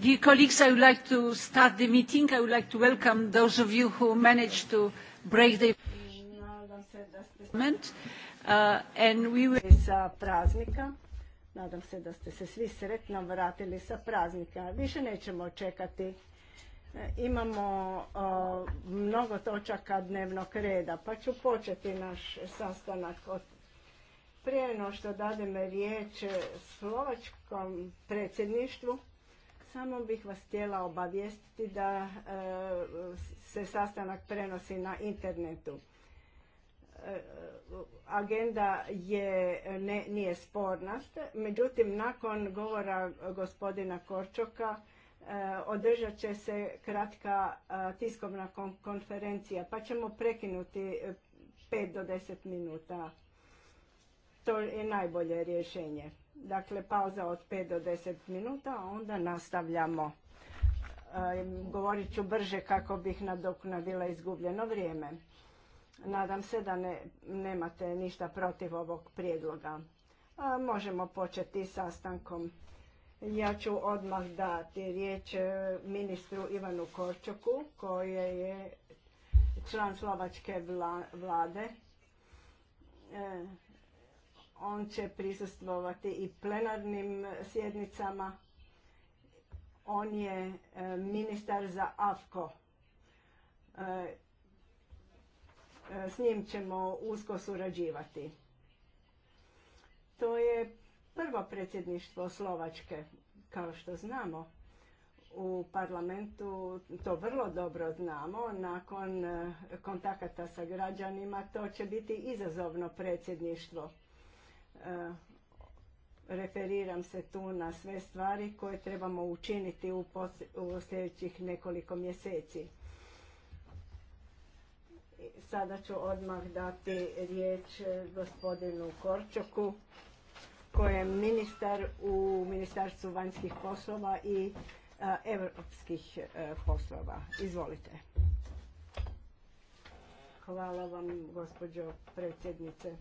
Dear colleagues, I would like to start the meeting. I would like to welcome those of you who managed to break the moment. Uh, and we will... Sa praznika. Nadam se da ste se svi sretno vratili sa praznika. Više nećemo čekati. E, imamo mnogo točaka dnevnog reda, pa ću početi naš sastanak od prije no što dadem riječ e, slovačkom predsjedništvu, samo bih vas htjela obavijestiti da e, se sastanak prenosi na internetu. E, agenda nije sporna, međutim nakon govora gospodina Korčoka e, održat će se kratka tiskovna konferencija pa ćemo prekinuti 5 do 10 minuta. To je najbolje rješenje. Dakle, pauza od 5 do 10 minuta, a onda nastavljamo. govorit ću brže kako bih nadoknadila izgubljeno vrijeme. Nadam se da nemate ništa protiv ovog prijedloga. možemo početi sastankom. Ja ću odmah dati riječ e, ministru Ivanu Korčoku, koji je član slovačke vlade. E, on će prisustvovati i plenarnim sjednicama. On je e, ministar za AFKO. E, e, s njim ćemo usko surađivati. To je prvo predsjedništvo Slovačke, kao što znamo u parlamentu, to vrlo dobro znamo, nakon kontakata sa građanima, to će biti izazovno predsjedništvo. E, referiram se tu na sve stvari koje trebamo učiniti u, u sljedećih nekoliko mjeseci. Sada ću odmah dati riječ e, gospodinu Korčoku koji je ministar u Ministarstvu vanjskih poslova i e, europskih poslova. Izvolite. Hvala vam gospođo predsjednice.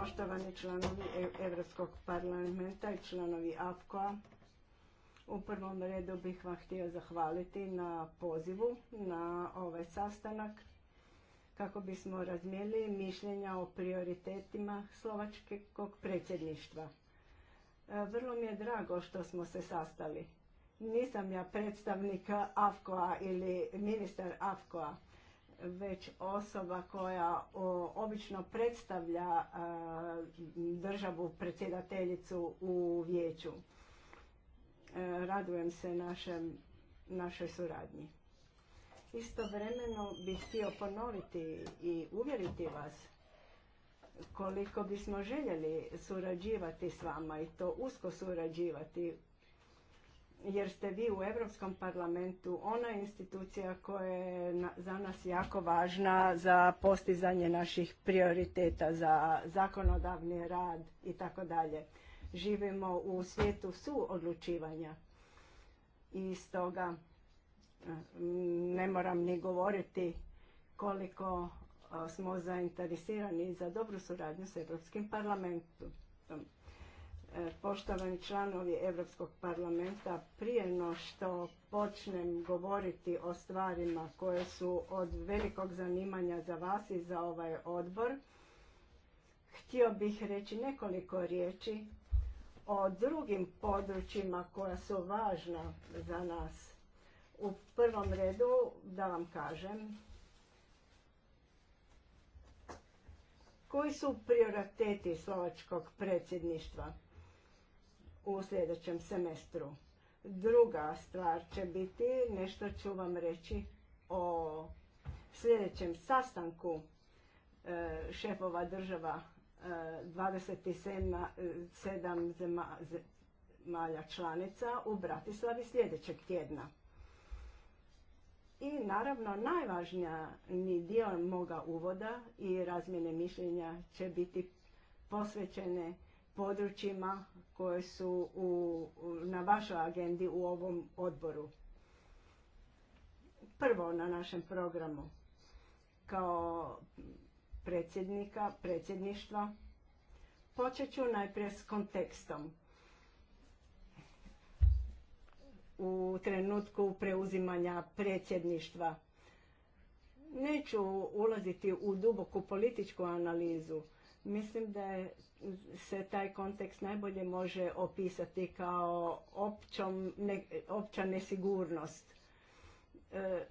Poštovani članovi Europskog parlamenta i članovi Afkoa, u prvom redu bih vam htio zahvaliti na pozivu na ovaj sastanak kako bismo razmijenili mišljenja o prioritetima slovačkog predsjedništva. E, vrlo mi je drago što smo se sastali. Nisam ja predstavnik Afkoa ili ministar Afkoa, već osoba koja obično predstavlja državu predsjedateljicu u vijeću. E, radujem se našem, našoj suradnji. Istovremeno bih htio ponoviti i uvjeriti vas koliko bismo željeli surađivati s vama i to usko surađivati jer ste vi u Europskom parlamentu ona institucija koja je za nas jako važna za postizanje naših prioriteta za zakonodavni rad i tako dalje. Živimo u svijetu suodlučivanja i stoga mm, ne moram ni govoriti koliko smo zainteresirani za dobru suradnju s Europskim parlamentom. Poštovani članovi Europskog parlamenta, prije no što počnem govoriti o stvarima koje su od velikog zanimanja za vas i za ovaj odbor, htio bih reći nekoliko riječi o drugim područjima koja su važna za nas. U prvom redu da vam kažem koji su prioriteti slovačkog predsjedništva u sljedećem semestru. Druga stvar će biti, nešto ću vam reći o sljedećem sastanku e, šefova država 27 e, zemalja članica u Bratislavi sljedećeg tjedna. I naravno najvažnija ni dio moga uvoda i razmjene mišljenja će biti posvećene područjima koje su u, na vašoj agendi u ovom odboru. Prvo na našem programu kao predsjednika, predsjedništva. Počet ću najprije s kontekstom. U trenutku preuzimanja predsjedništva neću ulaziti u duboku političku analizu. Mislim da je se taj kontekst najbolje može opisati kao općom, opća nesigurnost. E,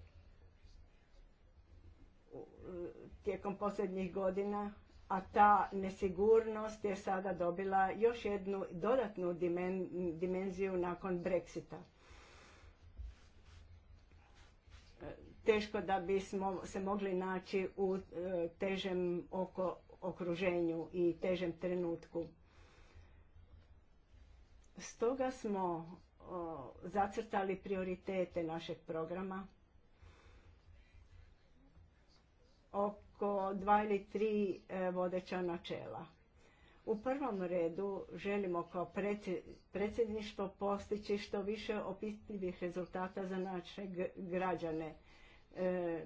tijekom posljednjih godina, a ta nesigurnost je sada dobila još jednu dodatnu dimenziju nakon Brexita. E, teško da bismo se mogli naći u e, težem oko okruženju i težem trenutku. Stoga smo zacrtali prioritete našeg programa. Oko dva ili tri e, vodeća načela. U prvom redu želimo kao predsjedništvo postići što više opisljivih rezultata za naše građane. E,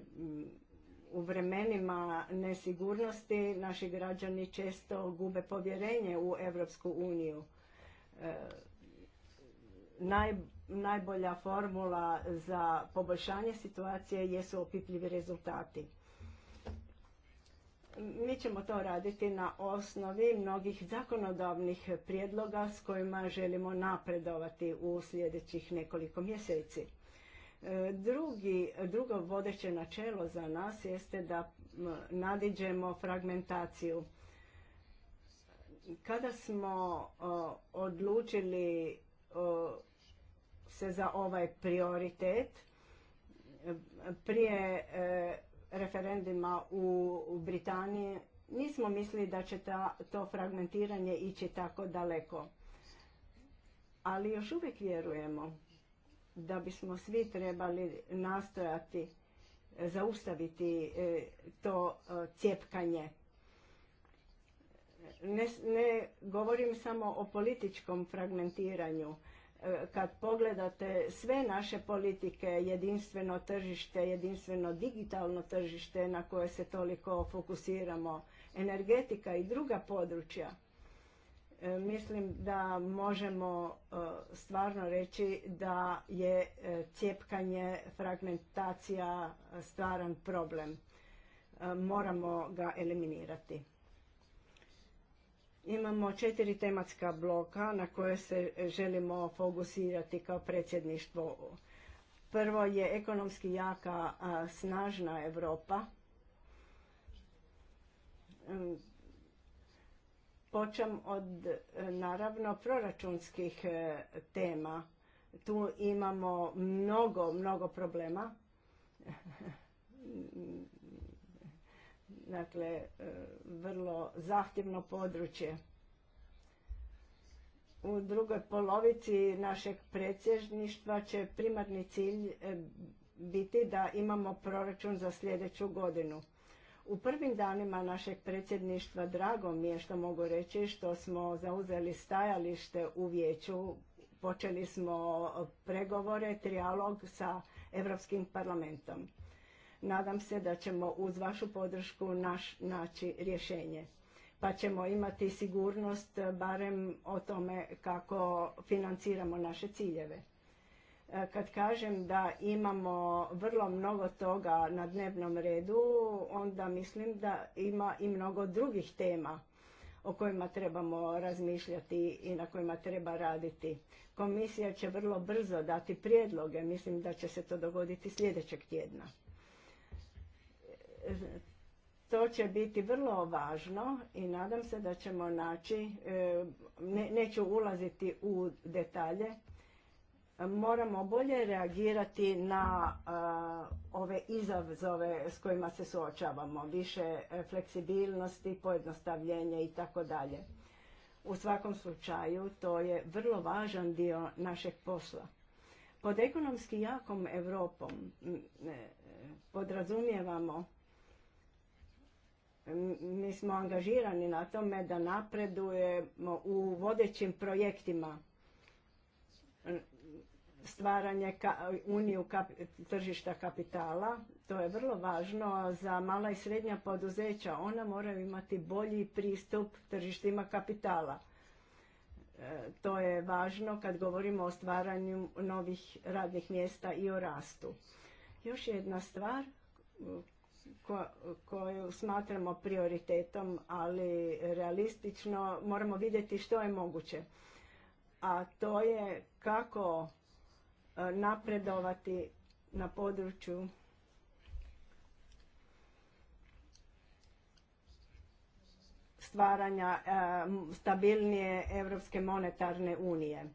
u vremenima nesigurnosti naši građani često gube povjerenje u Europsku uniju. E, najbolja formula za poboljšanje situacije jesu opipljivi rezultati. Mi ćemo to raditi na osnovi mnogih zakonodavnih prijedloga s kojima želimo napredovati u sljedećih nekoliko mjeseci. E, drugo vodeće načelo za nas jeste da nadiđemo fragmentaciju. Kada smo odlučili se za ovaj prioritet prije e, referendima u, Britaniji, nismo mislili da će to fragmentiranje ići tako daleko. Ali još uvijek vjerujemo da bismo svi trebali nastojati e, zaustaviti e, to e, cjepkanje. Ne, ne govorim samo o političkom fragmentiranju. Kad pogledate sve naše politike, jedinstveno tržište, jedinstveno digitalno tržište na koje se toliko fokusiramo, energetika i druga područja, E, mislim da možemo e, stvarno reći da je e, cjepkanje, fragmentacija stvaran problem. Moramo ga eliminirati. Imamo četiri tematska bloka na koje se želimo fokusirati kao predsjedništvo. Prvo je ekonomski jaka, snažna Europa počem od eh, naravno proračunskih eh, tema. Tu imamo mnogo, mnogo problema. dakle, eh, vrlo zahtjevno područje. U drugoj polovici našeg predsježništva će primarni cilj biti da imamo proračun za sljedeću godinu. U prvim danima našeg predsjedništva drago mi je što mogu reći što smo zauzeli stajalište u vijeću. Počeli smo pregovore, trijalog sa Europskim parlamentom. Nadam se da ćemo uz vašu podršku naći rješenje. Pa ćemo imati sigurnost barem o tome kako financiramo naše ciljeve. E, kad kažem da imamo vrlo mnogo toga na dnevnom redu, onda mislim da ima i mnogo drugih tema o kojima trebamo razmišljati i na kojima treba raditi. Komisija će vrlo brzo dati prijedloge, mislim da će se to dogoditi sljedećeg tjedna. E, to će biti vrlo važno i nadam se da ćemo naći, e, neću ulaziti u detalje, moramo bolje reagirati na ove izazove s kojima se suočavamo, više e, fleksibilnosti, pojednostavljenje i tako dalje. U svakom slučaju to je vrlo važan dio našeg posla. Pod ekonomski jakom Europom e, podrazumijevamo mi smo angažirani na tome da napredujemo u vodećim projektima stvaranje uniju tržišta kapitala. To je vrlo važno za mala i srednja poduzeća. Ona moraju imati bolji pristup tržištima kapitala. E, to je važno kad govorimo o stvaranju novih radnih mjesta i o rastu. Još jedna stvar koju smatramo prioritetom, ali realistično moramo vidjeti što je moguće a to je kako E, napredovati na području stvaranja e, stabilnije Europske monetarne unije.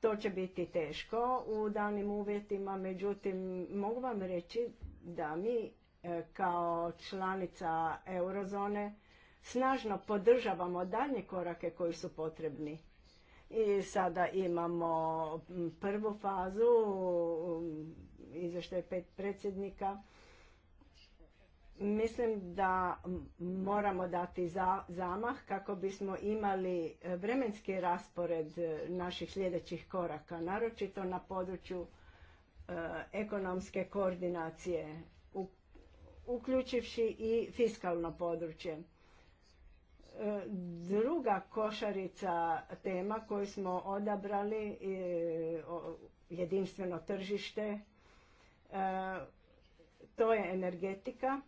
To će biti teško u danim uvjetima, međutim mogu vam reći da mi e, kao članica eurozone snažno podržavamo daljnje korake koji su potrebni i sada imamo prvu fazu, je pet predsjednika. Mislim da moramo dati zamah kako bismo imali e, vremenski raspored e, naših sljedećih koraka, naročito na području e, ekonomske koordinacije, u, uključivši i fiskalno područje. E, druga košarica tema koju smo odabrali, jedinstveno tržište, e, to je energetika,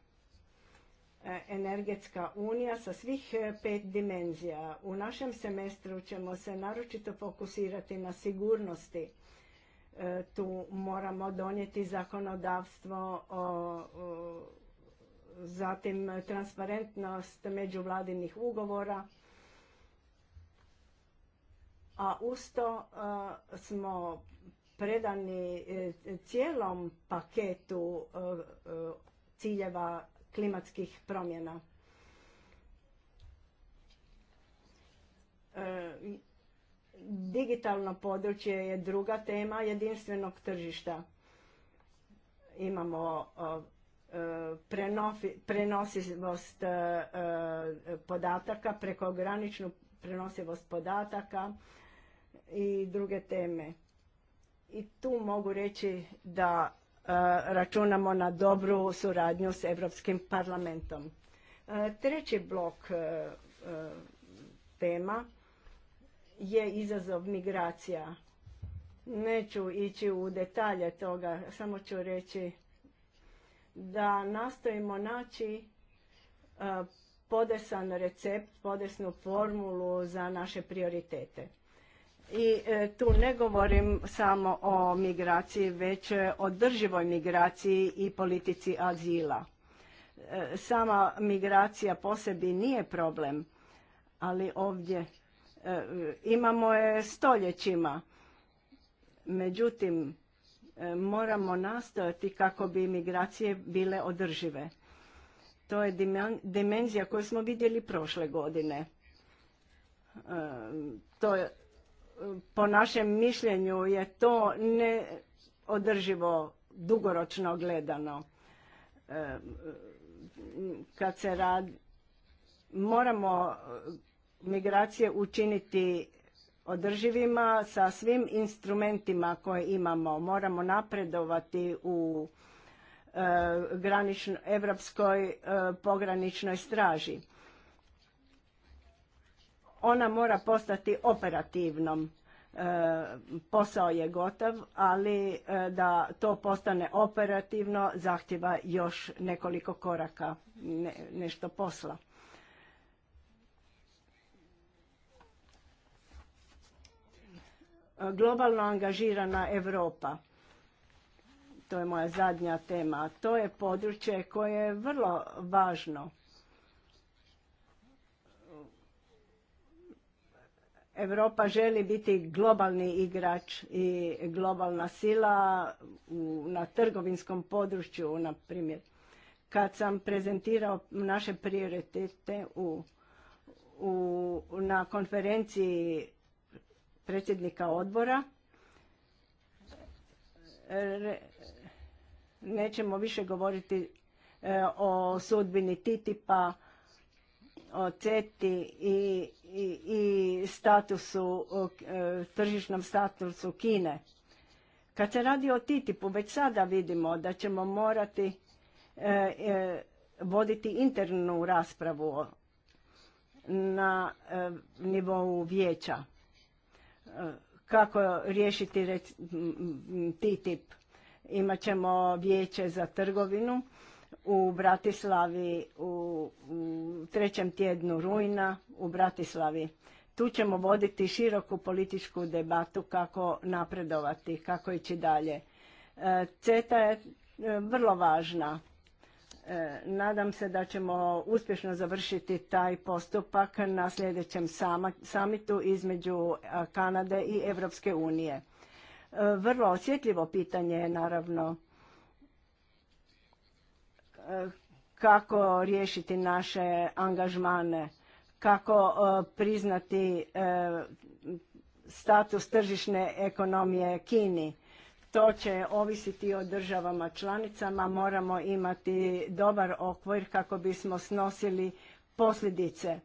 e, energetska unija sa svih pet dimenzija. U našem semestru ćemo se naročito fokusirati na sigurnosti. Tu moramo donijeti zakonodavstvo o zatim transparentnost međuvladinih ugovora, a usto e, smo predani e, cijelom paketu e, ciljeva klimatskih promjena. Digitalno područje je druga tema jedinstvenog tržišta. Imamo prenosivost e, e, podataka, prekograničnu prenosivost podataka i druge teme. I tu mogu reći da e, računamo na dobru suradnju s Europskim parlamentom. Treći blok tema je izazov migracija. Neću ići u detalje toga, samo ću reći da nastojimo naći e, podesan recept, podesnu formulu za naše prioritete. I e, tu ne govorim samo o migraciji, već o drživoj migraciji i politici azila. E, sama migracija po sebi nije problem, ali ovdje imamo je stoljećima. Međutim, E, moramo nastojati kako bi migracije bile održive. To je dimenzija koju smo vidjeli prošle godine. E, to je, po našem mišljenju je to neodrživo dugoročno gledano. E, kad se rad moramo migracije učiniti održivima sa svim instrumentima koje imamo. Moramo napredovati u europskoj evropskoj e, pograničnoj straži. Ona mora postati operativnom. E, posao je gotov, ali e, da to postane operativno zahtjeva još nekoliko koraka, nešto posla. E, globalno angažirana Europa. To je moja zadnja tema. To je područje koje je vrlo važno. Europa želi biti globalni igrač i globalna sila na trgovinskom području, na primjer. Kad sam prezentirao naše prioritete na konferenciji predsjednika odbora. Nećemo više govoriti e, o sudbini Titipa, a o CETI i, statusu, e, tržišnom statusu Kine. Kad se radi o TTIP-u, već sada vidimo da ćemo morati e, voditi internu raspravu na nivou vijeća kako riješiti ti tip Imaćemo vijeće za trgovinu u Bratislavi u trećem tjednu rujna u Bratislavi. Tu ćemo voditi široku političku debatu kako napredovati, kako ići dalje. E, CETA je e, vrlo važna E, nadam se da ćemo uspješno završiti taj postupak na sljedećem samitu između e, Kanade i Europske unije. E, vrlo osjetljivo pitanje je naravno kako riješiti naše angažmane, kako priznati status tržišne ekonomije Kini to će ovisiti o državama članicama, moramo imati dobar okvir kako bismo snosili posljedice. E,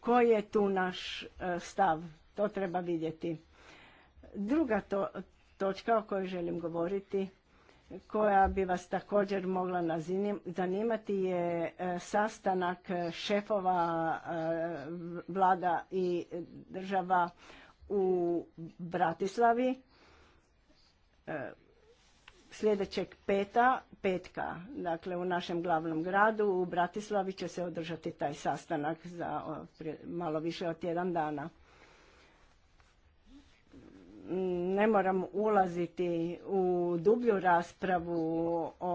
koji je tu naš e, stav? To treba vidjeti. Druga točka o kojoj želim govoriti, koja bi vas također mogla zanimati, je e, sastanak šefova vlada i država u Bratislavi E, sljedećeg peta, petka, dakle u našem glavnom gradu u Bratislavi će se održati taj sastanak za malo više od jedan dana. Ne moram ulaziti u dublju raspravu o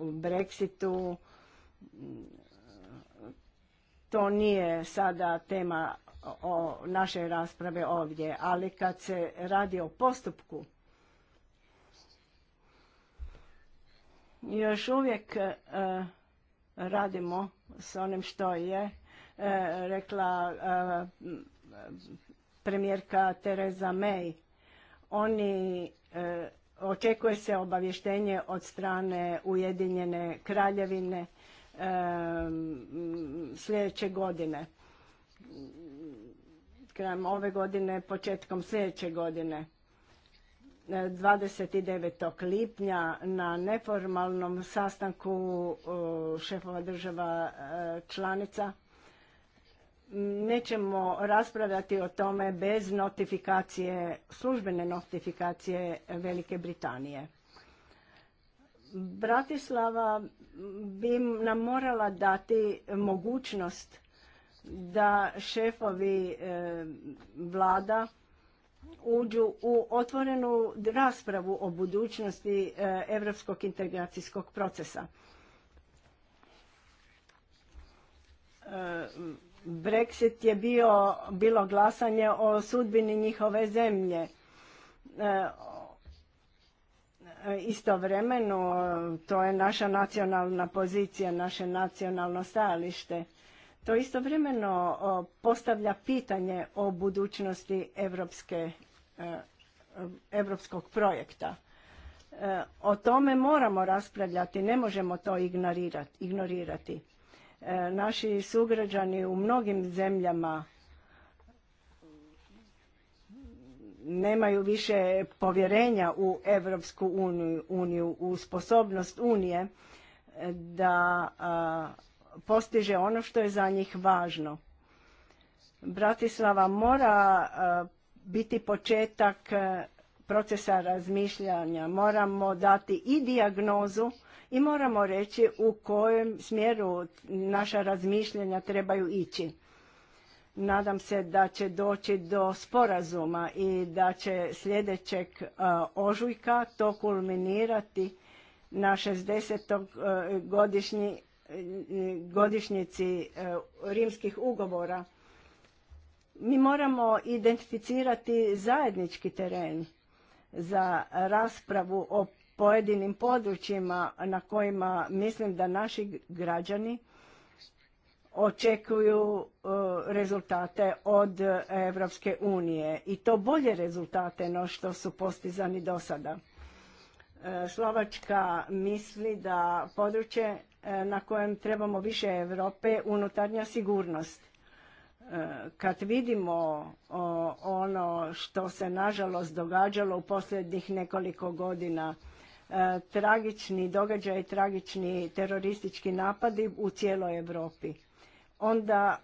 Brexitu. To nije sada tema o naše rasprave ovdje, ali kad se radi o postupku Još uvijek e, radimo s onim što je e, rekla e, premijerka Tereza May. Oni očekuje se obavještenje od strane Ujedinjene kraljevine sljedeće godine krajem ove godine, početkom sljedeće godine. 29. lipnja na neformalnom sastanku šefova država e, članica nećemo raspravljati o tome bez notifikacije, službene notifikacije Velike Britanije. Bratislava bi nam morala dati mogućnost da šefovi e, vlada uđu u otvorenu raspravu o budućnosti europskog integracijskog procesa. E, Brexit je bio, bilo glasanje o sudbini njihove zemlje. E, istovremeno, to je naša nacionalna pozicija, naše nacionalno stajalište to istovremeno postavlja pitanje o budućnosti evropske, e, evropskog projekta. E, o tome moramo raspravljati, ne možemo to ignorirati. E, naši sugrađani u mnogim zemljama nemaju više povjerenja u Evropsku uniju, uniju u sposobnost Unije da postiže ono što je za njih važno. Bratislava mora e, biti početak e, procesa razmišljanja. Moramo dati i dijagnozu i moramo reći u kojem smjeru naša razmišljanja trebaju ići. Nadam se da će doći do sporazuma i da će sljedećeg e, ožujka to kulminirati na 60. godišnji E, godišnjici e, rimskih ugovora, mi moramo identificirati zajednički teren za raspravu o pojedinim područjima na kojima mislim da naši građani očekuju e, rezultate od Evropske unije i to bolje rezultate no što su postizani do sada. Slovačka misli da područje E, na kojem trebamo više Europe, unutarnja sigurnost. E, kad vidimo ono što se nažalost događalo u posljednjih nekoliko godina, e, tragični događaj, tragični teroristički napadi u cijeloj Europi. Onda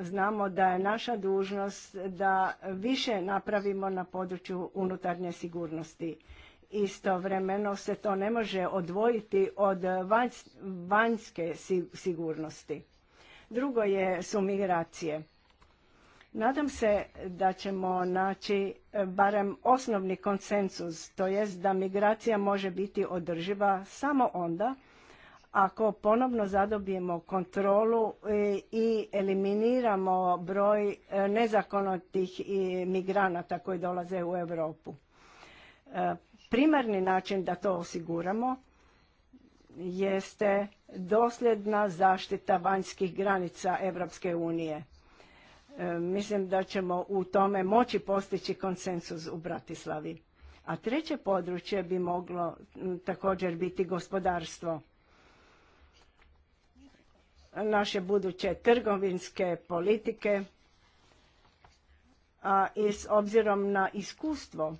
znamo da je naša dužnost da više napravimo na području unutarnje sigurnosti. Istovremeno se to ne može odvojiti od vanjske sigurnosti. Drugo je su migracije. Nadam se da ćemo naći e, barem osnovni konsensus, to jest da migracija može biti održiva samo onda ako ponovno zadobijemo kontrolu e, i eliminiramo broj e, nezakonitih migranata koji dolaze u Europu. Primarni način da to osiguramo jeste dosljedna zaštita vanjskih granica Evropske unije. E, mislim da ćemo u tome moći postići konsensus u Bratislavi. A treće područje bi moglo također biti gospodarstvo. Naše buduće trgovinske politike, a i s obzirom na iskustvo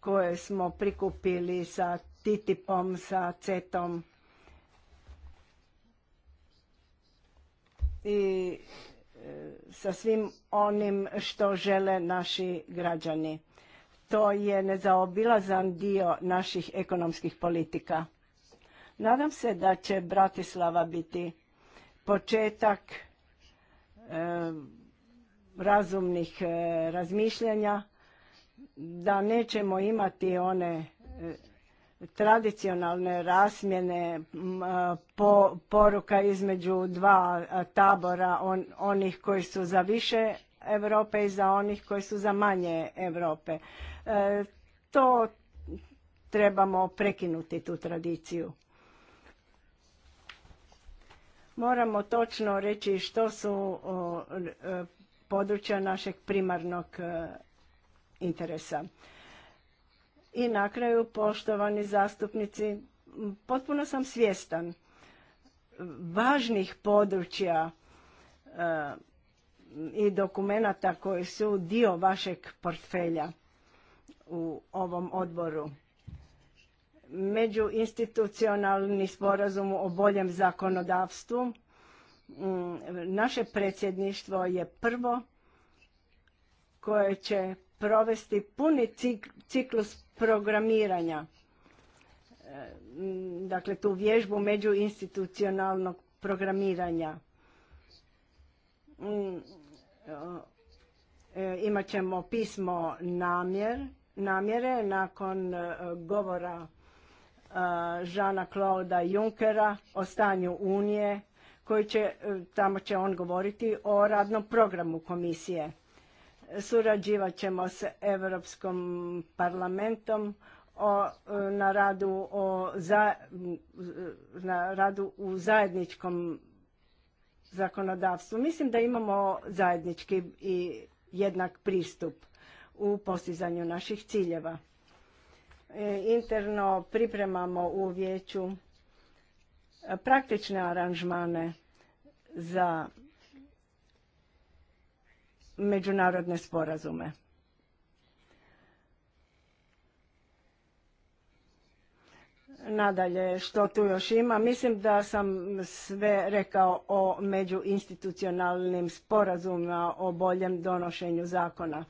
koje smo prikupili sa Titipom, om sa CET-om i e, sa svim onim što žele naši građani. To je nezaobilazan dio naših ekonomskih politika. Nadam se da će Bratislava biti početak e, razumnih e, razmišljanja da nećemo imati one e, tradicionalne rasmjene poruka između dva tabora onih koji su za više Europe i za onih koji su za manje Europe. E, to trebamo prekinuti tu tradiciju. Moramo točno reći što su e, područja našeg primarnog interesa. I na kraju, poštovani zastupnici, potpuno sam svjestan važnih područja eh, i dokumenata koji su dio vašeg portfelja u ovom odboru. Međuinstitucionalni sporazum o boljem zakonodavstvu. Mm, naše predsjedništvo je prvo koje će provesti puni ciklus programiranja. E, dakle, tu vježbu međuinstitucionalnog programiranja. E, Imaćemo pismo namjer, namjere nakon e, govora Žana Klauda Junkera o stanju Unije, koji će, tamo će on govoriti o radnom programu komisije. Surađivat ćemo s Europskom parlamentom o, na, radu o, za, na radu u zajedničkom zakonodavstvu. Mislim da imamo zajednički i jednak pristup u postizanju naših ciljeva. E, interno pripremamo u vijeću praktične aranžmane za međunarodne sporazume. Nadalje, što tu još ima? Mislim da sam sve rekao o međuinstitucionalnim sporazumima o boljem donošenju zakona.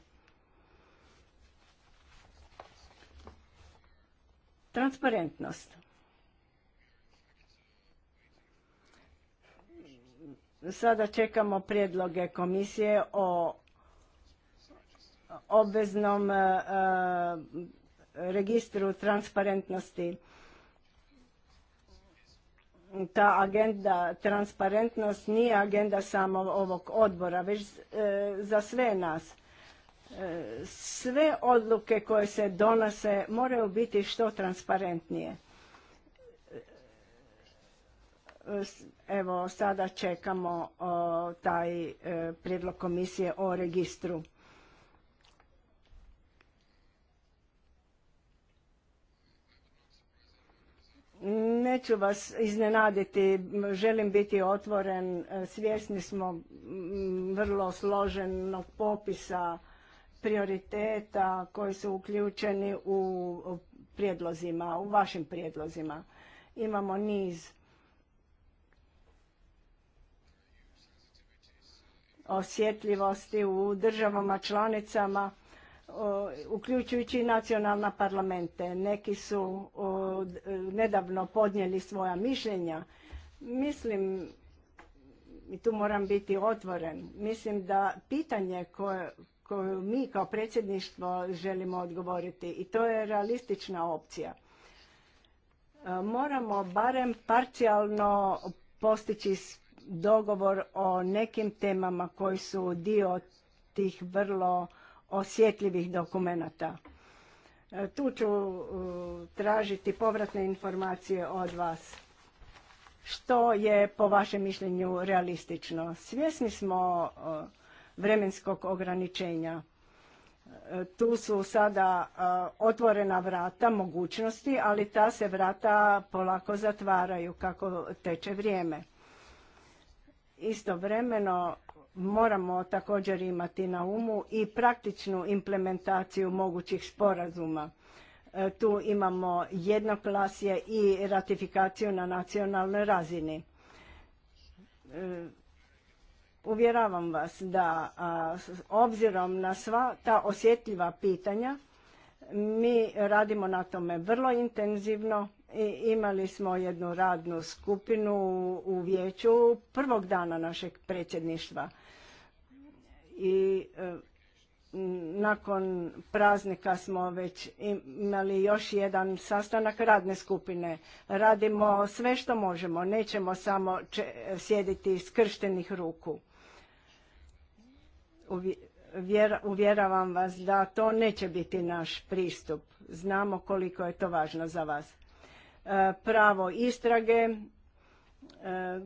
Transparentnost. Sada čekamo prijedloge komisije o obveznom e, e, registru transparentnosti. Ta agenda transparentnost nije agenda samo ovog odbora, već e, za sve nas. Sve odluke koje se donose moraju biti što transparentnije. Evo, sada čekamo taj prijedlog komisije o registru. Neću vas iznenaditi, želim biti otvoren, svjesni smo vrlo složenog popisa prioriteta koji su uključeni u prijedlozima, u vašim prijedlozima. Imamo niz osjetljivosti u državama članicama uključujući i nacionalna parlamente. Neki su e, nedavno podnijeli svoja mišljenja. Mislim, i tu moram biti otvoren, mislim da pitanje koje mi kao predsjedništvo želimo odgovoriti i to je realistična opcija. E, moramo barem parcijalno postići dogovor o nekim temama koji su dio tih vrlo osjetljivih dokumenata. E, tu ću tražiti povratne informacije od vas. Što je po vašem mišljenju realistično? Svjesni smo e, vremenskog ograničenja. E, tu su sada otvorena vrata mogućnosti, ali ta se vrata polako zatvaraju kako teče vrijeme. Istovremeno moramo također imati na umu i praktičnu implementaciju mogućih sporazuma. E, tu imamo jednoglasje i ratifikaciju na nacionalnoj razini. E, uvjeravam vas da obzirom na sva ta osjetljiva pitanja mi radimo na tome vrlo intenzivno i imali smo jednu radnu skupinu u vijeću prvog dana našeg predsjedništva i e, nakon praznika smo već imali još jedan sastanak radne skupine. Radimo sve što možemo, nećemo samo sjediti skrštenih ruku. Uvjeravam vas da to neće biti naš pristup. Znamo koliko je to važno za vas. E, pravo istrage, e,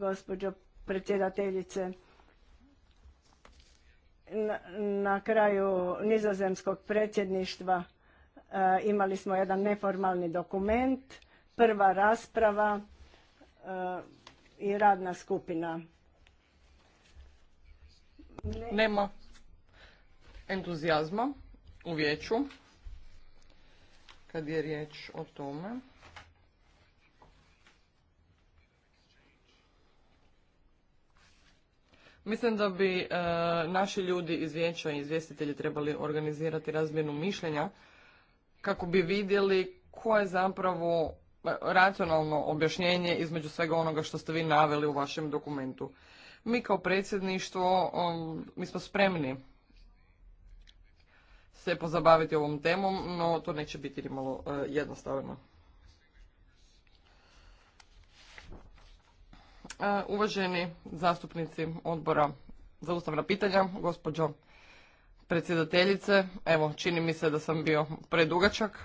gospođo predsjedateljice, na, kraju nizozemskog predsjedništva e, imali smo jedan neformalni dokument, prva rasprava e, i radna skupina. Nema entuzijazma u vijeću kad je riječ o tome. Mislim da bi e, naši ljudi iz i izvjestitelji trebali organizirati razmjenu mišljenja kako bi vidjeli koje je zapravo e, racionalno objašnjenje između svega onoga što ste vi naveli u vašem dokumentu. Mi kao predsjedništvo, mi smo spremni se pozabaviti ovom temom, no to neće biti nimalo e, jednostavno. E, uvaženi zastupnici odbora za ustavna pitanja, gospođo predsjedateljice, evo čini mi se da sam bio predugačak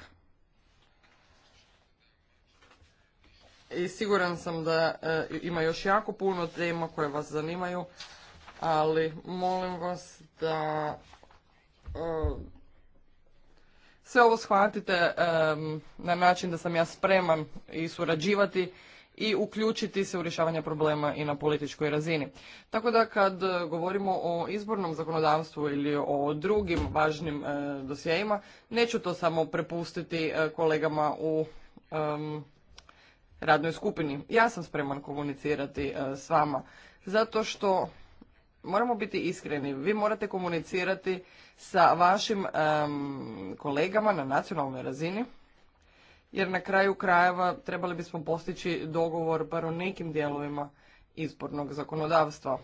i siguran sam da e, ima još jako puno tema koje vas zanimaju, ali molim vas da se sve ovo shvatite na način da sam ja spreman i surađivati i uključiti se u rješavanje problema i na političkoj razini. Tako da kad e, govorimo o izbornom zakonodavstvu ili o drugim važnim e, dosjejima, neću to samo prepustiti e, kolegama u radnoj skupini. Ja sam spreman komunicirati s vama, zato što moramo biti iskreni. Vi morate komunicirati sa vašim kolegama na nacionalnoj razini, jer na kraju krajeva trebali bismo postići dogovor bar o nekim dijelovima izbornog zakonodavstva.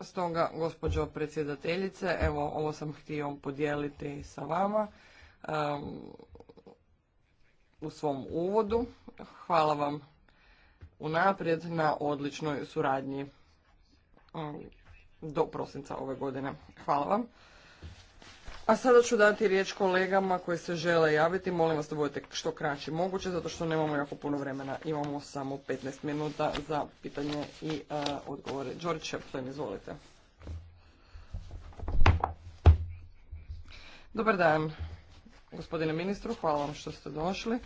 Stoga, gospođo predsjedateljice, evo ovo sam htio podijeliti sa vama um, u svom uvodu. Hvala vam unaprijed na odličnoj suradnji. Um, do prosinca ove godine. Hvala vam. A sada ću dati riječ kolegama koji se žele javiti. Molim vas da budete što kraći moguće, zato što nemamo jako puno vremena. Imamo samo 15 minuta za pitanje i e, odgovore. George izvolite. Dobar dan, gospodine ministru. Hvala vam što ste došli.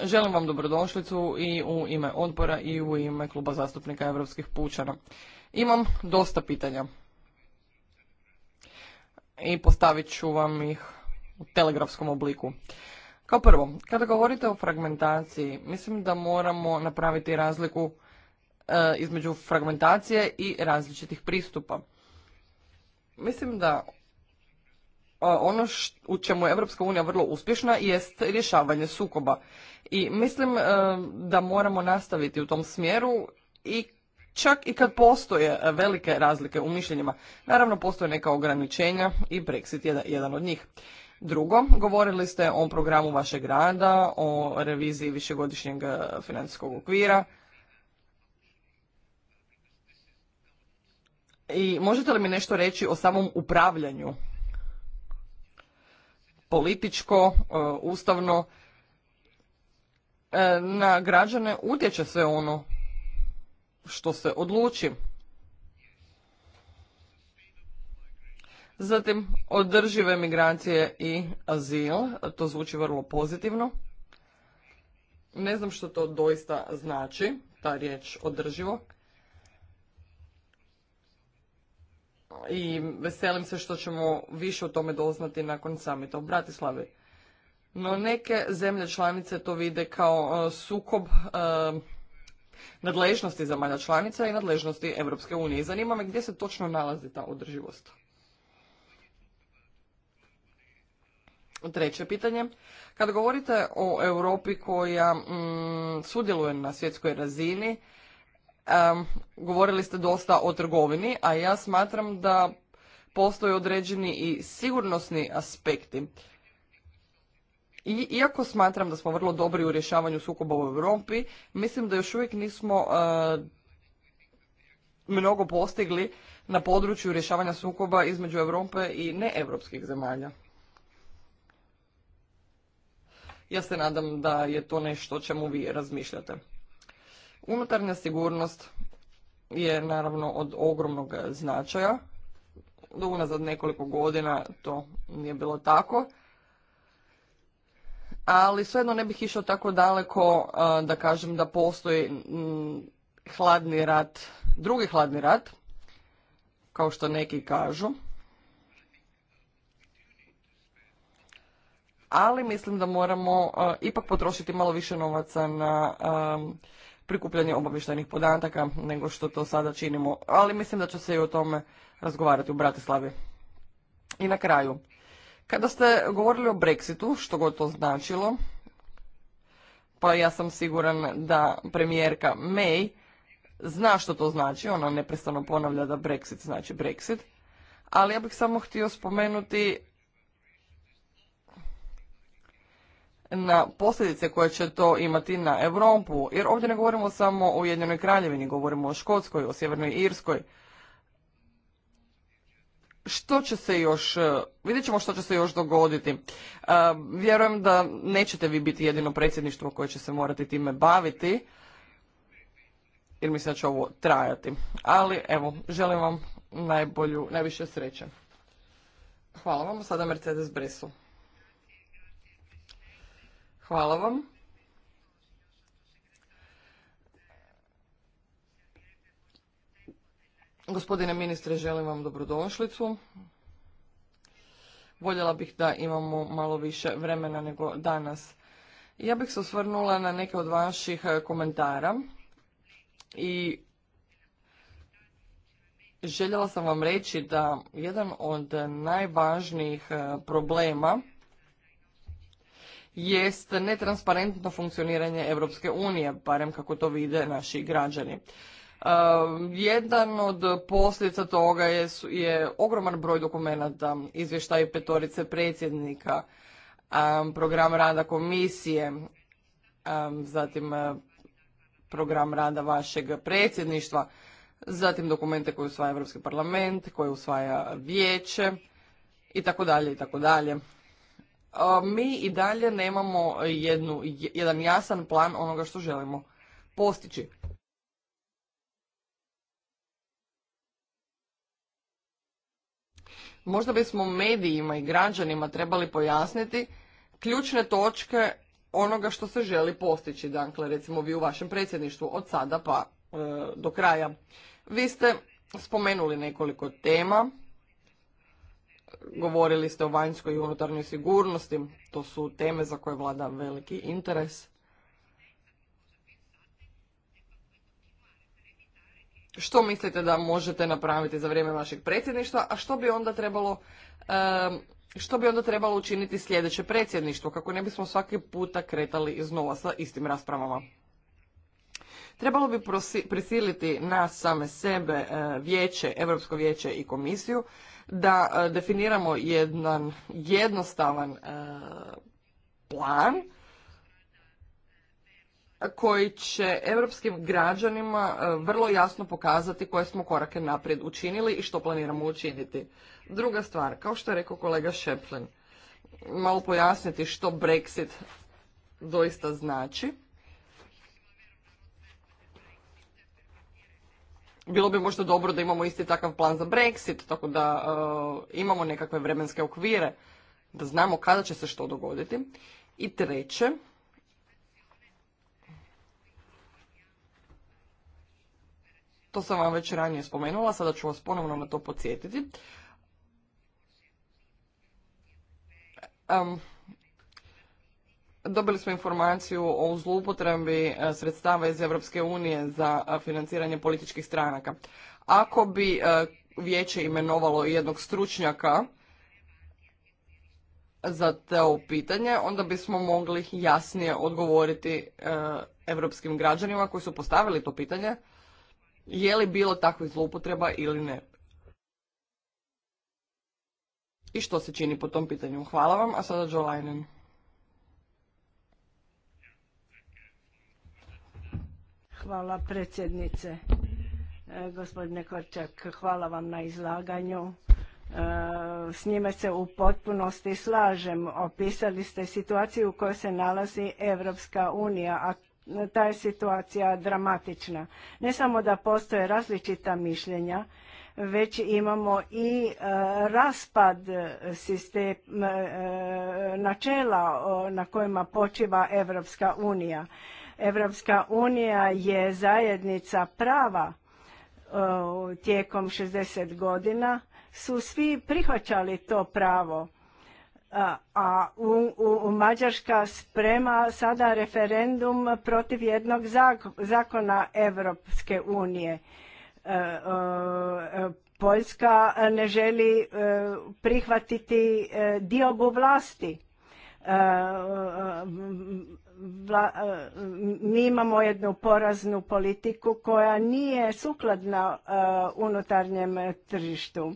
želim vam dobrodošlicu i u ime odbora i u ime Kluba zastupnika Europskih pučana. Imam dosta pitanja i postavit ću vam ih u telegrafskom obliku. Kao prvo, kada govorite o fragmentaciji, mislim da moramo napraviti razliku e, između fragmentacije i različitih pristupa. Mislim da ono u čemu je Europska unija vrlo uspješna jest rješavanje sukoba. I mislim e, da moramo nastaviti u tom smjeru i čak i kad postoje velike razlike u mišljenjima. Naravno, postoje neka ograničenja i Brexit je jedan od njih. Drugo, govorili ste o programu vašeg rada, o reviziji višegodišnjeg e, financijskog okvira. I možete li mi nešto reći o samom upravljanju političko, e, ustavno e, na građane utječe sve ono što se odluči. Zatim, održive migracije i azil, to zvuči vrlo pozitivno. Ne znam što to doista znači, ta riječ održivo. i veselim se što ćemo više o tome doznati nakon samita u Bratislavi. No neke zemlje članice to vide kao e, sukob e, nadležnosti za zemalja članica i nadležnosti Europske unije. Zanima me gdje se točno nalazi ta održivost. Treće pitanje. Kad govorite o Europi koja mm, sudjeluje na svjetskoj razini, Um, govorili ste dosta o trgovini, a ja smatram da postoje određeni i sigurnosni aspekti. I, iako smatram da smo vrlo dobri u rješavanju sukoba u Europi, mislim da još uvijek nismo eh, mnogo postigli na području rješavanja sukoba između Europe i neevropskih zemalja. Ja se nadam da je to nešto čemu vi razmišljate. Unutarnja sigurnost je naravno od ogromnog značaja. Do unazad nekoliko godina to nije bilo tako. Ali svejedno ne bih išao tako daleko da kažem da postoji mm, hladni rat, drugi hladni rat, kao što neki kažu. Ali mislim da moramo ipak potrošiti malo više novaca na prikupljanje obavještajnih podataka nego što to sada činimo, ali mislim da će se i o tome razgovarati u Bratislavi. I na kraju, kada ste govorili o Brexitu, što god to značilo, pa ja sam siguran da premijerka May zna što to znači, ona neprestano ponavlja da Brexit znači Brexit, ali ja bih samo htio spomenuti na posljedice koje će to imati na Europu. Jer ovdje ne govorimo samo o Ujedinjenoj kraljevini, govorimo o Škotskoj, o Sjevernoj Irskoj. Što će se još, e, vidjet ćemo što će se još dogoditi. E, vjerujem da nećete vi biti jedino predsjedništvo koje će se morati time baviti, jer mislim da će ovo trajati. Ali evo, želim vam najbolju, najviše sreće. Hvala vam, sada Mercedes Bresu. Hvala vam. Gospodine ministre, želim vam dobrodošlicu. Voljela bih da imamo malo više vremena nego danas. Ja bih se osvrnula na neke od vaših e, komentara i željela sam vam reći da jedan od najvažnijih e, problema jest netransparentno funkcioniranje Europske unije, barem kako to vide naši građani. E, jedan od posljedica toga je, je ogroman broj dokumenata, izvještaj petorice predsjednika, program rada komisije, zatim e, program rada vašeg predsjedništva, zatim dokumente koje usvaja Europski parlament, koje usvaja vijeće i tako dalje i tako dalje mi i dalje nemamo jednu, jedan jasan plan onoga što želimo postići. Možda bismo medijima i građanima trebali pojasniti ključne točke onoga što se želi postići. Dakle, recimo vi u vašem predsjedništvu od sada pa e, do kraja. Vi ste spomenuli nekoliko tema govorili ste o vanjskoj i unutarnjoj sigurnosti, to su teme za koje vlada veliki interes. Što mislite da možete napraviti za vrijeme vašeg predsjedništva, a što bi onda trebalo što bi onda trebalo učiniti sljedeće predsjedništvo, kako ne bismo svaki puta kretali iznova sa istim raspravama? Trebalo bi prisiliti nas same sebe, e, vijeće, Europsko vijeće i komisiju da e, definiramo jedan jednostavan e, plan koji će europskim građanima vrlo jasno pokazati koje smo korake naprijed učinili i što planiramo učiniti. Druga stvar, kao što je rekao kolega Šeplin, malo pojasniti što Brexit doista znači bilo bi možda dobro da imamo isti takav plan za Brexit, tako da e, imamo nekakve vremenske okvire, da znamo kada će se što dogoditi. I treće, to sam vam već ranije spomenula, sada ću vas ponovno na to podsjetiti. Um, Dobili smo informaciju o zloupotrebi e, sredstava iz Europske unije za e, financiranje političkih stranaka. Ako bi e, vijeće imenovalo jednog stručnjaka za to pitanje, onda bismo mogli jasnije odgovoriti europskim građanima koji su postavili to pitanje, je li bilo takvih zloupotreba ili ne. I što se čini po tom pitanju? Hvala vam, a sada Joe Linen. Hvala predsjednice. E, gospodine Korčak, hvala vam na izlaganju. E, s njime se u potpunosti slažem. Opisali ste situaciju u kojoj se nalazi Evropska unija, a ta je situacija dramatična. Ne samo da postoje različita mišljenja, već imamo i e, raspad sistem, načela na kojima počiva Europska unija. Evropska unija je zajednica prava e, tijekom 60 godina su svi prihvaćali to pravo a u, Mađarska sprema sada referendum protiv jednog zakona Evropske unije. E, e, Poljska ne želi prihvatiti diobu vlasti. E, mi imamo jednu poraznu politiku koja nije sukladna e, unutarnjem tržištu. E,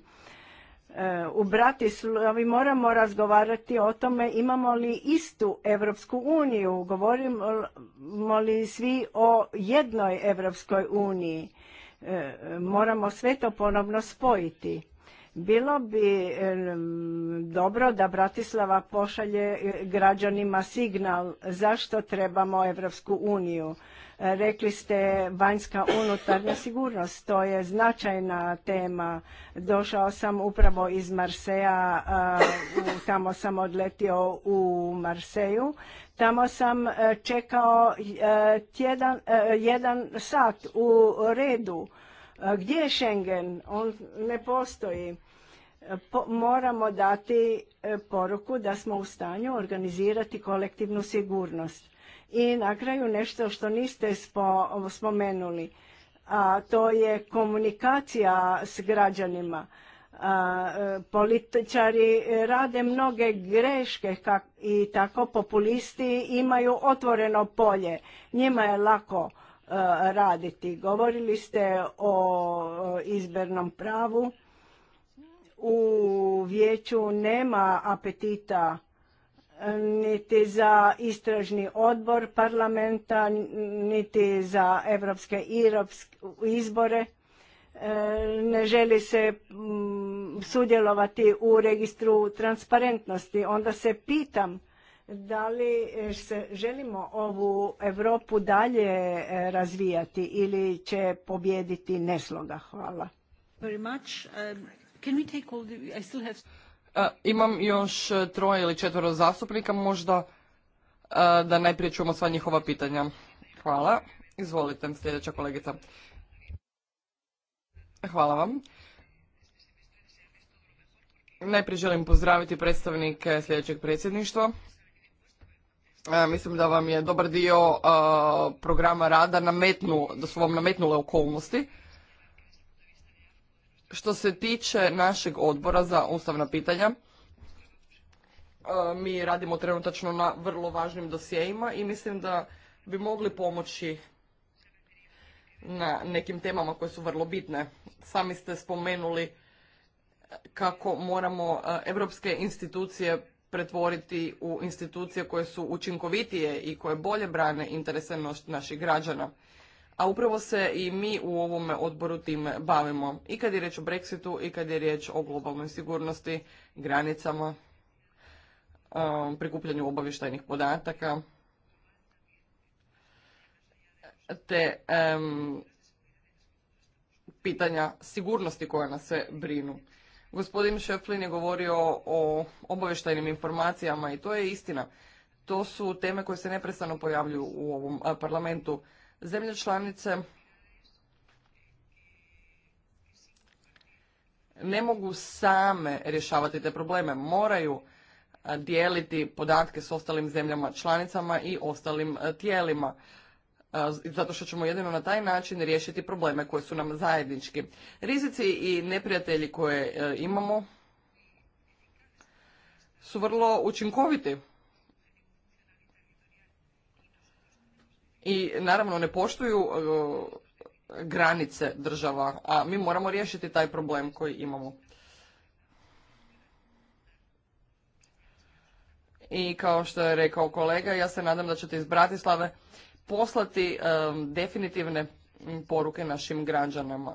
u Bratislavi moramo razgovarati o tome imamo li istu Evropsku uniju, govorimo li svi o jednoj Evropskoj uniji. moramo sve to ponovno spojiti. Bilo bi dobro da Bratislava pošalje e, građanima signal zašto trebamo Evropsku uniju. E, rekli ste vanjska unutarnja sigurnost, to je značajna tema. Došao sam upravo iz Marseja, tamo sam odletio u Marseju. Tamo sam e, čekao jedan sat u redu gdje je Schengen? On ne postoji. moramo dati e, poruku da smo u stanju organizirati kolektivnu sigurnost. I na kraju nešto što niste spomenuli, a to je komunikacija s građanima. E, političari rade mnoge greške kak, i tako populisti imaju otvoreno polje. Njima je lako E, raditi. Govorili ste o izbernom pravu. U vijeću nema apetita e, niti za istražni odbor parlamenta, niti za evropske izbore. E, ne želi se sudjelovati u registru transparentnosti. Onda se pitam da li e, se želimo ovu Europu dalje e, razvijati ili će pobijediti nesloga? Hvala. Imam još e, troje ili četvero zastupnika, možda da najprije čujemo sva njihova pitanja. Hvala. Izvolite, sljedeća kolegica. Hvala vam. Najprije želim pozdraviti predstavnike sljedećeg predsjedništva E, mislim da vam je dobar dio e, programa rada nametnu, da su vam nametnule okolnosti. Što se tiče našeg odbora za ustavna pitanja, e, mi radimo trenutačno na vrlo važnim dosjejima i mislim da bi mogli pomoći na nekim temama koje su vrlo bitne. Sami ste spomenuli kako moramo europske institucije pretvoriti u institucije koje su učinkovitije i koje bolje brane interese naših građana. A upravo se i mi u ovom odboru time bavimo. I kad je riječ o Brexitu i kad je riječ o globalnoj sigurnosti, granicama, um, prikupljanju obavještajnih podataka, te pitanja sigurnosti koja nas se brinu. Gospodin Šeflin je govorio o obavještajnim informacijama i to je istina. To su teme koje se neprestano pojavljuju u ovom parlamentu. Zemlje članice ne mogu same rješavati te probleme. Moraju dijeliti podatke s ostalim zemljama članicama i ostalim tijelima zato što ćemo jedino na taj način riješiti probleme koje su nam zajednički. Rizici i neprijatelji koje e, imamo su vrlo učinkoviti. I naravno ne poštuju e, granice država, a mi moramo riješiti taj problem koji imamo. I kao što je rekao kolega, ja se nadam da ćete iz Bratislave poslati definitivne poruke našim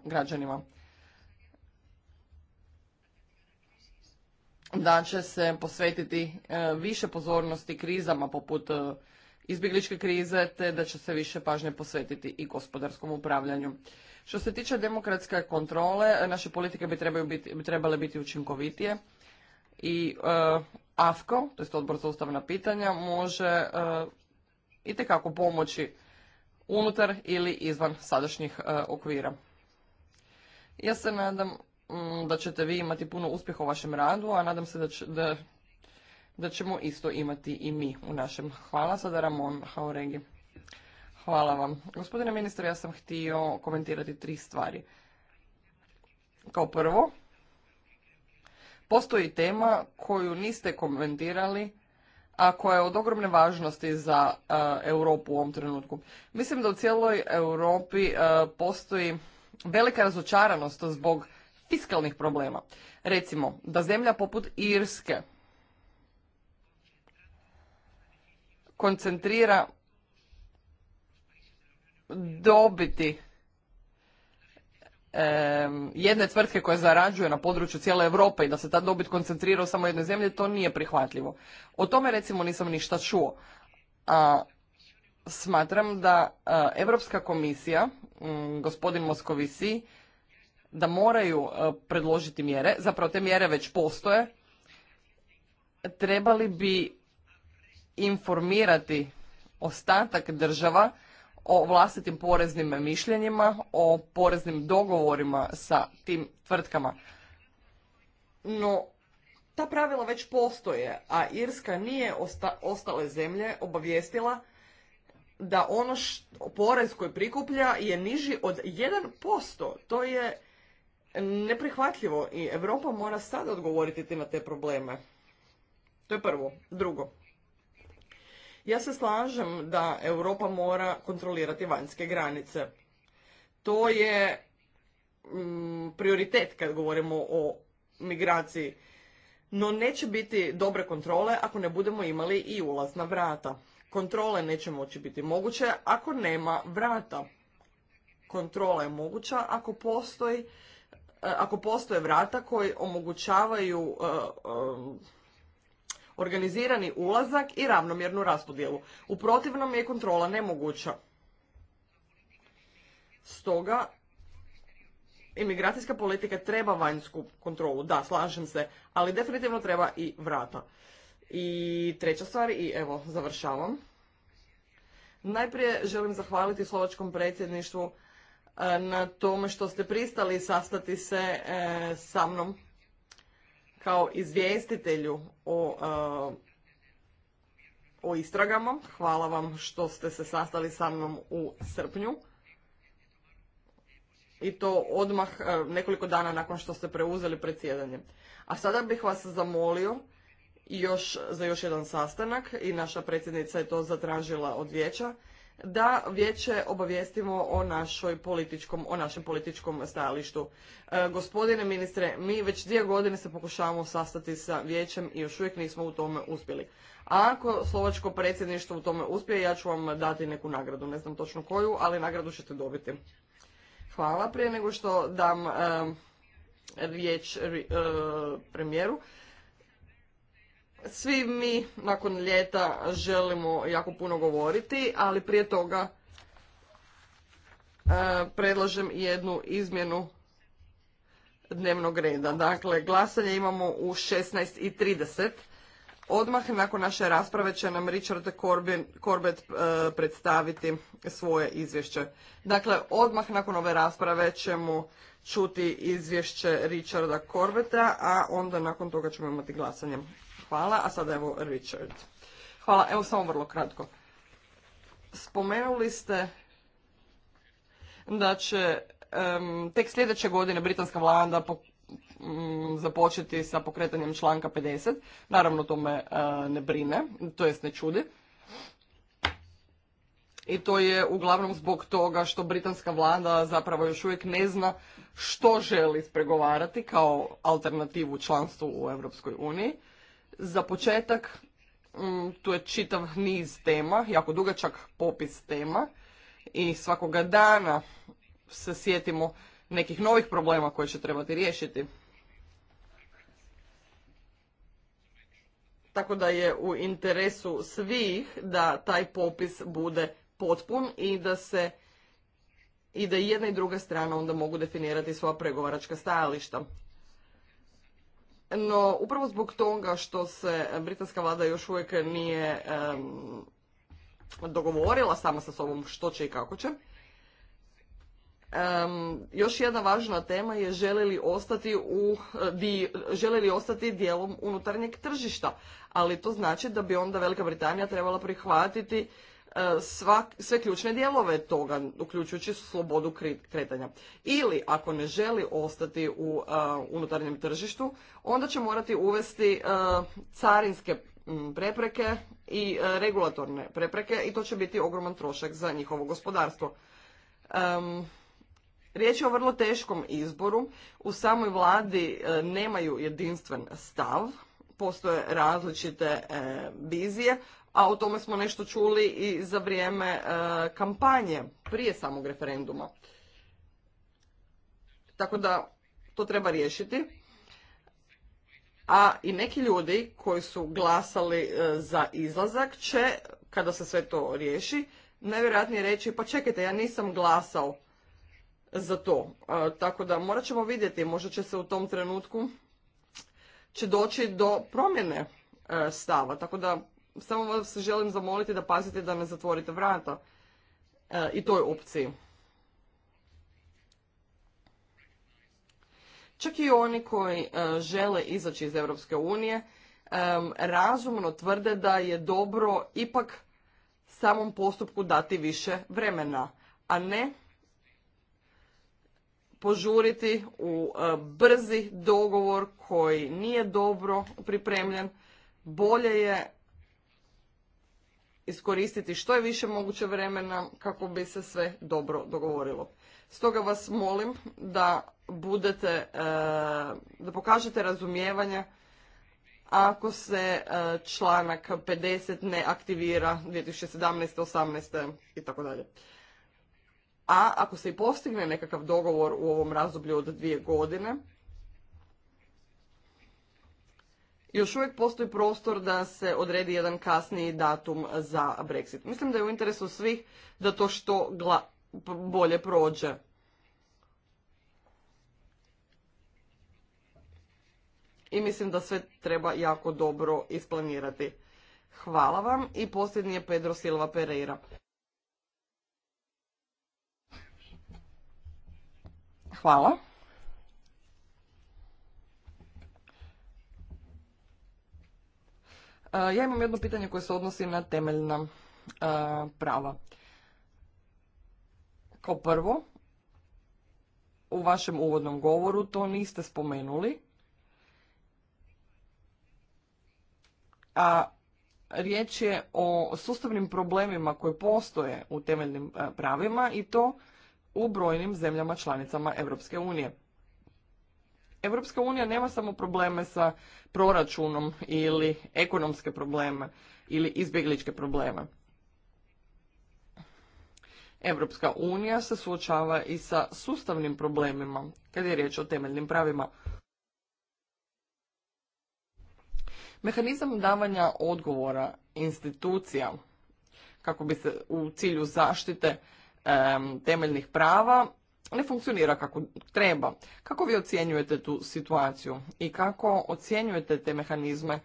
građanima. Da će se posvetiti e, više pozornosti krizama poput e, izbjegličke krize, te da će se više pažnje posvetiti i gospodarskom upravljanju. Što se tiče demokratske kontrole, naše politike bi, biti, trebale biti učinkovitije i e, AFKO, to je odbor za ustavna pitanja, može itekako pomoći unutar ili izvan sadašnjih e, okvira. Ja se nadam mm, da ćete vi imati puno uspjeha u vašem radu, a nadam se da, ćemo isto imati i mi u našem. Hvala sada Ramon Hauregi. Hvala vam. Gospodine ministre, ja sam htio komentirati tri stvari. Kao prvo, postoji tema koju niste komentirali, a koja je od ogromne važnosti za e, Europu u ovom trenutku. Mislim da u cijeloj Europi e, postoji velika razočaranost zbog fiskalnih problema. Recimo, da zemlja poput Irske koncentrira dobiti jedne tvrtke koja zarađuje na području cijele Europe i da se ta dobit koncentrira u samo jednoj zemlji, to nije prihvatljivo. O tome recimo nisam ništa čuo. A, smatram da Europska komisija, gospodin Moskovisi, da moraju predložiti mjere, zapravo te mjere već postoje, trebali bi informirati ostatak država o vlastitim poreznim mišljenjima, o poreznim dogovorima sa tim tvrtkama. No, ta pravila već postoje, a Irska nije ostale zemlje obavijestila da ono porez koji prikuplja je niži od 1%. To je neprihvatljivo i Europa mora sada odgovoriti na te probleme. To je prvo. Drugo, ja se slažem da Europa mora kontrolirati vanjske granice. To je mm, prioritet kad govorimo o migraciji. No neće biti dobre kontrole ako ne budemo imali i ulazna vrata. Kontrole neće moći biti moguće ako nema vrata. Kontrola je moguća ako postoji e, ako postoje vrata koji omogućavaju e, e, organizirani ulazak i ravnomjernu raspodjelu. U protivnom je kontrola nemoguća. Stoga, imigracijska politika treba vanjsku kontrolu, da, slažem se, ali definitivno treba i vrata. I treća stvar, i evo, završavam. Najprije želim zahvaliti slovačkom predsjedništvu eh, na tome što ste pristali sastati se eh, sa mnom kao izvjestitelju o, o istragama. Hvala vam što ste se sastali sa mnom u srpnju i to odmah nekoliko dana nakon što ste preuzeli predsjedanje. A sada bih vas zamolio još za još jedan sastanak i naša predsjednica je to zatražila od vijeća da vijeće obavijestimo o našoj političkom, o našem političkom stajalištu. E, gospodine ministre, mi već dvije godine se pokušavamo sastati sa vijećem i još uvijek nismo u tome uspjeli. A ako slovačko predsjedništvo u tome uspije, ja ću vam dati neku nagradu, ne znam točno koju, ali nagradu ćete dobiti. Hvala prije nego što dam e, riječ e, premijeru. Svi mi nakon ljeta želimo jako puno govoriti, ali prije toga e, predlažem jednu izmjenu dnevnog reda. Dakle, glasanje imamo u 16.30. Odmah nakon naše rasprave će nam Richard Corbett e, predstaviti svoje izvješće. Dakle, odmah nakon ove rasprave ćemo čuti izvješće Richarda Corbeta, a onda nakon toga ćemo imati glasanje. Hvala, a sada evo Richard. Hvala, evo samo vrlo kratko. Spomenuli ste da će tek sljedeće godine britanska vlada mm, započeti sa pokretanjem članka 50. Naravno, to me e, ne brine, to jest ne čudi. I to je uglavnom zbog toga što britanska vlada zapravo još uvijek ne zna što želi ispregovarati kao alternativu članstvu u Europskoj uniji. Za početak, mm, tu je čitav niz tema, jako dugačak popis tema i svakoga dana se sjetimo nekih novih problema koje će trebati riješiti. Tako da je u interesu svih da taj popis bude potpun i da se i da jedna i druga strana onda mogu definirati svoja pregovaračka stajališta. No, upravo zbog toga što se britanska vlada još uvijek nije dogovorila sama sa sobom što će i kako će, još jedna važna tema je željeli li ostati, u, di, žele li ostati dijelom unutarnjeg tržišta, ali to znači da bi onda Velika Britanija trebala prihvatiti E, svak, sve ključne dijelove toga, uključujući slobodu kretanja. Ili ako ne želi ostati u e, unutarnjem tržištu, onda će morati uvesti e, carinske prepreke i regulatorne prepreke i to će biti ogroman trošak za njihovo gospodarstvo. riječ je o vrlo teškom izboru. U samoj vladi nemaju jedinstven stav, postoje različite vizije, a o tome smo nešto čuli i za vrijeme e, kampanje prije samog referenduma. Tako da to treba riješiti. A i neki ljudi koji su glasali e, za izlazak će, kada se sve to riješi, najvjerojatnije reći pa čekajte, ja nisam glasao za to. E, tako da morat ćemo vidjeti, možda će se u tom trenutku će doći do promjene stava. Tako da samo vas želim zamoliti da pazite da ne zatvorite vrata e, i toj opciji. Čak i oni koji e, žele izaći iz Europske unije e, razumno tvrde da je dobro ipak samom postupku dati više vremena, a ne požuriti u brzi dogovor koji nije dobro pripremljen. Bolje je iskoristiti što je više moguće vremena kako bi se sve dobro dogovorilo. Stoga vas molim da budete, e, da pokažete razumijevanje ako se e, članak 50 ne aktivira 2017. 18. i tako dalje. A ako se i postigne nekakav dogovor u ovom razdoblju od dvije godine, još uvijek postoji prostor da se odredi jedan kasniji datum za Brexit. Mislim da je u interesu svih da to što bolje prođe. I mislim da sve treba jako dobro isplanirati. Hvala vam i posljednji je Pedro Silva Pereira. Hvala. Ja imam jedno pitanje koje se odnosi na temeljna prava. Kao prvo, u vašem uvodnom govoru to niste spomenuli, a riječ je o sustavnim problemima koji postoje u temeljnim pravima i to u brojnim zemljama članicama Europske unije. Europska unija nema samo probleme sa proračunom ili ekonomske probleme ili izbjegličke probleme. Europska unija se suočava i sa sustavnim problemima kad je riječ o temeljnim pravima. Mehanizam davanja odgovora institucija kako bi se u cilju zaštite temeljnih prava ne funkcionira kako treba. Kako vi ocjenjujete tu situaciju i kako ocjenjujete te mehanizme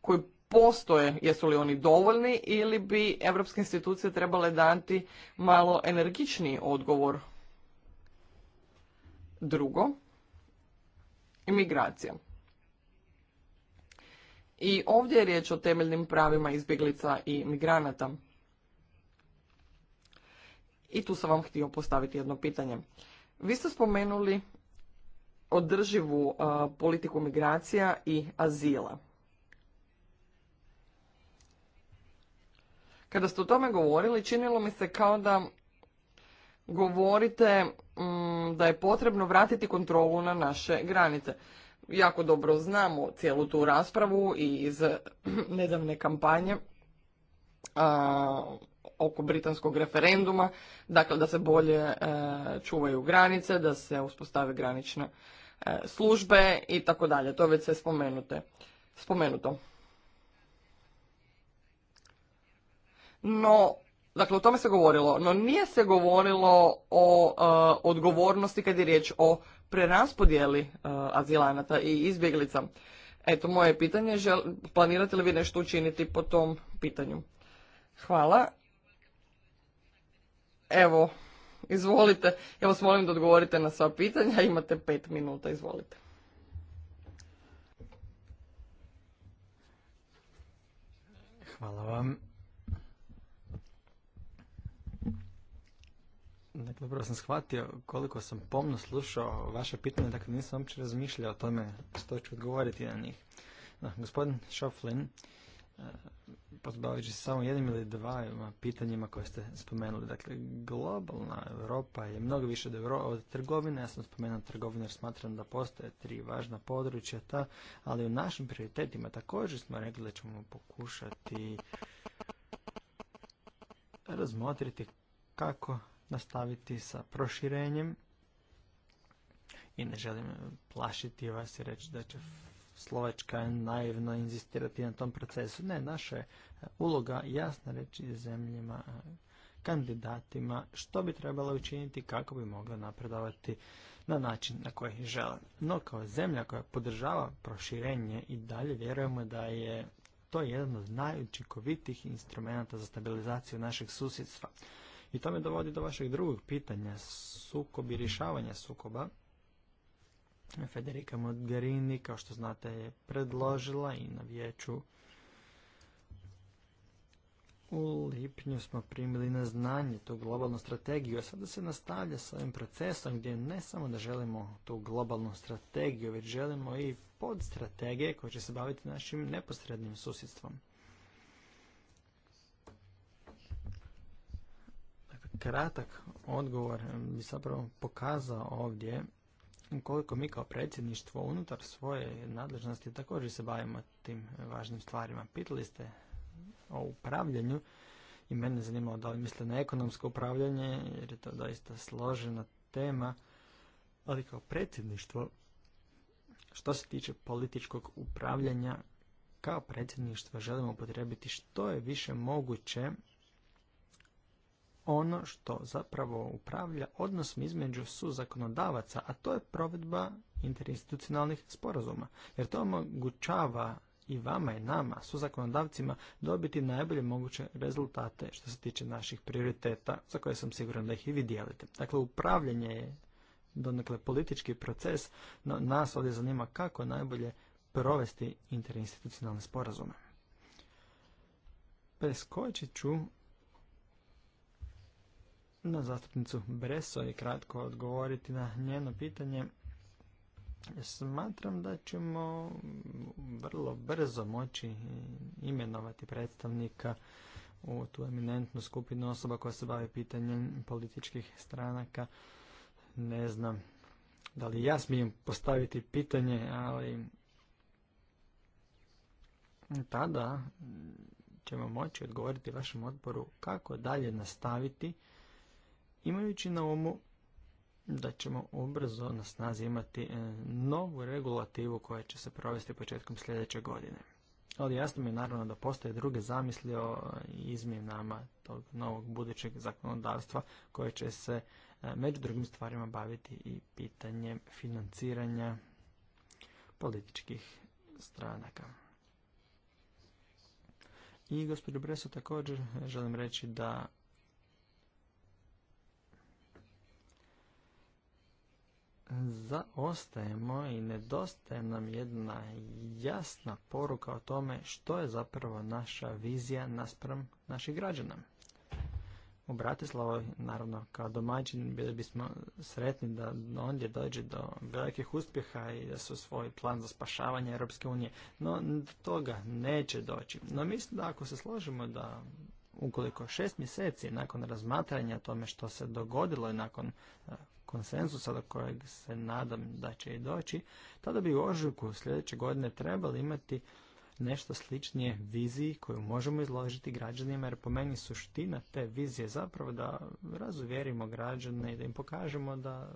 koji postoje, jesu li oni dovoljni ili bi evropske institucije trebale dati malo energičniji odgovor? Drugo, imigracija. I ovdje je riječ o temeljnim pravima izbjeglica i migranata. I tu sam vam htio postaviti jedno pitanje. Vi ste spomenuli održivu politiku migracija i azila. Kada ste o tome govorili, činilo mi se kao da govorite mm, da je potrebno vratiti kontrolu na naše granice. Jako dobro znamo cijelu tu raspravu i iz nedavne kampanje a, oko britanskog referenduma, dakle da se bolje e, čuvaju granice, da se uspostave granične e, službe i tako dalje. To je već sve spomenute. spomenuto. No, dakle o tome se govorilo, no nije se govorilo o e, odgovornosti kad je riječ o preraspodjeli azilanata i izbjeglica. Eto, moje pitanje, žel, planirate li vi nešto učiniti po tom pitanju? Hvala. Evo, izvolite. Ja vas molim da odgovorite na sva pitanja. Imate pet minuta, izvolite. Hvala vam. Dakle, sam shvatio koliko sam pomno slušao vaše pitanje, dakle nisam uopće razmišljao o tome što ću odgovoriti na njih. gospodin Šoflin, pozbavit ću se samo jednim ili dva pitanjima koje ste spomenuli. Dakle, globalna Europa je mnogo više od, Euro od trgovine. Ja sam spomenuo trgovinu jer smatram da postoje tri važna područja, ta, ali u našim prioritetima također smo rekli da ćemo pokušati razmotriti kako nastaviti sa proširenjem i ne želim plašiti vas i reći da će Slovačka je naivno inzistirati na tom procesu. Ne, naša je uloga jasna reći zemljima, kandidatima što bi trebalo učiniti kako bi mogla napredovati na način na koji žele. No kao zemlja koja podržava proširenje i dalje vjerujemo da je to jedan od najučinkovitijih instrumenta za stabilizaciju našeg susjedstva. I to me dovodi do vašeg drugog pitanja, sukob i rješavanja sukoba. Federica Mogherini, kao što znate, je predložila i na vijeću u lipnju smo primili na znanje tu globalnu strategiju, a sada se nastavlja s ovim procesom gdje ne samo da želimo tu globalnu strategiju, već želimo i podstrategije koje će se baviti našim neposrednim susjedstvom. Dakle, kratak odgovor bi zapravo pokazao ovdje koliko mi kao predsjedništvo unutar svoje nadležnosti također se bavimo tim važnim stvarima. Pitali ste o upravljanju i mene zanimalo da li misle na ekonomsko upravljanje jer je to doista složena tema, ali kao predsjedništvo što se tiče političkog upravljanja kao predsjedništvo želimo potrebiti što je više moguće ono što zapravo upravlja odnosom između zakonodavaca, a to je provedba interinstitucionalnih sporazuma. Jer to omogućava i vama i nama, zakonodavcima, dobiti najbolje moguće rezultate što se tiče naših prioriteta, za koje sam siguran da ih i vi dijelite. Dakle, upravljanje je donekle politički proces, no nas ovdje zanima kako najbolje provesti interinstitucionalne sporazume. Preskočit ću na zastupnicu Breso i kratko odgovoriti na njeno pitanje. Smatram da ćemo vrlo brzo moći imenovati predstavnika u tu eminentnu skupinu osoba koja se bavi pitanjem političkih stranaka. Ne znam da li ja smijem postaviti pitanje, ali tada ćemo moći odgovoriti vašem odboru kako dalje nastaviti imajući na umu da ćemo ubrzo na snazi imati e, novu regulativu koja će se provesti početkom sljedeće godine. Ali jasno mi je naravno da postoje druge zamisli o izmjenama tog novog budućeg zakonodavstva koje će se e, među drugim stvarima baviti i pitanjem financiranja političkih stranaka. I gospođo Breso također želim reći da zaostajemo i nedostaje nam jedna jasna poruka o tome što je zapravo naša vizija naspram naših građana. U Bratislavu, naravno, kao domaćin, bili bismo sretni da ondje dođe do velikih uspjeha i da su svoj plan za spašavanje Europske unije, no do toga neće doći. No mislim da ako se složimo da ukoliko šest mjeseci nakon razmatranja tome što se dogodilo i nakon eh, konsenzusa do kojeg se nadam da će i doći, tada bi u ožujku sljedeće godine trebali imati nešto sličnije mhm. viziji koju možemo izložiti građanima, jer po meni suština te vizije zapravo da razuvjerimo građane i da im pokažemo da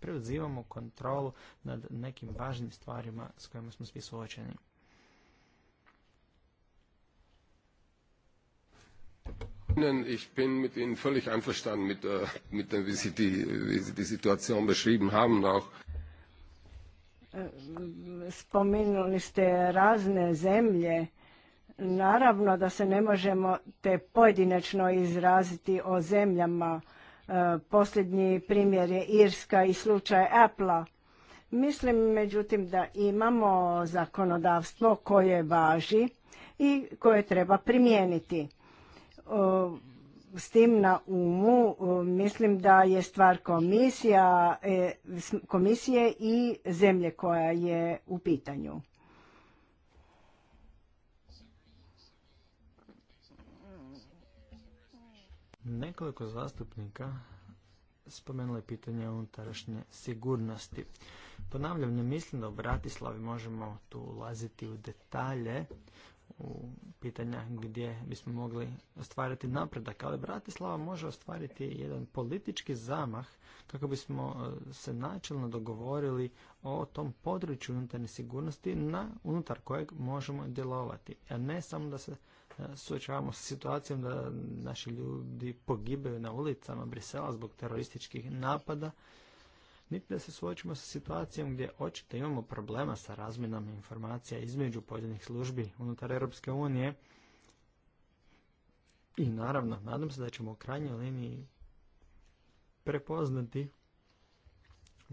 preuzimamo kontrolu nad nekim važnim stvarima s kojima smo svi suočeni. Ich bin mit Ihnen völlig einverstanden mit, äh, mit wie Sie, die, die Situation beschrieben haben auch. Äh, spominuli ste razne zemlje. Naravno da se ne možemo te pojedinačno izraziti o zemljama. Äh, posljednji primjer je Irska i slučaj apple Mislim međutim da imamo zakonodavstvo koje važi i koje treba primijeniti s tim na umu e, mislim da je stvar komisija, e, komisije i zemlje koja je u pitanju. Nekoliko zastupnika spomenuli pitanje unutrašnje sigurnosti. Ponavljam, ne mislim da u Bratislavi možemo tu ulaziti u detalje u pitanja gdje bismo mogli ostvariti napredak, ali Bratislava može ostvariti jedan politički zamah kako bismo e, se načelno dogovorili o tom području unutarnje sigurnosti na unutar kojeg možemo djelovati, a ne samo da se e, suočavamo s situacijom da naši ljudi pogibaju na ulicama Brisela zbog terorističkih napada, niti da se suočimo sa situacijom gdje očito imamo problema sa razmjenom informacija između pojedinih službi unutar Europske unije. I naravno, nadam se da ćemo u krajnjoj liniji prepoznati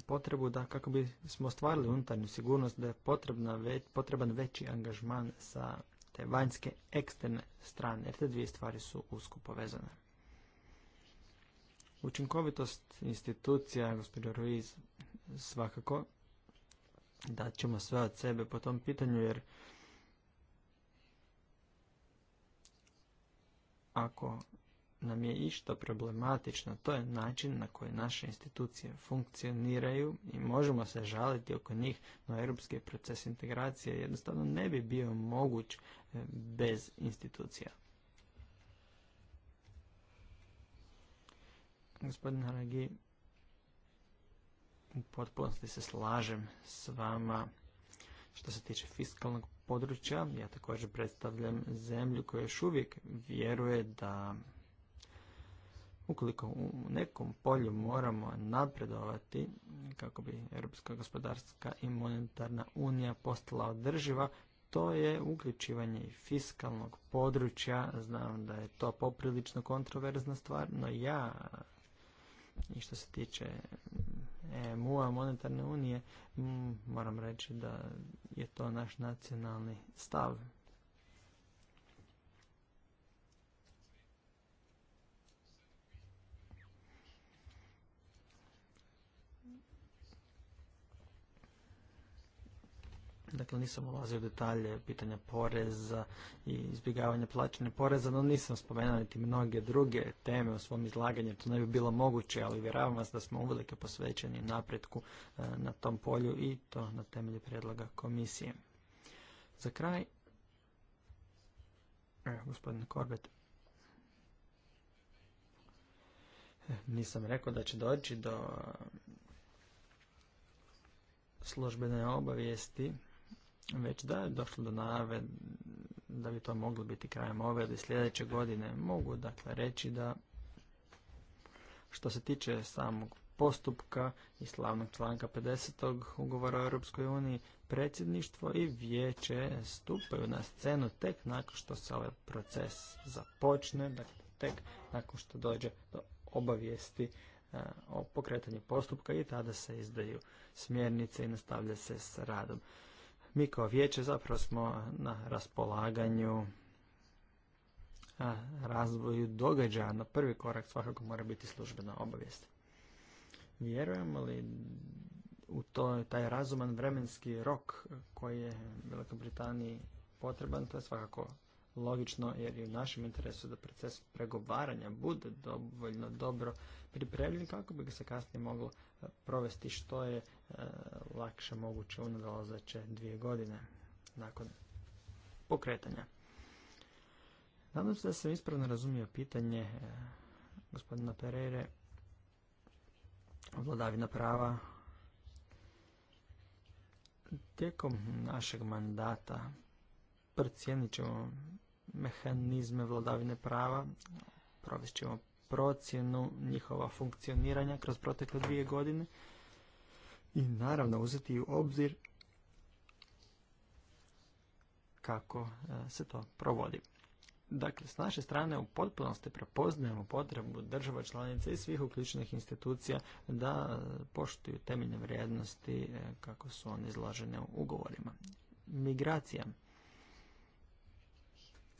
potrebu da kako bi smo ostvarili unutarnju sigurnost da je potrebna potreban veći angažman sa te vanjske eksterne strane jer te dvije stvari su usko povezane. Učinkovitost institucija, gospođo Ruiz, svakako dat ćemo sve od sebe po tom pitanju, jer ako nam je išta problematično, to je način na koji naše institucije funkcioniraju i možemo se žaliti oko njih, no europski proces integracije jednostavno ne bi bio moguć eh, bez institucija. Gospodin Haragi, u potpunosti se slažem s vama što se tiče fiskalnog područja. Ja također predstavljam zemlju koja još uvijek vjeruje da ukoliko u nekom polju moramo napredovati kako bi Europska gospodarska i monetarna unija postala održiva, to je uključivanje fiskalnog područja. Znam da je to poprilično kontroverzna stvar, no ja i što se tiče mm, emu monetarne unije, mm, moram reći da je to naš nacionalni stav. Dakle, nisam ulazio u detalje pitanja poreza i izbjegavanja plaćanja poreza, no nisam spomenuo niti mnoge druge teme u svom izlaganju. To ne bi bilo moguće, ali vjeravam vas da smo uvelike posvećeni napretku e, na tom polju i to na temelju predloga komisije. Za kraj, evo, gospodine Korbet, e, nisam rekao da će doći do službene obavijesti već da je došlo do najave da bi to moglo biti krajem ove ili sljedeće godine. Mogu dakle reći da što se tiče samog postupka i slavnog članka 50. ugovora o Europskoj uniji, predsjedništvo i vijeće stupaju na scenu tek nakon što se ovaj proces započne, dakle tek nakon što dođe do obavijesti e, o pokretanju postupka i tada se izdaju smjernice i nastavlja se s radom mi kao vijeće zapravo smo na raspolaganju razvoju događaja, Na prvi korak svakako mora biti službena obavijest. Vjerujemo li u to, taj razuman vremenski rok koji je Velikoj Britaniji potreban, to je svakako logično jer je u našem interesu da proces pregovaranja bude dovoljno dobro pripremljen kako bi se kasnije moglo provesti što je e, lakše moguće u nadalazeće dvije godine nakon pokretanja. Nadam se da sam ispravno razumio pitanje e, gospodina Pereire vladavina prava tijekom našeg mandata procijenit ćemo mehanizme vladavine prava, provest ćemo procjenu njihova funkcioniranja kroz protekle dvije godine i naravno uzeti u obzir kako e, se to provodi. Dakle, s naše strane u potpunosti prepoznajemo potrebu država članica i svih uključenih institucija da e, poštuju temeljne vrijednosti e, kako su one izložene u ugovorima. Migracija.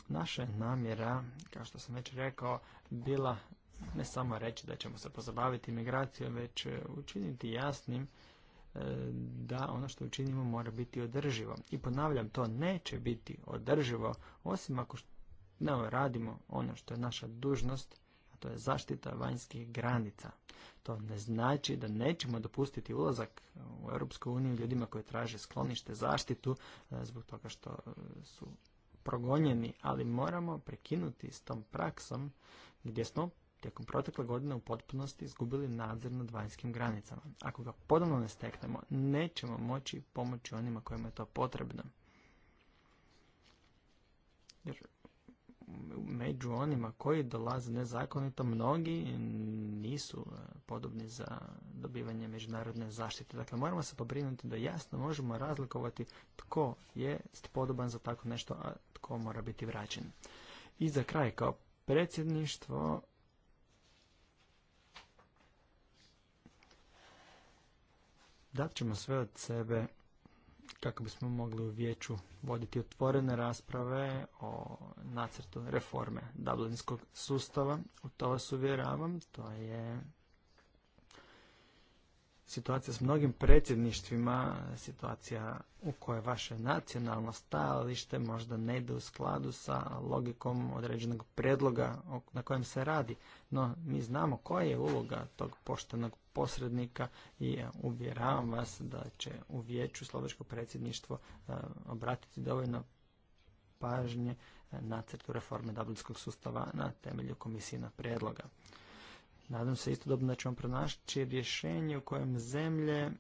Naša namjera, kao što sam već rekao, bila ne samo reći da ćemo se pozabaviti migracijom, već e, učiniti jasnim e, da ono što učinimo mora biti održivo. I ponavljam, to neće biti održivo osim ako ne radimo ono što je naša dužnost, a to je zaštita vanjskih granica. To ne znači da nećemo dopustiti ulazak u EU ljudima koji traže sklonište zaštitu e, zbog toga što su progonjeni, ali moramo prekinuti s tom praksom gdje smo tijekom protekle godine u potpunosti izgubili nadzor nad vanjskim granicama. Ako ga ponovno ne steknemo, nećemo moći pomoći onima kojima je to potrebno. Jer među onima koji dolaze nezakonito, mnogi nisu e, podobni za dobivanje međunarodne zaštite. Dakle, moramo se pobrinuti da jasno možemo razlikovati tko je podoban za tako nešto, a tko mora biti vraćen. I za kraj, kao predsjedništvo dat ćemo sve od sebe kako bismo mogli u vijeću voditi otvorene rasprave o nacrtu reforme dublinskog sustava. U to vas uvjeravam, to je situacija s mnogim predsjedništvima, situacija u kojoj vaše nacionalno stajalište možda ne ide u skladu sa logikom određenog predloga na kojem se radi. No, mi znamo koja je uloga tog poštenog posrednika i e, uvjeravam vas da će u vijeću slovačko predsjedništvo e, obratiti dovoljno pažnje e, nacrtu reforme dublinskog sustava na temelju komisijina predloga. Nadam se istodobno da ćemo pronaći rješenje u kojem zemlje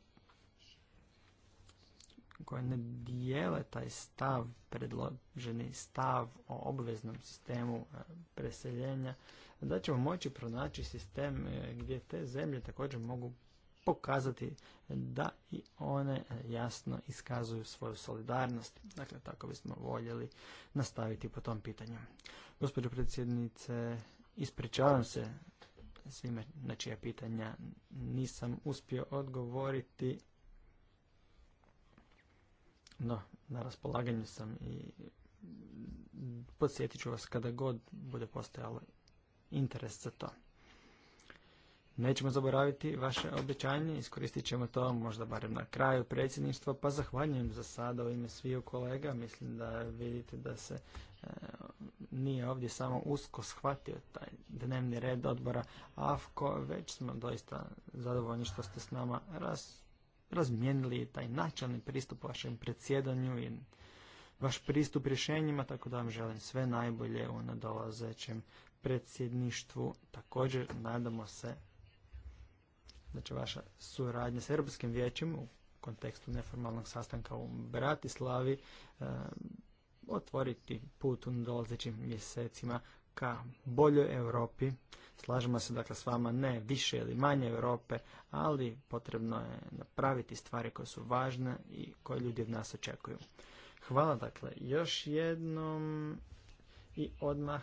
koje ne dijele taj stav, predloženi stav o obveznom sistemu e, preseljenja, da ćemo moći pronaći sistem e, gdje te zemlje također mogu pokazati da i one e, jasno iskazuju svoju solidarnost. Dakle, tako bismo voljeli nastaviti po tom pitanju. Gospođo predsjednice, ispričavam se svime na čija pitanja nisam uspio odgovoriti. No, na raspolaganju sam i podsjetit ću vas kada god bude postojalo interes za to. Nećemo zaboraviti vaše obećanje, iskoristit ćemo to možda barem na kraju predsjedništva, pa zahvaljujem za sada u ime sviju kolega. Mislim da vidite da se e, nije ovdje samo usko shvatio taj dnevni red odbora AFKO, već smo doista zadovoljni što ste s nama raz, razmijenili taj načelni pristup vašem predsjedanju i vaš pristup rješenjima, tako da vam želim sve najbolje u nadolazećem predsjedništvu. Također nadamo se da vaša suradnja s Europskim vijećem u kontekstu neformalnog sastanka u Bratislavi e, otvoriti put u dolazećim mjesecima ka boljoj Europi. Slažemo se dakle s vama ne više ili manje Europe, ali potrebno je napraviti stvari koje su važne i koje ljudi od nas očekuju. Hvala dakle još jednom i odmah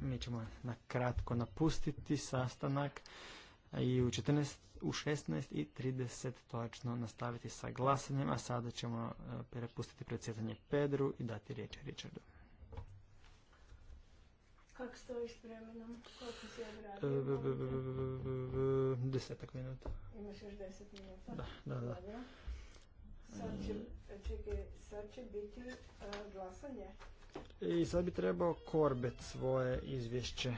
mi ćemo na kratko napustiti sastanak i u 14 u 16.30 točno nastaviti sa glasanjem, a sada ćemo e, prepustiti predsjedanje Pedru i dati riječ Richardu. Kako stojiš s vremenom? Koliko si e, odradio? Desetak minuta. Imaš još deset minuta? Da, da, da. Sad će, čekaj, sad će biti e, glasanje. I sad bi trebao Korbet svoje izvješće.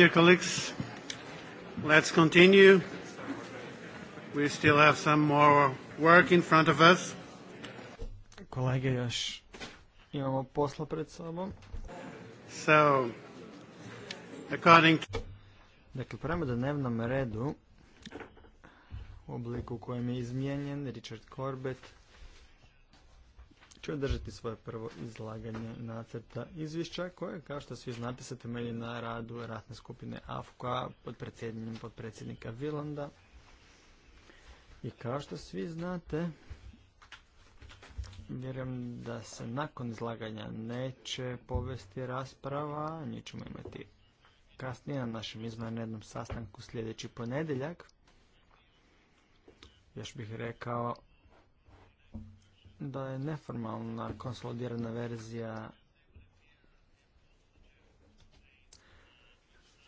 dear colleagues, let's continue. We still have some more work in front of us. Kolege, još imamo posla pred sobom. So, according to... Dakle, prema da dnevnom redu, u obliku u kojem je izmijenjen Richard Corbett, ću održati svoje prvo izlaganje nacrta izvješća koje, kao što svi znate, se temelji na radu ratne skupine AFKA pod predsjednjenjem podpredsjednika Vilanda. I kao što svi znate, vjerujem da se nakon izlaganja neće povesti rasprava, nju ćemo imati kasnije na našem izvanrednom sastanku sljedeći ponedjeljak. Još bih rekao da je neformalna konsolidirana verzija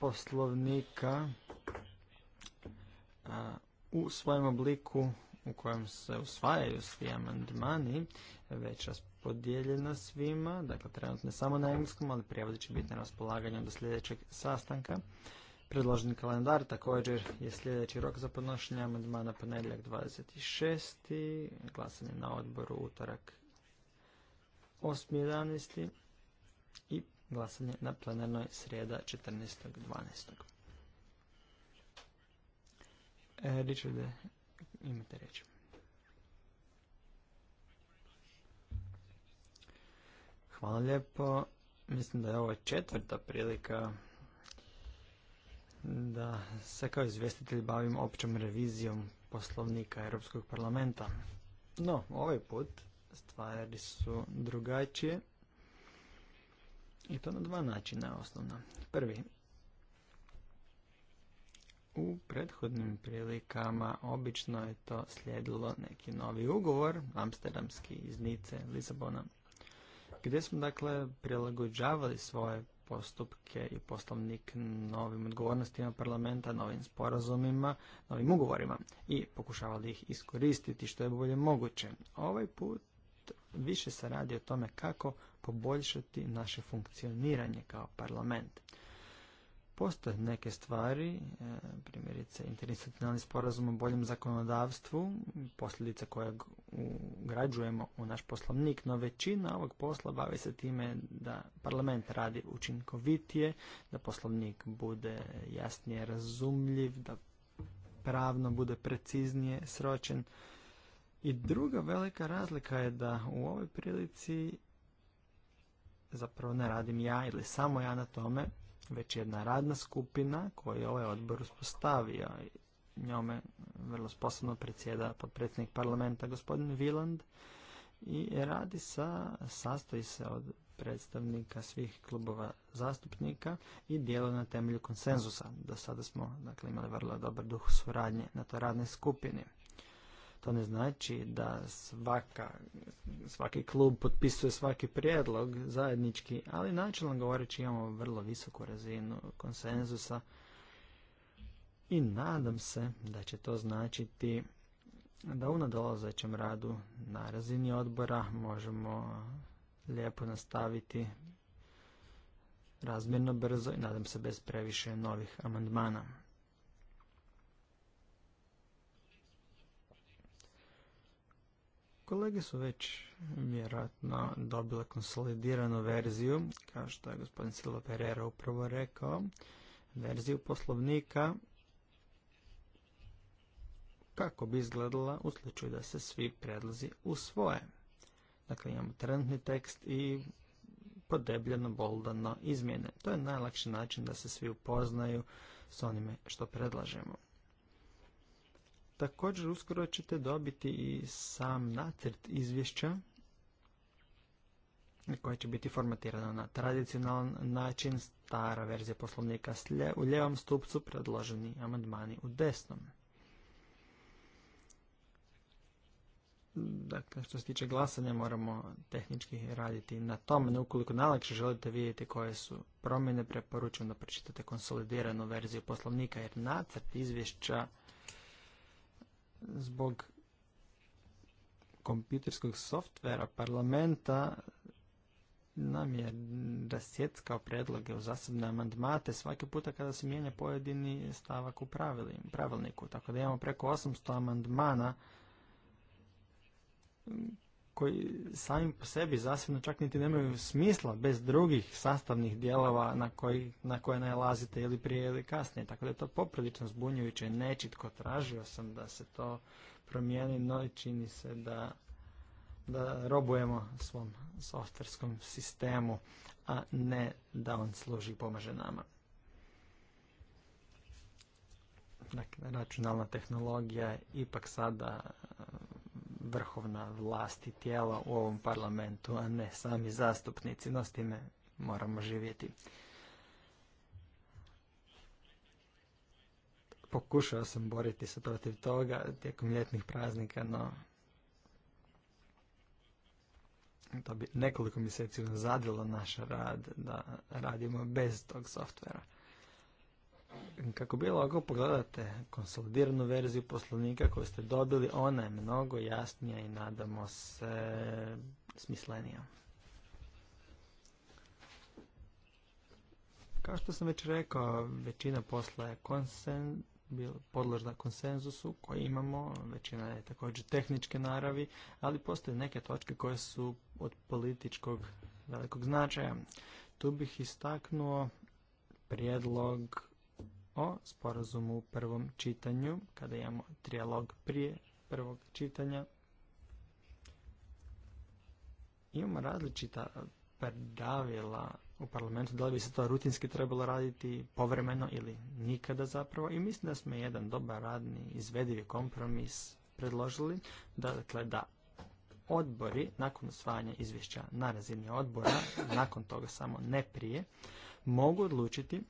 poslovnika u svojem obliku u kojem se usvajaju svi amandmani već raspodijeljena svima, dakle trenutno ne samo na engleskom, ali prijevod će biti na raspolaganju do sljedećeg sastanka. Predložen kalendar također je sljedeći rok za podnošenje amandmana ponedjeljak 26. glasanje na odboru utorak 8.11. i glasanje na plenarnoj srijeda 14.12. E, Richarde, imate reći. Hvala lijepo. Mislim da je ovo četvrta prilika da se kao izvjestitelj bavim općom revizijom poslovnika Europskog parlamenta. No, ovaj put stvari su drugačije i to na dva načina osnovna. Prvi, u prethodnim prilikama obično je to slijedilo neki novi ugovor, amsterdamski iz Nice, Lisabona, gdje smo dakle prilagođavali svoje postupke i poslovnik novim odgovornostima parlamenta, novim sporazumima, novim ugovorima i pokušavali ih iskoristiti što je bolje moguće. Ovaj put više se radi o tome kako poboljšati naše funkcioniranje kao parlament. Postoje neke stvari, e, primjerice interinstitucionalni sporazum o boljem zakonodavstvu, posljedice kojeg ugrađujemo u naš poslovnik, no većina ovog posla bavi se time da parlament radi učinkovitije, da poslovnik bude jasnije razumljiv, da pravno bude preciznije sročen. I druga velika razlika je da u ovoj prilici zapravo ne radim ja ili samo ja na tome, već jedna radna skupina koju je ovaj odbor uspostavio. Njome vrlo sposobno predsjeda potpredsjednik parlamenta gospodin Viland i radi sa, sastoji se od predstavnika svih klubova zastupnika i djeluje na temelju konsenzusa. Do sada smo dakle, imali vrlo dobar duh suradnje na toj radnoj skupini. To ne znači da svaka, svaki klub potpisuje svaki prijedlog zajednički, ali načelno govoreći imamo vrlo visoku razinu konsenzusa i nadam se da će to značiti da u nadolazećem radu na razini odbora možemo lijepo nastaviti razmjerno brzo i nadam se bez previše novih amandmana. Kolege su već vjerojatno dobile konsolidiranu verziju, kao što je gospodin Silva Pereira upravo rekao, verziju poslovnika kako bi izgledala u slučaju da se svi predlazi usvoje. Dakle, imamo trenutni tekst i podebljeno, boldano izmjene. To je najlakši način da se svi upoznaju s onime što predlažemo. Također uskoro ćete dobiti i sam nacrt izvješća koje će biti formatirana na tradicionalan način stara verzija poslovnika u ljevom stupcu predloženi amandmani u desnom. Dakle, što se tiče glasanja, moramo tehnički raditi na tome. ukoliko najlakše želite vidjeti koje su promjene, preporučujem da pročitate konsolidiranu verziju poslovnika, jer nacrt izvješća zbog kompjuterskog softvera parlamenta nam je rasjeckao predloge u zasebne amandmate svaki puta kada se mijenja pojedini stavak u pravilniku. Tako da imamo preko 800 amandmana koji sami po sebi zasebno čak niti nemaju smisla bez drugih sastavnih dijelova na, koji, na koje najlazite ili prije ili kasnije. Tako da je to poprilično zbunjujuće, nečitko tražio sam da se to promijeni, no i čini se da, da robujemo svom softverskom sistemu, a ne da on služi i pomaže nama. Dakle, računalna tehnologija ipak sada vrhovna vlast i tijela u ovom parlamentu, a ne sami zastupnici, no s time moramo živjeti. Pokušao sam boriti se protiv toga tijekom ljetnih praznika, no to bi nekoliko mjeseci zadilo naš rad da radimo bez tog softvera. Kako bilo, ako pogledate konsolidiranu verziju poslovnika koju ste dobili, ona je mnogo jasnija i nadamo se smislenija. Kao što sam već rekao, većina posla je konsen, podložna konsenzusu koji imamo, većina je također tehničke naravi, ali postoje neke točke koje su od političkog velikog značaja. Tu bih istaknuo prijedlog o sporazumu u prvom čitanju, kada imamo trijalog prije prvog čitanja. Imamo različita pravila u parlamentu, da li bi se to rutinski trebalo raditi povremeno ili nikada zapravo i mislim da smo jedan dobar radni izvedivi kompromis predložili, dakle da odbori nakon osvajanja izvješća na razini odbora, nakon toga samo ne prije, mogu odlučiti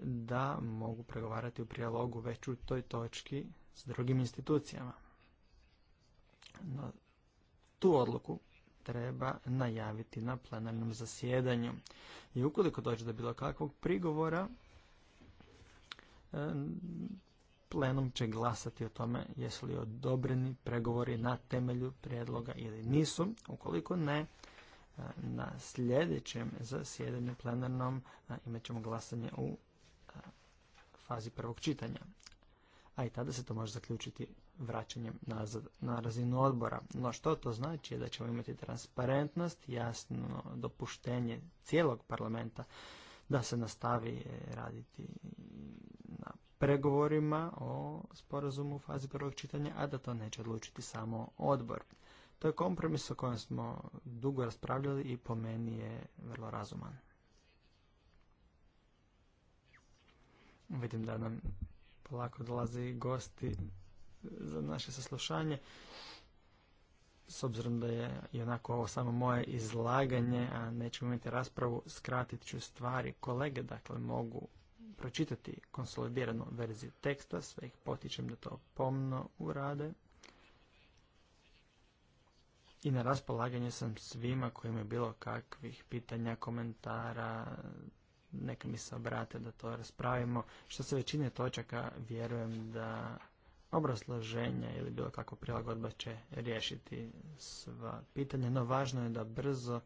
da mogu pregovarati u prijalogu već u toj točki s drugim institucijama. No, tu odluku treba najaviti na plenarnom zasjedanju. I ukoliko dođe do bilo kakvog prigovora, plenom će glasati o tome jesu li odobreni pregovori na temelju prijedloga ili nisu. Ukoliko ne, na sljedećem zasjedanju plenarnom imat ćemo glasanje u fazi prvog čitanja. A i tada se to može zaključiti vraćanjem nazad na razinu odbora. No što to znači je da ćemo imati transparentnost, jasno dopuštenje cijelog parlamenta da se nastavi raditi na pregovorima o sporazumu u fazi prvog čitanja, a da to neće odlučiti samo odbor. To je kompromis o kojem smo dugo raspravljali i po meni je vrlo razuman. Vidim da nam polako dolaze gosti za naše saslušanje. S obzirom da je i ovo samo moje izlaganje, a nećemo imati raspravu, skratit ću stvari. Kolege dakle mogu pročitati konsolidiranu verziju teksta, sve ih potičem da to pomno urade. I na raspolaganje sam svima kojima je bilo kakvih pitanja, komentara, neka mi se obrate da to raspravimo. Što se većine točaka vjerujem da obrazloženja ili bilo kako prilagodba će riješiti sva pitanja, no važno je da brzo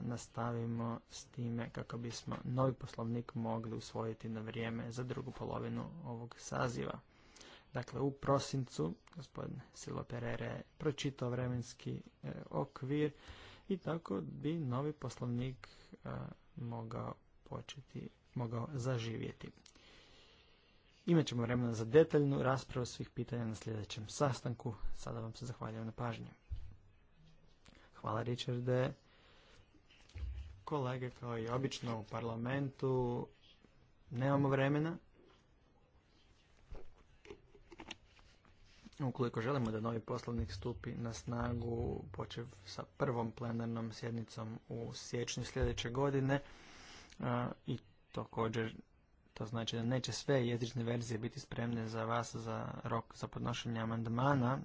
nastavimo s time kako bismo novi poslovnik mogli usvojiti na vrijeme za drugu polovinu ovog saziva. Dakle, u prosincu gospodin Silo Perere je pročitao vremenski e, okvir i tako bi novi poslovnik e, mogao početi, mogao zaživjeti. Imat ćemo vremena za detaljnu raspravu svih pitanja na sljedećem sastanku. Sada vam se zahvaljujem na pažnju. Hvala Richarde. Kolege, kao i obično u parlamentu, nemamo vremena. Ukoliko želimo da novi poslovnik stupi na snagu, počev sa prvom plenarnom sjednicom u siječnju sljedeće godine, i također to znači da neće sve jezične verzije biti spremne za vas za rok za podnošenje amandmana.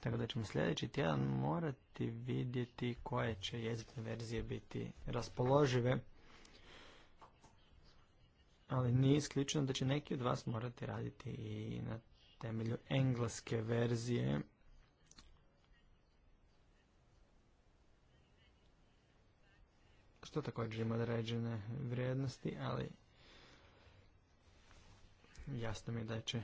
Tako da ćemo sljedeći tjedan morati vidjeti koje će jezične verzije biti raspoložive. Ali nije isključeno da će neki od vas morati raditi i na temelju engleske verzije to također ima određene vrijednosti, ali jasno mi je da će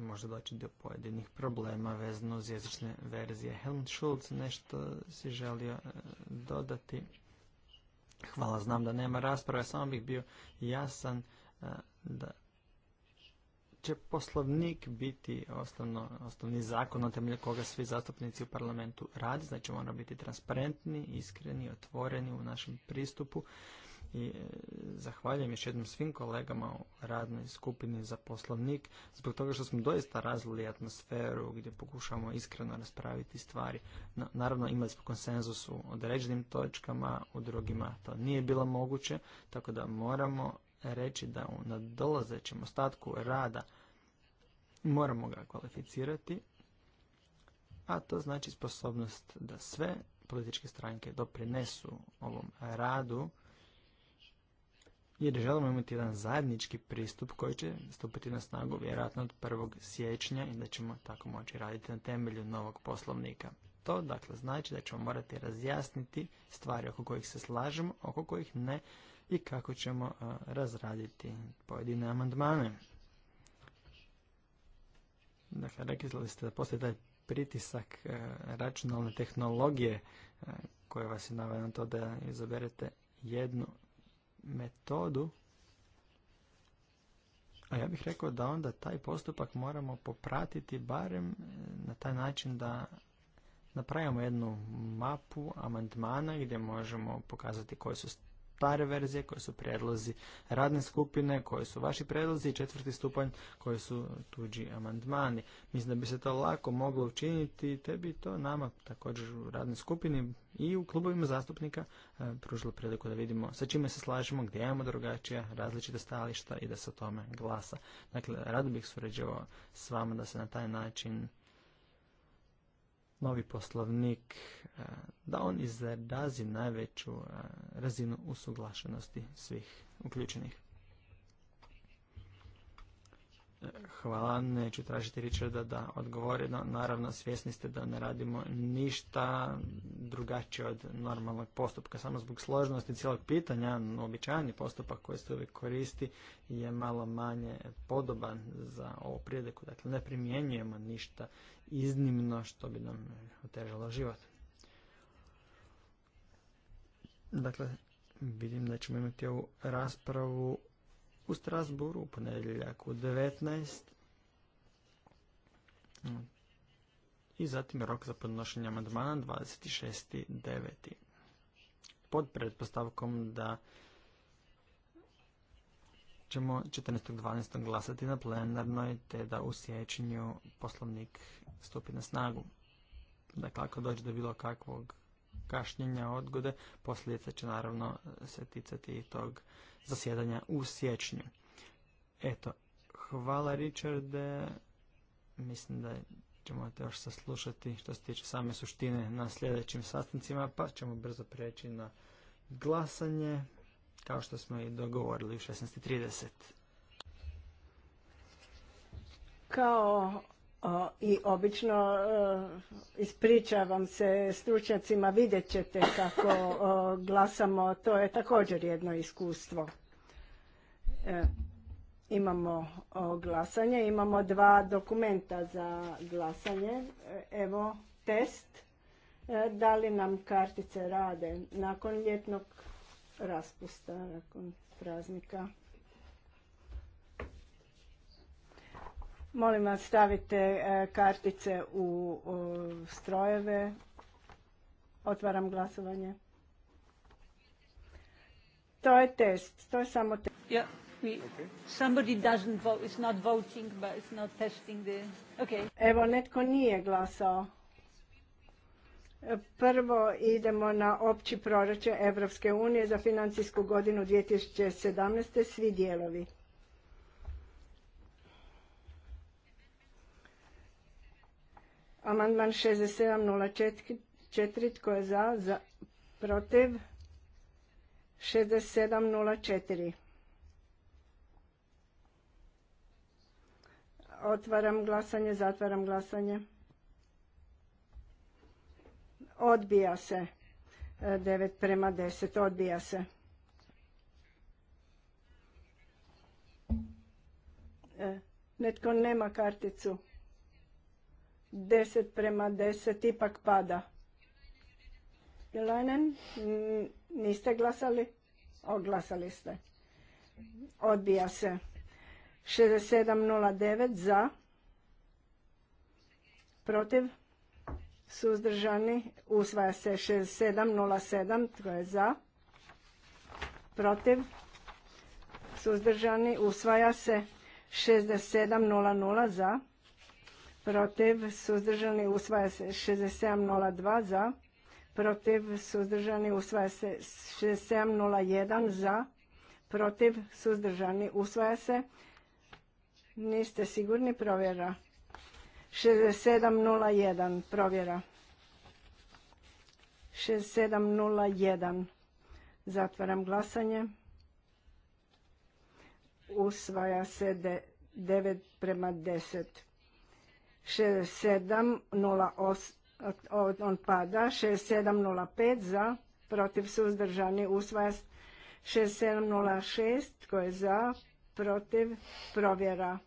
možda doći do pojedinih problema vezano uz jezične verzije. Helmut Schulz nešto si želio e, dodati. Hvala, znam da nema rasprave, samo bih bio jasan e, da će poslovnik biti osnovni zakon na temelju koga svi zastupnici u parlamentu radi, znači moramo biti transparentni, iskreni, otvoreni u našem pristupu i e, zahvaljujem još jednom svim kolegama u radnoj skupini za poslovnik zbog toga što smo doista razlili atmosferu gdje pokušamo iskreno raspraviti stvari. Naravno imali smo konsenzus u određenim točkama, u drugima to nije bilo moguće, tako da moramo reći da u nadolazećem ostatku rada Moramo ga kvalificirati, a to znači sposobnost da sve političke stranke doprinesu ovom radu, jer želimo imati jedan zajednički pristup koji će stupiti na snagu vjerojatno od 1. siječnja i da ćemo tako moći raditi na temelju novog poslovnika. To dakle znači da ćemo morati razjasniti stvari oko kojih se slažemo, oko kojih ne i kako ćemo razraditi pojedine amandmane. Dakle, rekli ste da postoji taj pritisak e, računalne tehnologije e, koja vas je navela na to da izaberete jednu metodu, a ja bih rekao da onda taj postupak moramo popratiti barem e, na taj način da napravimo jednu mapu amandmana gdje možemo pokazati koje su verzije koje su predlozi radne skupine, koje su vaši predlozi i četvrti stupanj koji su tuđi amandmani. Mislim da bi se to lako moglo učiniti te bi to nama također u radnoj skupini i u klubovima zastupnika e, pružilo priliku da vidimo sa čime se slažemo, gdje imamo drugačija različita stajališta i da se o tome glasa. Dakle, rado bih surađivao s vama da se na taj način novi poslovnik e, da on izrazi najveću e, razinu usuglašenosti svih uključenih. Hvala, neću tražiti Richarda da odgovori, no naravno svjesni ste da ne radimo ništa drugačije od normalnog postupka, samo zbog složenosti cijelog pitanja, običajni postupak koji se uvijek koristi je malo manje podoban za ovu prijedeku, dakle ne primjenjujemo ništa iznimno što bi nam otežalo život. Dakle, vidim da ćemo imati ovu raspravu u Strasburu u ponedjeljak u 19. I zatim rok za podnošenje amandmana 26.9. Pod pretpostavkom da ćemo 14.12. glasati na plenarnoj te da u sjećanju poslovnik stupi na snagu. Dakle, ako dođe do bilo kakvog kašnjenja odgode. Posljedice će naravno se ticati i tog zasjedanja u siječnju. Eto, hvala Richarde. Mislim da ćemo te još saslušati što se tiče same suštine na sljedećim sastancima, pa ćemo brzo preći na glasanje, kao što smo i dogovorili u 16.30. Kao i obično e, ispričavam se stručnjacima, vidjet ćete kako glasamo, to je također jedno iskustvo. E, imamo glasanje, imamo dva dokumenta za glasanje. E, evo test, da li nam kartice rade nakon ljetnog raspusta, nakon praznika. Molim vas stavite e, kartice u strojeve. Otvaram glasovanje. To je test, to je samo test. somebody doesn't vote, not voting, but it's not testing Evo, netko nije glasao. E, prvo idemo na opći proračun Evropske unije za financijsku godinu 2017. Svi dijelovi. Amandman 6704, tko je za, za, protiv, 6704. Otvaram glasanje, zatvaram glasanje. Odbija se. 9 prema 10, odbija se. E, netko nema karticu. 10 prema 10 ipak pada. Jelajnen, niste glasali? Oglasali ste. Odbija se. 67.09 za. Protiv. Suzdržani. Usvaja se 67.07. Tko je za? Protiv. Suzdržani. Usvaja se 67.00 za protiv suzdržani usvaja se 6702 za, protiv suzdržani usvaja se 6701 za, protiv suzdržani usvaja se, niste sigurni provjera, 6701 provjera, 6701 zatvaram glasanje, usvaja se 9 prema 10. 6708, on pada, 6705 za, protiv suzdržani usvaja 6706, koji je za, protiv, provjera,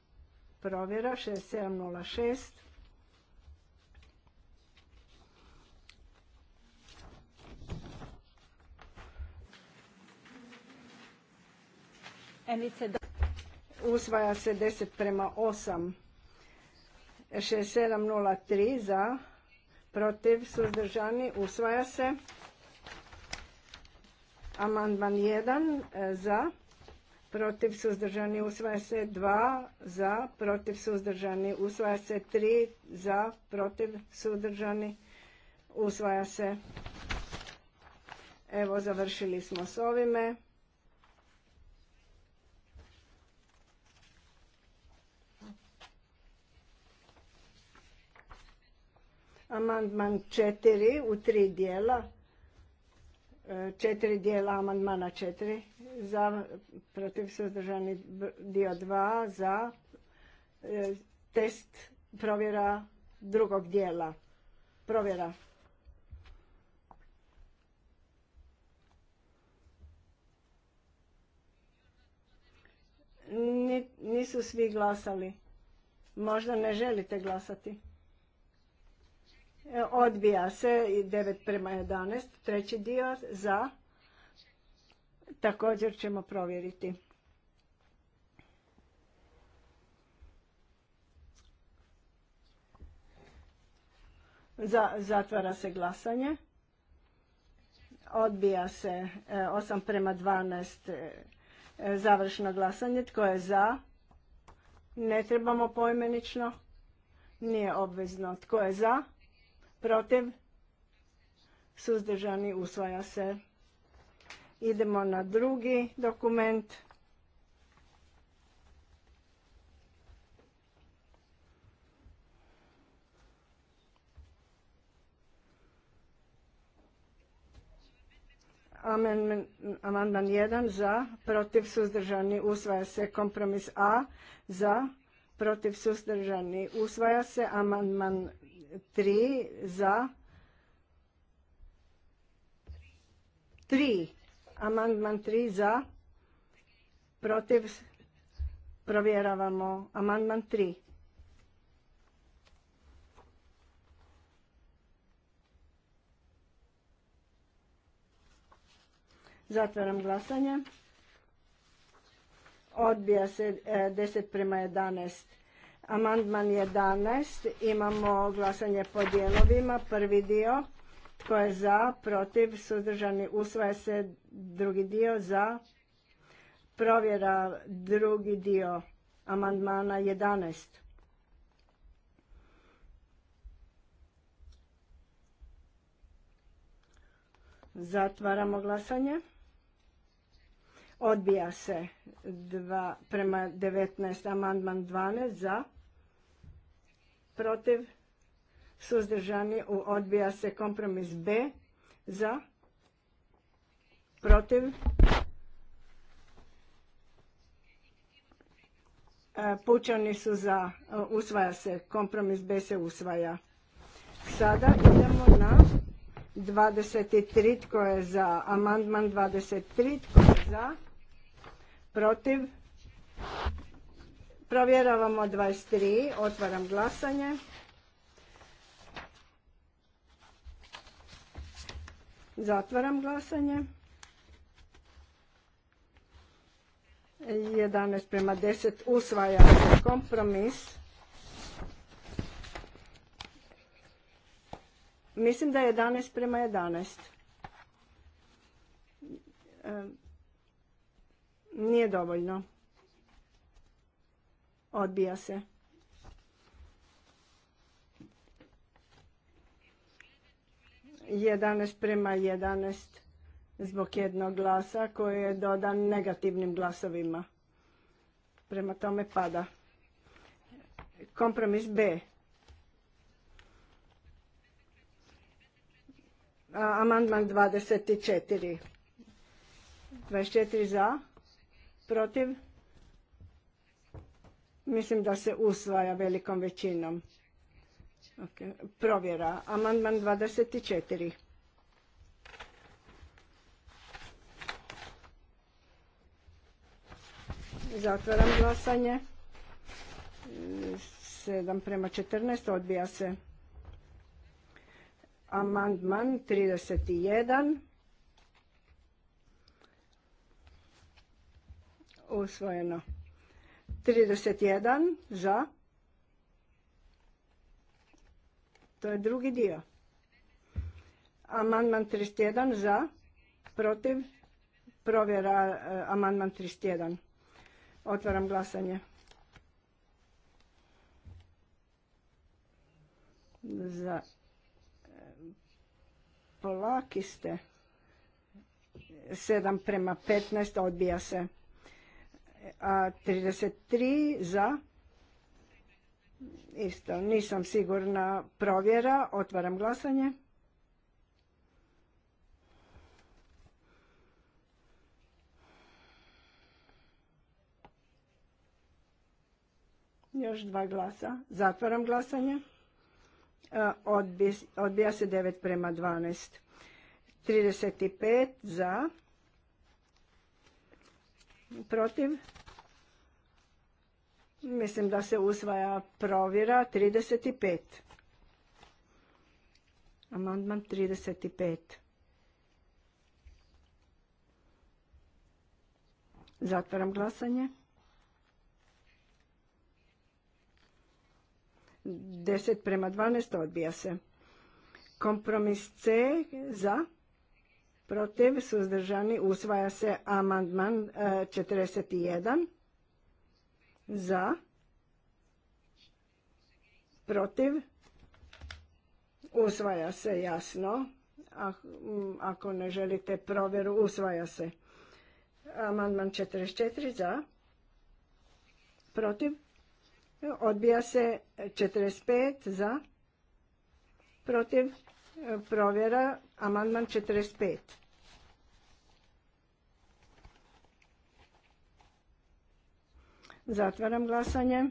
provjera 6706. Usvaja se 10 prema 8. 6703 za, protiv, suzdržani, usvaja se. Amandman 1 e, za, protiv, suzdržani, usvaja se. 2 za, protiv, suzdržani, usvaja se. 3 za, protiv, suzdržani, usvaja se. Evo, završili smo s ovime. Amandman četiri u tri dijela. E, četiri dijela amandmana četiri Za, protiv suzdržani dio dva Za e, test provjera drugog dijela. Provjera. Nisu svi glasali. Možda ne želite glasati. E, odbija se 9 prema 11. Treći dio za. Također ćemo provjeriti. Za, zatvara se glasanje. Odbija se 8 e, prema 12 e, završno glasanje. Tko je za? Ne trebamo poimenično. Nije obvezno. Tko je za? protiv, suzdržani, usvaja se. Idemo na drugi dokument. Amandman 1 za, protiv suzdržani usvaja se kompromis A za, protiv suzdržani usvaja se amandman 3 za 3 amandman 3 za protiv provjeravamo amandman 3 Zatvaram glasanje. Odbija se 10 e, prema 11. Amandman 11. Imamo glasanje po dijelovima. Prvi dio. Tko je za? Protiv? Suzdržani? Usvaja se. Drugi dio. Za? Provjera. Drugi dio. Amandmana 11. Zatvaramo glasanje. Odbija se prema 19. Amandman 12. Za? protiv, suzdržani, odbija se kompromis B, za, protiv, e, pučani su za, e, usvaja se, kompromis B se usvaja. Sada idemo na 23, tko je za, amandman 23, tko je za, protiv, Provjeravamo 23, otvaram glasanje. Zatvaram glasanje. 11 prema 10 usvaja se kompromis. Mislim da je 11 prema 11. nije dovoljno. Odbija se. 11 prema 11 zbog jednog glasa koji je dodan negativnim glasovima. Prema tome pada. Kompromis B. Amandman 24. 24 za, protiv, Mislim da se usvaja velikom većinom. Provjera. Amandman 24. Zatvaram glasanje. 7 prema 14 odbija se. Amandman 31. Usvojeno. 31 za. To je drugi dio. Amandman 31 za. Protiv. Provjera eh, amandman 31. Otvaram glasanje. Za. Eh, polaki ste. 7 prema 15 odbija se. A 33 za. Isto, nisam sigurna provjera. Otvaram glasanje. Još dva glasa. Zatvaram glasanje. E, odbija se 9 prema 12. 35 za protiv. Mislim da se usvaja provjera 35. Amandman 35. Zatvaram glasanje. 10 prema 12 odbija se. Kompromis C za protiv, suzdržani, usvaja se amandman 41, e, za, protiv, usvaja se jasno, ako ne želite provjeru, usvaja se. Amandman 44 za, protiv, odbija se 45 za, protiv, provjera, amandman 45. Zatvaram glasanje.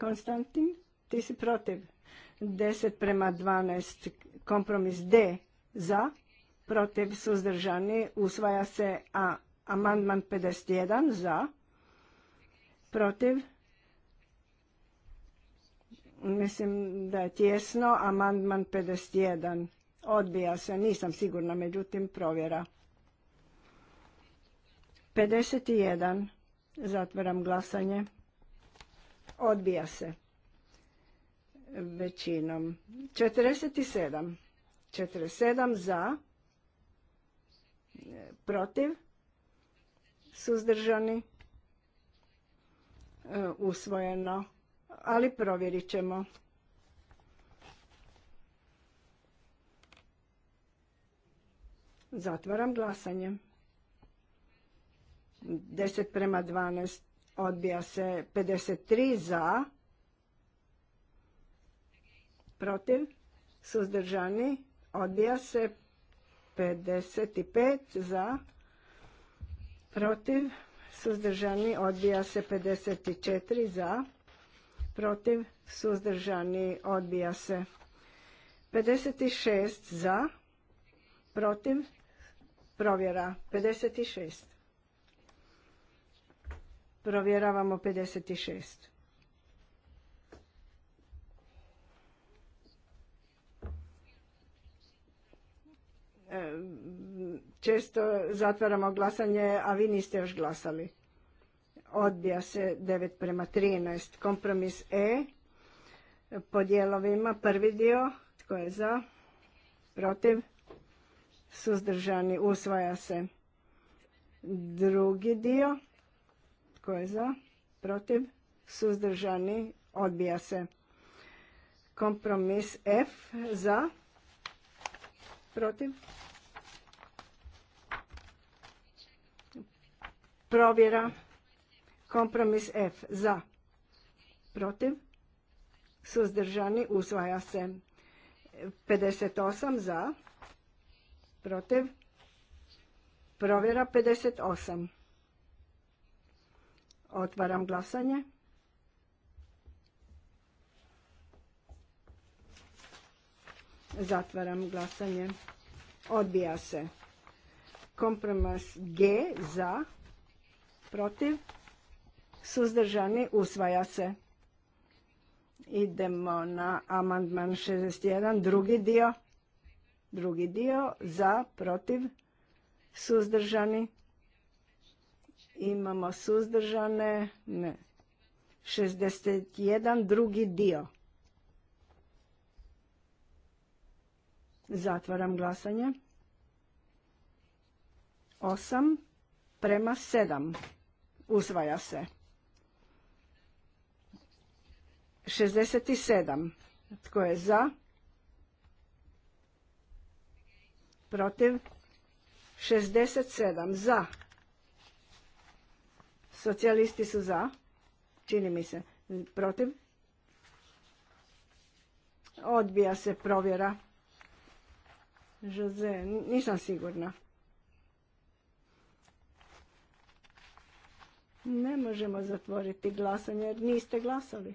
Konstantin, ti si protiv. 10 prema 12, kompromis D za, protiv suzdržani, usvaja se a amandman 51 za, protiv, mislim da je tjesno, amandman 51 odbija se, nisam sigurna, međutim provjera. 51. Zatvaram glasanje. Odbija se. Većinom. 47. 47 za. Protiv. Suzdržani. Usvojeno. Ali provjerit ćemo. Zatvaram glasanje. 10 prema 12 odbija se 53 za protiv suzdržani odbija se 55 za protiv suzdržani odbija se 54 za protiv suzdržani odbija se 56 za protiv provjera 56 Provjeravamo 56. E, često zatvaramo glasanje, a vi niste još glasali. Odbija se 9 prema 13. Kompromis E po dijelovima. Prvi dio, tko je za, protiv, suzdržani, usvaja se. Drugi dio, tko je za? Protiv? Suzdržani? Odbija se. Kompromis F za? Protiv? Provjera. Kompromis F za? Protiv? Suzdržani? Usvaja se. 58 za? Protiv? Provjera 58. Otvaram glasanje. Zatvaram glasanje. Odbija se. Kompromis G za, protiv, suzdržani, usvaja se. Idemo na amandman 61, drugi dio. Drugi dio za, protiv, suzdržani, Imamo suzdržane, ne, 61, drugi dio. Zatvaram glasanje. 8 prema 7. Uzvaja se. 67. Tko je za? Protiv? 67. Za. Socijalisti su za, čini mi se, protiv. Odbija se provjera. Jose, nisam sigurna. Ne možemo zatvoriti glasanje jer niste glasali.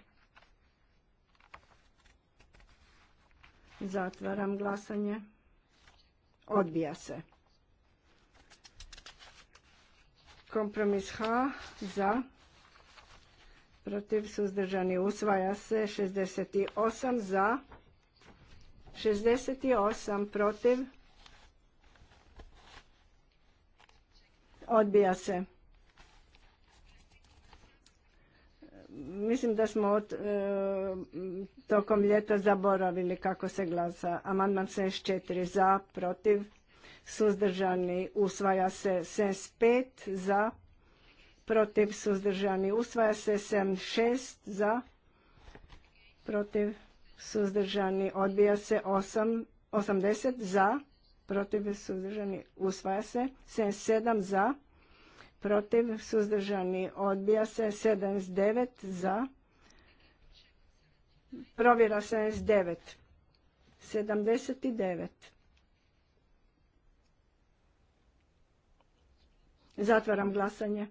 Zatvaram glasanje. Odbija se. Kompromis H za, protiv suzdržani usvaja se 68 za, 68 protiv, odbija se. Mislim da smo od, e, tokom ljeta zaboravili kako se glasa. Amandman 64 za, protiv, suzdržani usvaja se 75 za, protiv suzdržani usvaja se 76 za, protiv suzdržani odbija se 8, 80 za, protiv suzdržani usvaja se 77 za, protiv suzdržani odbija se 79 za, provjera 79. 79. Zatvaram glasanje.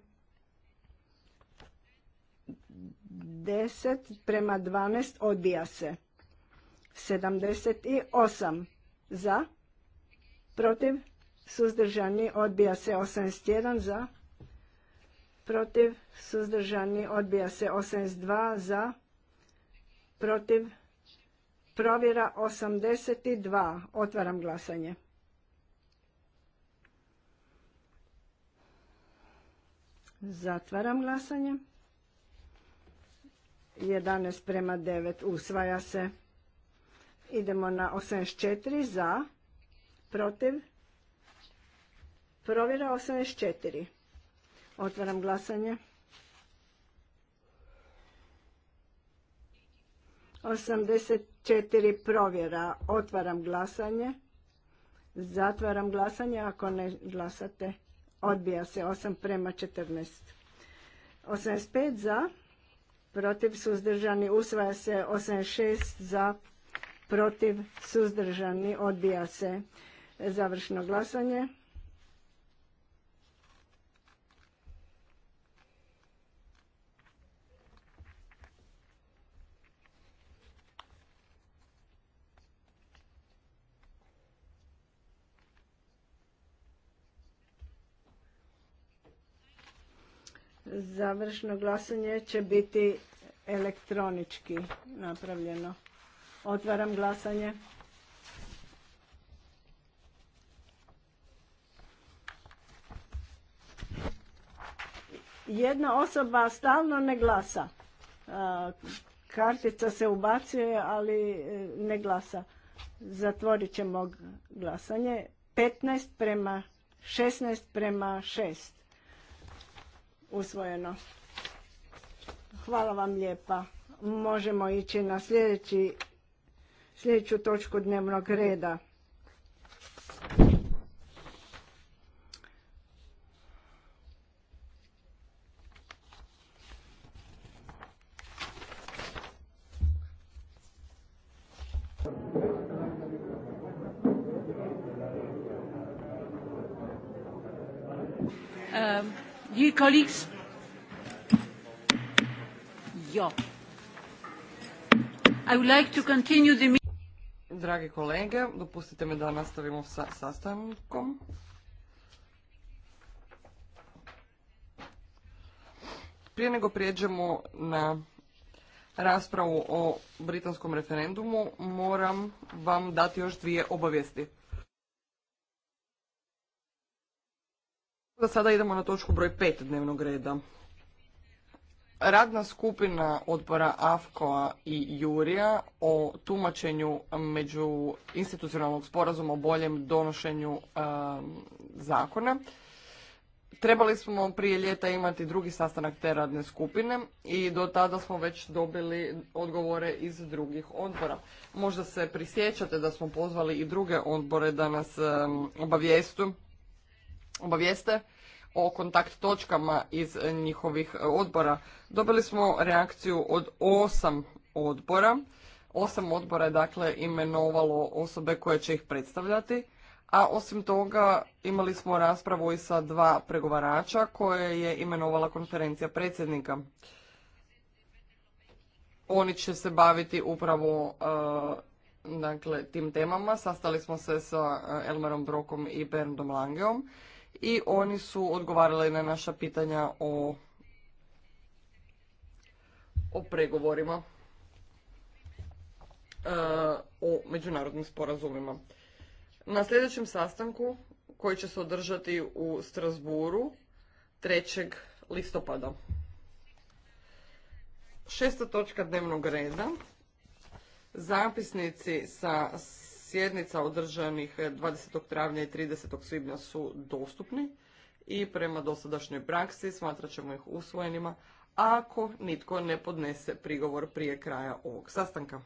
10 prema 12 odbija se. 78 za, protiv, suzdržani, odbija se 81 za, protiv, suzdržani, odbija se 82 za, protiv, provjera 82. Otvaram glasanje. Zatvaram glasanje. 11 prema 9 usvaja se. Idemo na 84 za, protiv. Provjera 84. Otvaram glasanje. 84 provjera. Otvaram glasanje. Zatvaram glasanje ako ne glasate. Odbija se 8 prema 14. 85 za, protiv suzdržani, usvaja se 86 za, protiv suzdržani, odbija se završno glasanje. Završno glasanje će biti elektronički napravljeno. Otvaram glasanje. Jedna osoba stalno ne glasa. Kartica se ubacuje, ali e, ne glasa. Zatvorit ćemo glasanje. 15 prema 16 prema 6 usvojeno. Hvala vam lijepa. Možemo ići na sljedeću točku dnevnog reda. colleagues. I Dragi kolege, dopustite me da nastavimo sa sastankom. Prije nego prijeđemo na raspravu o britanskom referendumu, moram vam dati još dvije obavijesti. Sada idemo na točku broj pet dnevnog reda. Radna skupina odbora AFKOA i Jurija o tumačenju među institucionalnog sporazuma o boljem donošenju um, zakona. Trebali smo prije ljeta imati drugi sastanak te radne skupine i do tada smo već dobili odgovore iz drugih odbora. Možda se prisjećate da smo pozvali i druge odbore da nas um, obavijestu obavijeste o kontakt točkama iz njihovih odbora. Dobili smo reakciju od osam odbora. Osam odbora je dakle imenovalo osobe koje će ih predstavljati, a osim toga imali smo raspravu i sa dva pregovarača koje je imenovala konferencija predsjednika. Oni će se baviti upravo eh, dakle, tim temama. Sastali smo se sa eh, Elmarom Brokom i Berndom Langeom i oni su odgovarali na naša pitanja o, o pregovorima e, o međunarodnim sporazumima. Na sljedećem sastanku koji će se održati u Strasburu 3. listopada. Šesta točka dnevnog reda. Zapisnici sa sjednica održanih 20. Eh, travnja i 30. svibnja su dostupni i prema dosadašnjoj praksi smatrat ćemo ih usvojenima ako nitko ne podnese prigovor prije kraja ovog sastanka.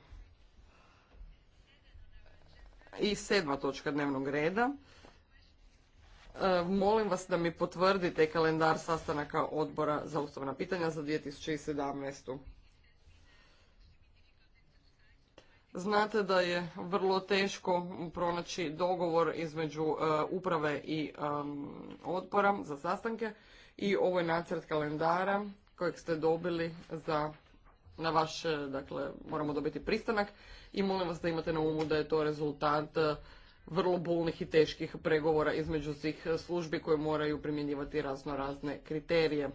I sedma točka dnevnog reda. Eh, molim vas da mi potvrdite kalendar sastanaka odbora za ustavna pitanja za 2017. Znate da je vrlo teško pronaći dogovor između e, uprave i odbora za sastanke i ovo je nacrt kalendara kojeg ste dobili za na vaše, dakle, moramo dobiti pristanak i molim vas da imate na umu da je to rezultat e, vrlo bolnih i teških pregovora između svih službi koje moraju primjenjivati razno razne kriterije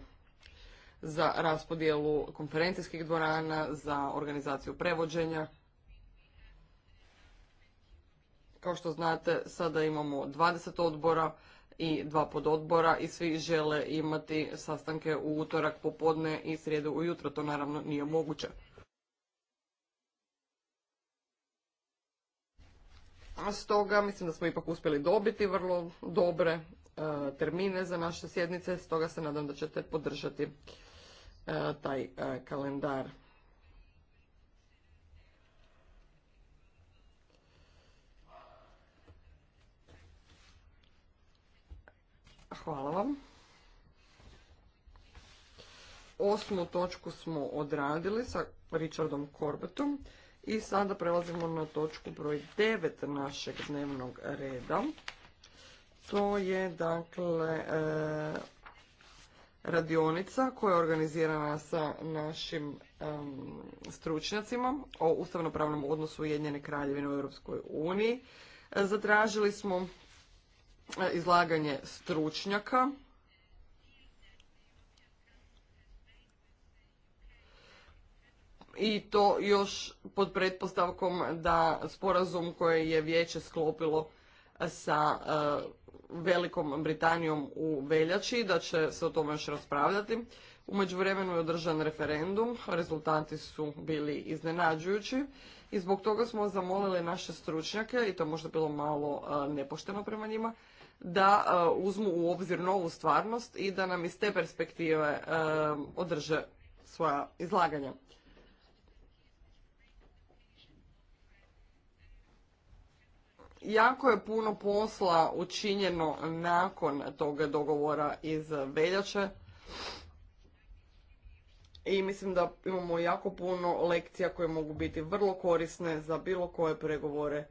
za raspodjelu konferencijskih dvorana, za organizaciju prevođenja kao što znate, sada imamo 20 odbora i dva pododbora i svi žele imati sastanke u utorak popodne i srijedu ujutro. To naravno nije moguće. toga, mislim da smo ipak uspjeli dobiti vrlo dobre e, termine za naše sjednice, stoga se nadam da ćete podržati e, taj e, kalendar. Hvala vam. Osmu točku smo odradili sa Richardom Corbettom i sada prelazimo na točku broj 9 našeg dnevnog reda. To je dakle e, radionica koja je organizirana sa našim stručnjacima o ustavnopravnom odnosu Ujedinjene kraljevine u Europskoj uniji. E, zatražili smo E, izlaganje stručnjaka. I to još pod pretpostavkom da sporazum koje je vijeće sklopilo e, sa e, Velikom Britanijom u veljači, da će se o tome još raspravljati. U međuvremenu je održan referendum, rezultati su bili iznenađujući i zbog toga smo zamolili naše stručnjake, i to možda bilo malo nepošteno prema njima, da e, uzmu u obzir novu stvarnost i da nam iz te perspektive e, održe svoja izlaganja. Jako je puno posla učinjeno nakon toga dogovora iz veljače i mislim da imamo jako puno lekcija koje mogu biti vrlo korisne za bilo koje pregovore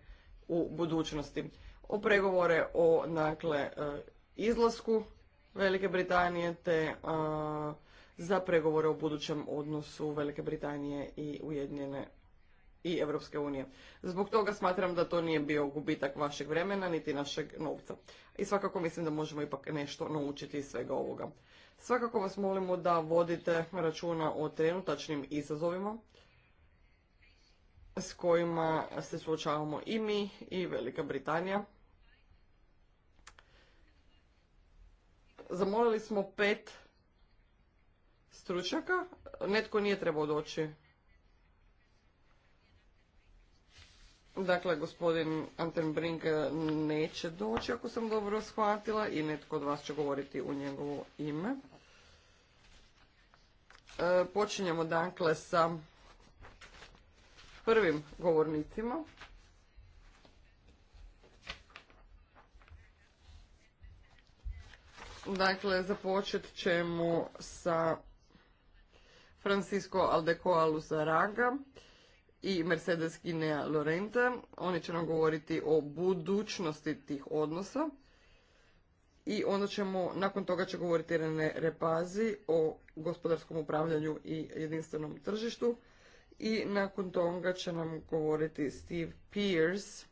u budućnosti o pregovore o dakle, e, izlasku Velike Britanije te e, za pregovore o budućem odnosu Velike Britanije i Ujedinjene i Europske unije. Zbog toga smatram da to nije bio gubitak vašeg vremena niti našeg novca. I svakako mislim da možemo ipak nešto naučiti iz svega ovoga. Svakako vas molimo da vodite računa o trenutačnim izazovima s kojima se suočavamo i mi i Velika Britanija. Zamolili smo pet stručnjaka. Netko nije trebao doći. Dakle, gospodin Anten Brink neće doći, ako sam dobro shvatila, i netko od vas će govoriti u njegovo ime. E, počinjemo dakle sa prvim govornicima. Dakle, započet ćemo sa Francisco Aldecoa Zaraga i Mercedes Guinea Lorente. Oni će nam govoriti o budućnosti tih odnosa. I onda ćemo, nakon toga će govoriti Rene Repazi o gospodarskom upravljanju i jedinstvenom tržištu. I nakon toga će nam govoriti Steve Pierce.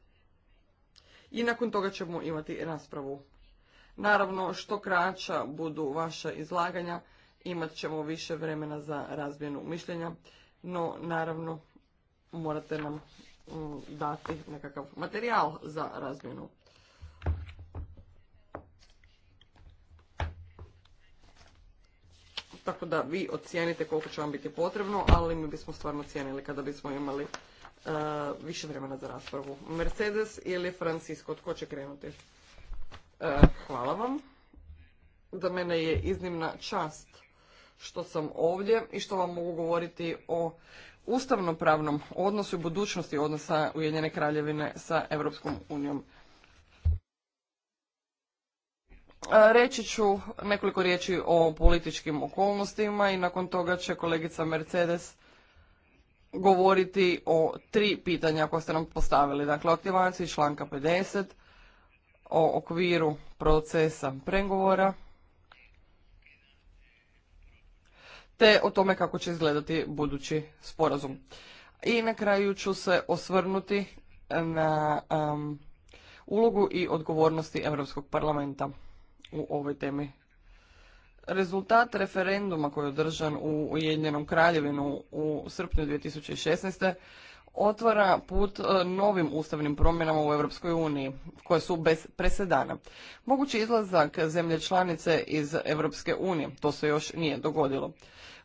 I nakon toga ćemo imati raspravu. Naravno, što kraća budu vaša izlaganja, imat ćemo više vremena za razmjenu mišljenja, no naravno morate nam mm, dati nekakav materijal za razmjenu. Tako da vi ocijenite koliko će vam biti potrebno, ali mi bismo stvarno cijenili kada bismo imali e, više vremena za raspravu. Mercedes ili Francisco, tko će krenuti? E, hvala vam. Za mene je iznimna čast što sam ovdje i što vam mogu govoriti o ustavnopravnom odnosu i budućnosti odnosa Ujedinjene kraljevine sa Europskom unijom. E, reći ću nekoliko riječi o političkim okolnostima i nakon toga će kolegica Mercedes govoriti o tri pitanja koja ste nam postavili. Dakle, aktivaciji članka 50, o okviru procesa pregovora te o tome kako će izgledati budući sporazum. I na kraju ću se osvrnuti na ulogu i odgovornosti Europskog parlamenta u ovoj temi. Rezultat referenduma koji je održan u Ujedinjenom kraljevinu u srpnju 2016 otvara put e, novim ustavnim promjenama u Europskoj uniji, koje su bez presedana. Mogući izlazak zemlje članice iz Europske unije, to se još nije dogodilo.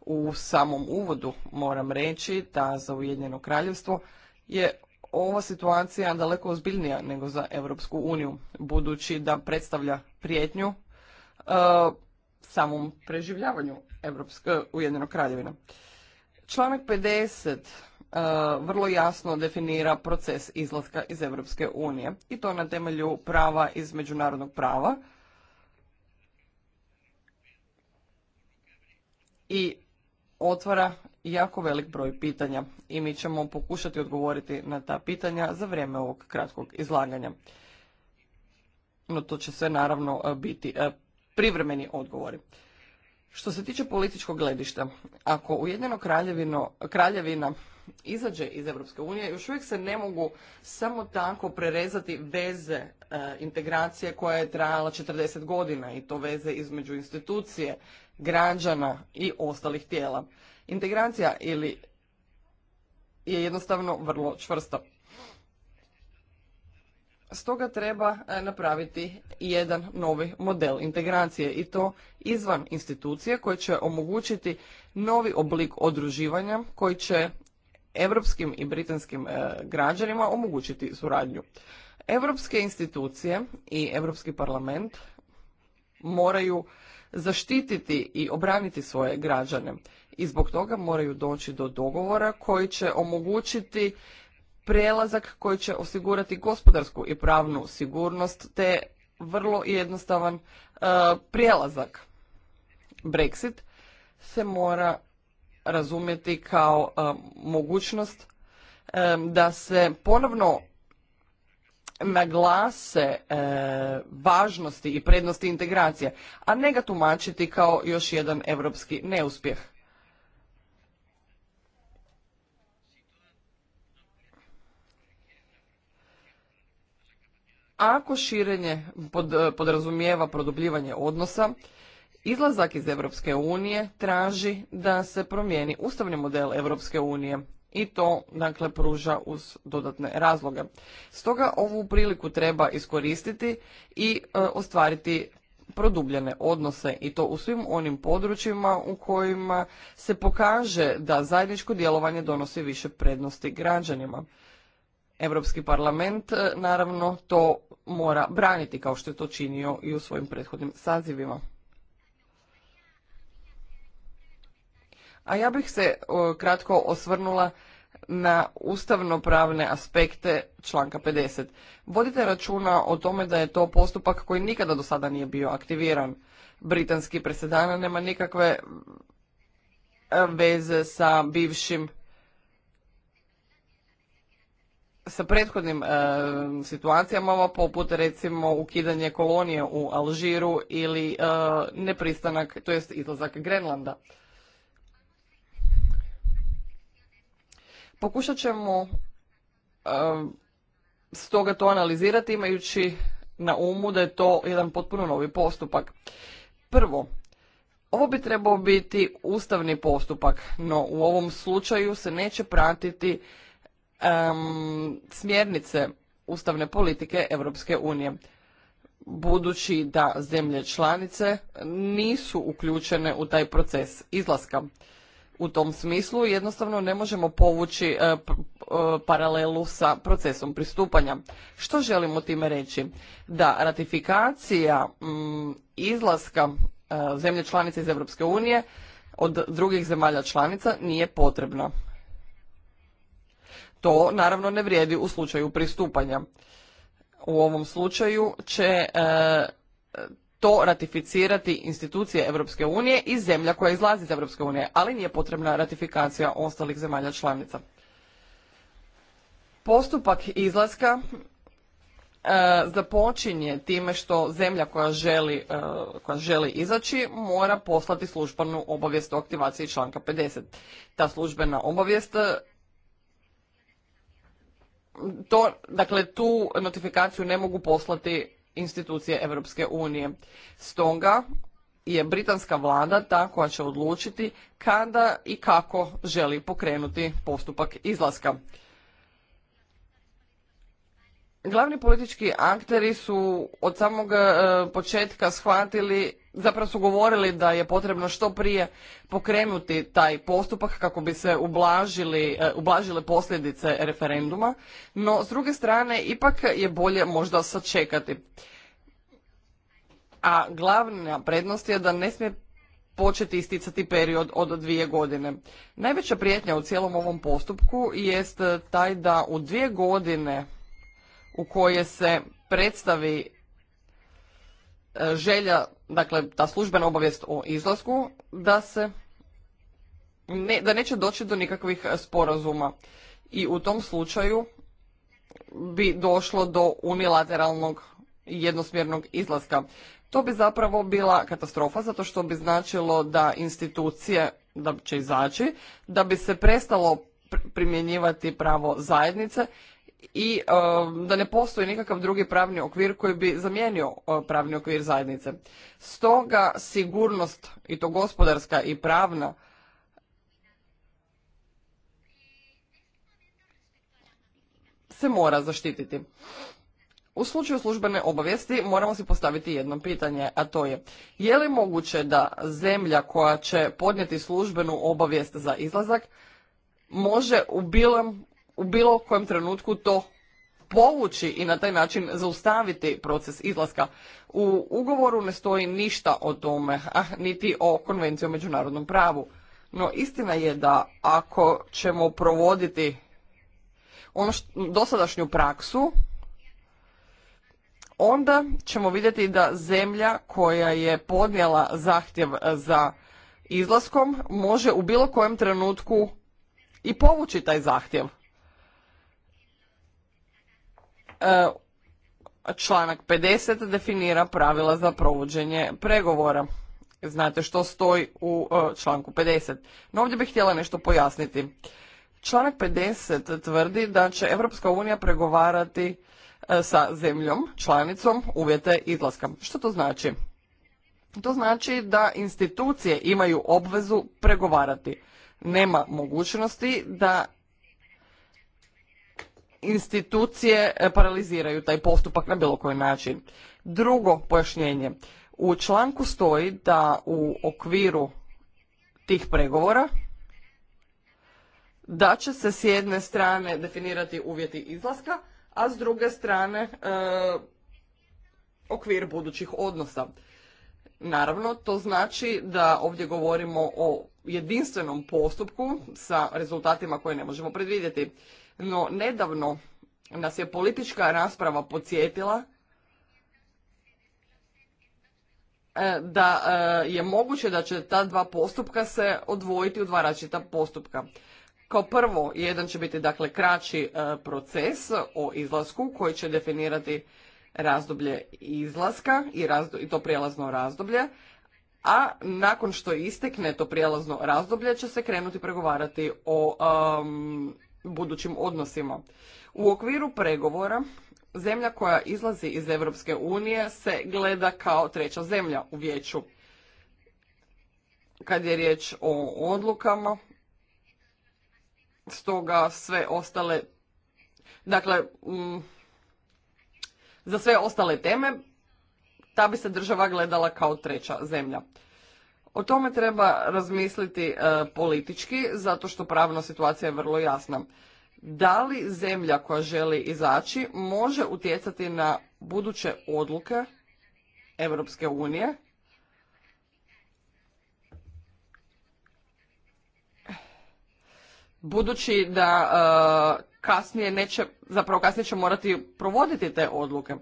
U samom uvodu moram reći da za Ujedinjeno kraljevstvo je ova situacija daleko ozbiljnija nego za Europsku uniju, budući da predstavlja prijetnju e, samom preživljavanju Europske, Ujedinjenog kraljevina. Članak 50 E, vrlo jasno definira proces izlaska iz Europske unije i to na temelju prava iz međunarodnog prava. I otvara jako velik broj pitanja i mi ćemo pokušati odgovoriti na ta pitanja za vrijeme ovog kratkog izlaganja. No to će sve naravno e, biti e, privremeni odgovori. Što se tiče političkog gledišta, ako Ujedinjeno kraljevino, kraljevina izađe iz Europske unije, još uvijek se ne mogu samo tako prerezati veze e, integracije koja je trajala 40 godina i to veze između institucije, građana i ostalih tijela. Integracija ili je jednostavno vrlo čvrsta. Stoga treba e, napraviti jedan novi model integracije i to izvan institucije koji će omogućiti novi oblik odruživanja koji će europskim i britanskim e, građanima omogućiti suradnju. Europske institucije i Europski parlament moraju zaštititi i obraniti svoje građane i zbog toga moraju doći do dogovora koji će omogućiti prelazak koji će osigurati gospodarsku i pravnu sigurnost te vrlo jednostavan e, prelazak. prijelazak. Brexit se mora razumjeti kao e, mogućnost e, da se ponovno naglase e, važnosti i prednosti integracije, a ne ga tumačiti kao još jedan europski neuspjeh. Ako širenje podrazumijeva produbljivanje odnosa, Izlazak iz Europske unije traži da se promijeni ustavni model Europske unije i to dakle pruža uz dodatne razloge. Stoga ovu priliku treba iskoristiti i e, ostvariti produbljene odnose i to u svim onim područjima u kojima se pokaže da zajedničko djelovanje donosi više prednosti građanima. Europski parlament e, naravno to mora braniti kao što je to činio i u svojim prethodnim sazivima. A ja bih se kratko osvrnula na ustavno-pravne aspekte članka 50. Vodite računa o tome da je to postupak koji nikada do sada nije bio aktiviran. Britanski presedan nema nikakve veze sa bivšim sa prethodnim e, situacijama poput recimo ukidanje kolonije u Alžiru ili e, nepristanak, to jest izlazak Grenlanda. Pokušat ćemo stoga to analizirati imajući na umu da je to jedan potpuno novi postupak. Prvo, ovo bi trebao biti ustavni postupak, no u ovom slučaju se neće pratiti smjernice ustavne politike Europske unije, budući da zemlje članice nisu uključene u taj proces izlaska u tom smislu jednostavno ne možemo povući e, e, paralelu sa procesom pristupanja. Što želimo time reći? Da ratifikacija izlaska e, zemlje članice iz Europske unije od drugih zemalja članica nije potrebna. To naravno ne vrijedi u slučaju pristupanja. U ovom slučaju će to ratificirati institucije Europske unije i zemlja koja izlazi iz Europske unije, ali nije potrebna ratifikacija ostalih zemalja članica. Postupak izlaska e, započinje time što zemlja koja želi, e, koja želi izaći mora poslati službenu obavijest o aktivaciji članka 50. Ta službena obavijest e, to, dakle, tu notifikaciju ne mogu poslati institucije Europske unije. Stoga je britanska vlada ta koja će odlučiti kada i kako želi pokrenuti postupak izlaska. Glavni politički akteri su od samog e, početka shvatili, zapravo su govorili da je potrebno što prije pokrenuti taj postupak kako bi se ublažili, e, ublažile posljedice referenduma, no s druge strane ipak je bolje možda sačekati. A glavna prednost je da ne smije početi isticati period od dvije godine. Najveća prijetnja u cijelom ovom postupku jest taj da u dvije godine u koje se predstavi e, želja, dakle ta službena obavijest o izlasku, da se da neće doći do nikakvih sporazuma. I u tom slučaju bi došlo do unilateralnog jednosmjernog izlaska. To bi zapravo bila katastrofa zato što bi značilo da institucije da će izaći, da bi se prestalo primjenjivati pravo zajednice i e, da ne postoji nikakav drugi pravni okvir koji bi zamijenio e, pravni okvir zajednice. Stoga sigurnost, i to gospodarska i pravna, se mora zaštititi. U slučaju službene obavijesti moramo si postaviti jedno pitanje, a to je je li moguće da zemlja koja će podnijeti službenu obavijest za izlazak može u bilom u bilo kojem trenutku to povući i na taj način zaustaviti proces izlaska. U ugovoru ne stoji ništa o tome, niti o konvenciji o međunarodnom pravu. No istina je da ako ćemo provoditi ono dosadašnju praksu, onda ćemo vidjeti da zemlja koja je podnijela zahtjev za izlaskom može u bilo kojem trenutku i povući taj zahtjev. E, članak 50 definira pravila za provođenje pregovora. Znate što stoji u e, članku 50. No ovdje bih htjela nešto pojasniti. Članak 50 tvrdi da će Europska unija pregovarati e, sa zemljom, članicom, uvjete izlaska. Što to znači? To znači da institucije imaju obvezu pregovarati. Nema mogućnosti da institucije e, paraliziraju taj postupak na bilo koji način. Drugo pojašnjenje. U članku stoji da u okviru tih pregovora da će se s jedne strane definirati uvjeti izlaska, a s druge strane e, okvir budućih odnosa. Naravno, to znači da ovdje govorimo o jedinstvenom postupku sa rezultatima koje ne možemo predvidjeti. No, nedavno nas je politička rasprava podsjetila e, da e, je moguće da će ta dva postupka se odvojiti u dva različita postupka. Kao prvo, jedan će biti dakle kraći e, proces o izlasku koji će definirati razdoblje izlaska i, to prijelazno razdoblje, a nakon što istekne to prijelazno razdoblje će se krenuti pregovarati o budućim odnosima. U okviru pregovora zemlja koja izlazi iz Europske unije se gleda kao treća zemlja u vijeću. Kad je riječ o odlukama, stoga sve ostale, dakle, mm, za sve ostale teme ta bi se država gledala kao treća zemlja. O tome treba razmisliti e, politički, zato što pravna situacija je vrlo jasna. Da li zemlja koja želi izaći može utjecati na buduće odluke Europske unije? Budući da e, kasnije neće, zapravo kasnije će morati provoditi te odluke.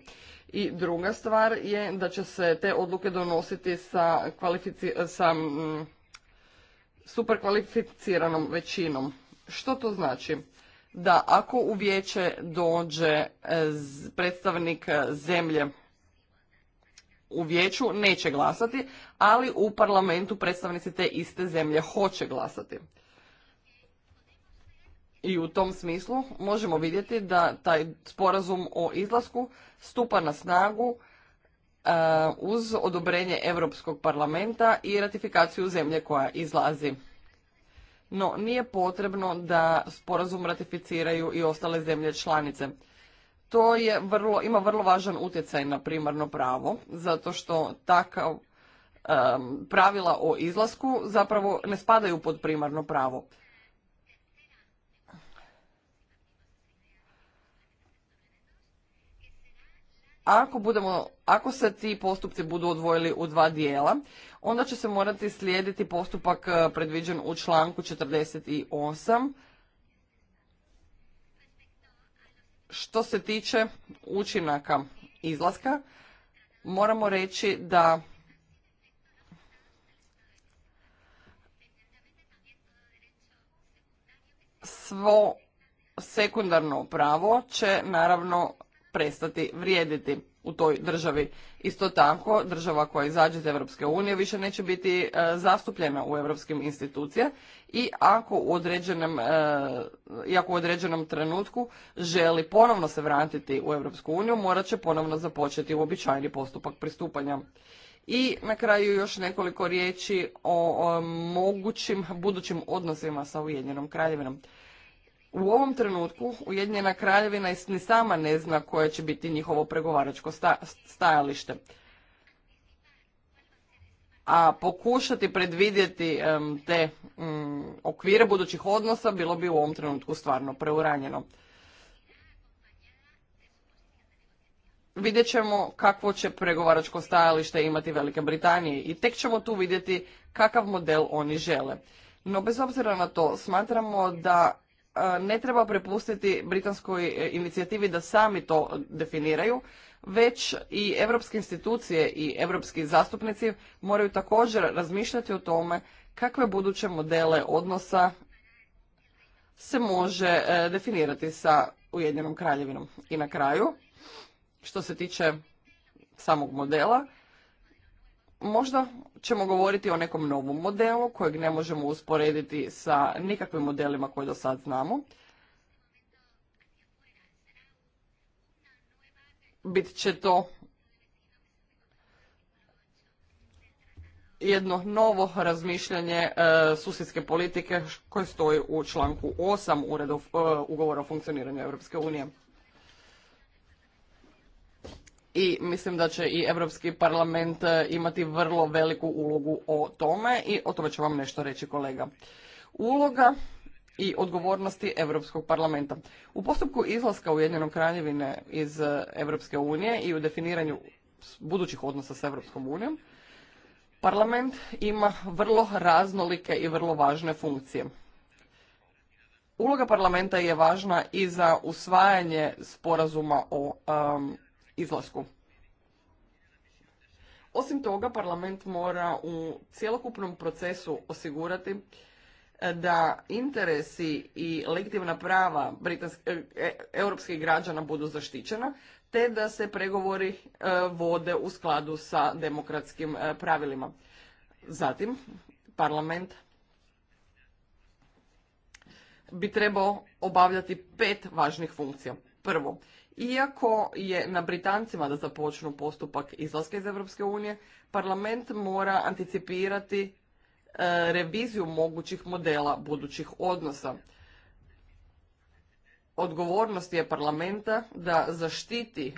I druga stvar je da će se te odluke donositi sa, mm, superkvalificiranom većinom. Što to znači? Da ako u vijeće dođe e, predstavnik e, zemlje u vijeću neće glasati, ali u parlamentu predstavnici te iste zemlje hoće glasati i u tom smislu možemo vidjeti da taj sporazum o izlasku stupa na snagu e, uz odobrenje Europskog parlamenta i ratifikaciju zemlje koja izlazi. No, nije potrebno da sporazum ratificiraju i ostale zemlje članice. To je vrlo, ima vrlo važan utjecaj na primarno pravo, zato što takav e, pravila o izlasku zapravo ne spadaju pod primarno pravo. Ako, budemo, ako se ti postupci budu odvojili u dva dijela, onda će se morati slijediti postupak e, predviđen u članku 48 što se tiče učinaka izlaska, moramo reći da svo sekundarno pravo će naravno prestati vrijediti u toj državi. Isto tako, država koja izađe iz Europske unije više neće biti e, zastupljena u europskim institucijama i ako u određenom, e, ako u određenom trenutku želi ponovno se vratiti u Europsku uniju, morat će ponovno započeti uobičajeni postupak pristupanja. I na kraju još nekoliko riječi o, o mogućim budućim odnosima sa Ujedinjenom kraljevinom. U ovom trenutku Ujedinjena kraljevina ni sama ne zna koje će biti njihovo pregovaračko stajalište. A pokušati predvidjeti te mm, okvire budućih odnosa bilo bi u ovom trenutku stvarno preuranjeno. Vidjet ćemo kakvo će pregovaračko stajalište imati Velike Britanije i tek ćemo tu vidjeti kakav model oni žele. No bez obzira na to smatramo da ne treba prepustiti britanskoj e, inicijativi da sami to definiraju, već i europske institucije i europski zastupnici moraju također razmišljati o tome kakve buduće modele odnosa se može e, definirati sa Ujedinjenom kraljevinom. I na kraju, što se tiče samog modela, možda ćemo govoriti o nekom novom modelu kojeg ne možemo usporediti sa nikakvim modelima koje do sad znamo. Bit će to jedno novo razmišljanje e, susjedske politike koje stoji u članku 8 uredov, e, ugovora o funkcioniranju Europske unije i mislim da će i Europski parlament e, imati vrlo veliku ulogu o tome i o tome će vam nešto reći kolega. Uloga i odgovornosti Europskog parlamenta. U postupku izlaska ujedinjenog kraljevine iz Europske unije i u definiranju budućih odnosa s Europskom unijom, parlament ima vrlo raznolike i vrlo važne funkcije. Uloga parlamenta je važna i za usvajanje sporazuma o izlasku. Osim toga, parlament mora u cjelokupnom procesu osigurati e, da interesi i legitimna prava e, e, europskih građana budu zaštićena, te da se pregovori vode u skladu sa demokratskim pravilima. Zatim, parlament bi trebao obavljati pet važnih funkcija. Prvo, iako je na Britancima da započnu postupak izlaska iz Europske unije, parlament mora anticipirati e, reviziju mogućih modela budućih odnosa. Odgovornost je parlamenta da zaštiti e,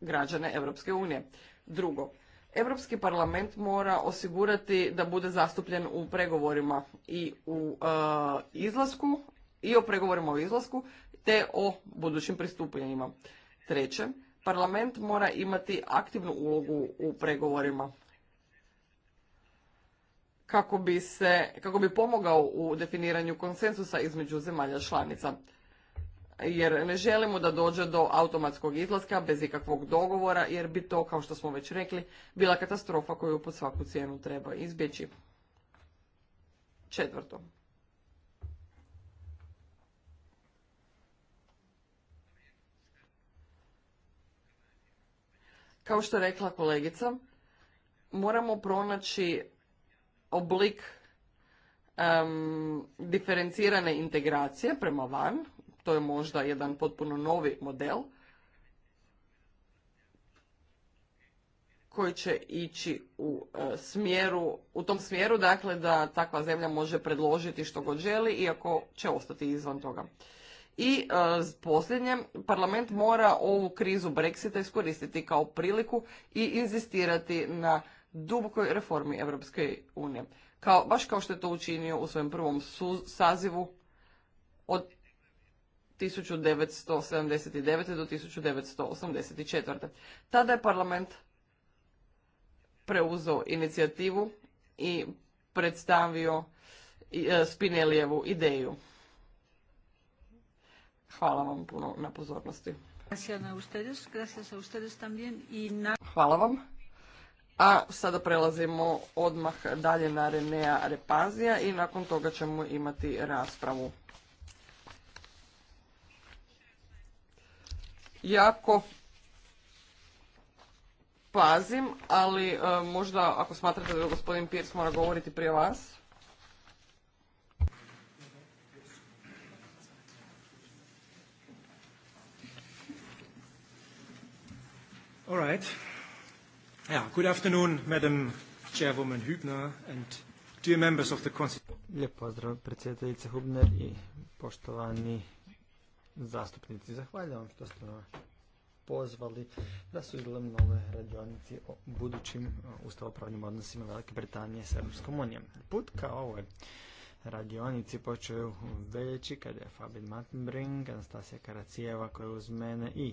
građane Europske unije. Drugo, Europski parlament mora osigurati da bude zastupljen u pregovorima i u e, izlasku i o pregovorima o izlasku te o budućim pristupanjima. Treće, parlament mora imati aktivnu ulogu u pregovorima kako bi, se, kako bi pomogao u definiranju konsensusa između zemalja članica. Jer ne želimo da dođe do automatskog izlaska bez ikakvog dogovora, jer bi to, kao što smo već rekli, bila katastrofa koju pod svaku cijenu treba izbjeći. Četvrto. Kao što je rekla kolegica, moramo pronaći oblik diferencirane integracije prema van, to je možda jedan potpuno novi model koji će ići u e, smjeru, u tom smjeru dakle da takva zemlja može predložiti što god želi iako će ostati izvan toga. I uh, posljednje, parlament mora ovu krizu Brexita iskoristiti kao priliku i inzistirati na dubokoj reformi Europske unije. Kao, baš kao što je to učinio u svojem prvom sazivu od 1979. do 1984. Tada je parlament preuzeo inicijativu i predstavio e, Spinelijevu ideju. Hvala vam puno na pozornosti. Hvala vam. A sada prelazimo odmah dalje na Renea Repazija i nakon toga ćemo imati raspravu. Jako pazim, ali e, možda ako smatrate da gospodin Pirs mora govoriti prije vas. All right. Yeah, good afternoon, Madam Chairwoman Hübner and dear members of the Lijep pozdrav predsjedateljice Hubner i poštovani zastupnici. Zahvaljujem što ste pozvali da su izgledam nove radionici o budućim ustavopravnim odnosima Velike Britanije s Europskom unijom. Put kao ovo je radionici počeo veljači kada je Fabin Martinbring, Anastasija Karacijeva koja je uz mene i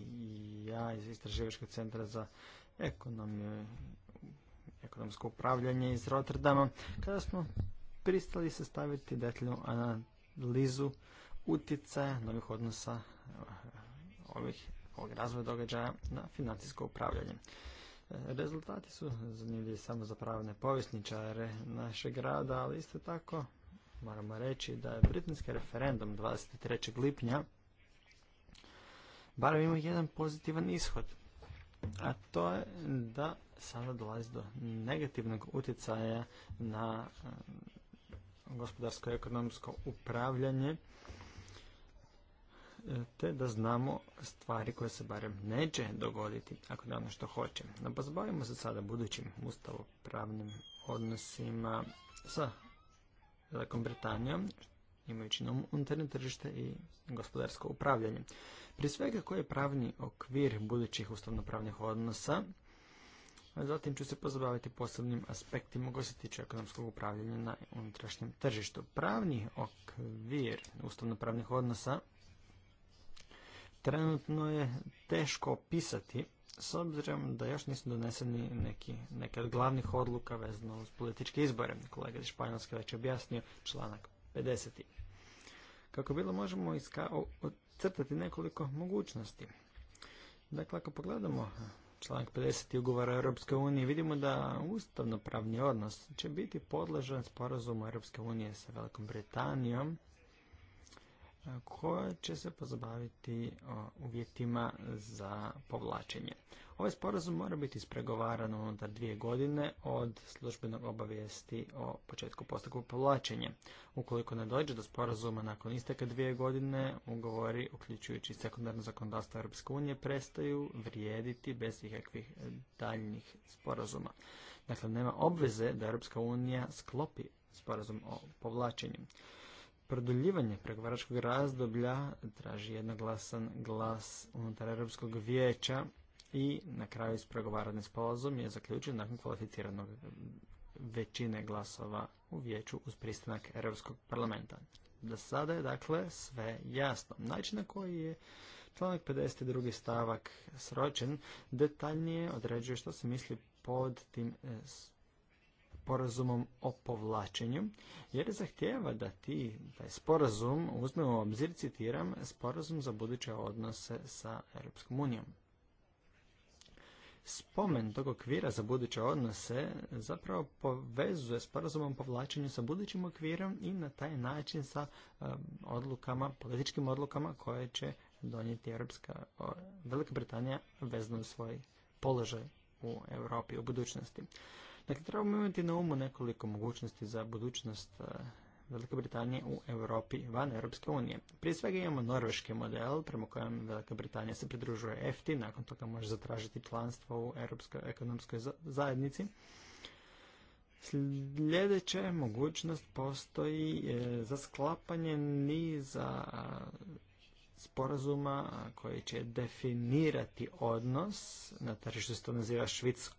ja iz Istraživačkog centra za ekonomsko upravljanje iz Rotterdama, kada smo pristali sastaviti detaljnu analizu utjecaja novih odnosa ovih, ovog razvoja događaja na financijsko upravljanje. Rezultati su zanimljivi samo za pravne povjesničare našeg rada, ali isto tako moramo reći da je britanski referendum 23. lipnja barem imao jedan pozitivan ishod. A to je da sada dolazi do negativnog utjecaja na um, gospodarsko i ekonomsko upravljanje e, te da znamo stvari koje se barem neće dogoditi ako da ono što hoće. No, pozbavimo se sada budućim ustavopravnim odnosima sa Velikom Britanijom, imajući na unutarnje tržište i gospodarsko upravljanje. Prije svega koji je pravni okvir budućih ustavnopravnih odnosa, zatim ću se pozabaviti posebnim aspektima koji se tiče ekonomskog upravljanja na unutrašnjem tržištu. Pravni okvir ustavnopravnih odnosa trenutno je teško opisati s obzirom da još nisu doneseni neki, neke od glavnih odluka vezano uz političke izbore. Kolega iz Španjolske već objasnio članak 50. Kako bilo možemo odcrtati nekoliko mogućnosti. Dakle, ako pogledamo članak 50. ugovora Europske unije, vidimo da ustavno-pravni odnos će biti podležan sporazumu Europske unije sa Velikom Britanijom koja će se pozabaviti uvjetima za povlačenje. Ovaj sporazum mora biti ispregovaran unutar dvije godine od službenog obavijesti o početku postupka povlačenja. Ukoliko ne dođe do sporazuma nakon isteka dvije godine, ugovori, uključujući sekundarno zakonodavstvo Europske unije, prestaju vrijediti bez ikakvih daljnjih sporazuma. Dakle, nema obveze da Europska unija sklopi sporazum o povlačenju produljivanje pregovaračkog razdoblja traži jednoglasan glas unutar Europskog vijeća i na kraju ispregovarani sporazum je zaključen nakon kvalificiranog većine glasova u vijeću uz pristanak Europskog parlamenta. Da sada je dakle sve jasno. Način na koji je članak 52. stavak sročen detaljnije određuje što se misli pod tim eh, sporazumom o povlačenju, jer zahtjeva da ti, taj sporazum uzme u obzir, citiram, sporazum za buduće odnose sa Europskom unijom. Spomen tog okvira za buduće odnose zapravo povezuje sporazumom o povlačenju sa budućim okvirom i na taj način sa eh, odlukama, političkim odlukama koje će donijeti Europska, Velika Britanija vezano u svoj položaj u Europi u budućnosti. Dakle, trebamo imati na umu nekoliko mogućnosti za budućnost e, Velike Britanije u Europi van Europske unije. Prije svega imamo norveški model prema kojem Velika Britanija se pridružuje EFTI, nakon toga može zatražiti članstvo u Europskoj ekonomskoj zajednici. Sljedeća mogućnost postoji e, za sklapanje niza sporazuma koji će definirati odnos na tržištu se to naziva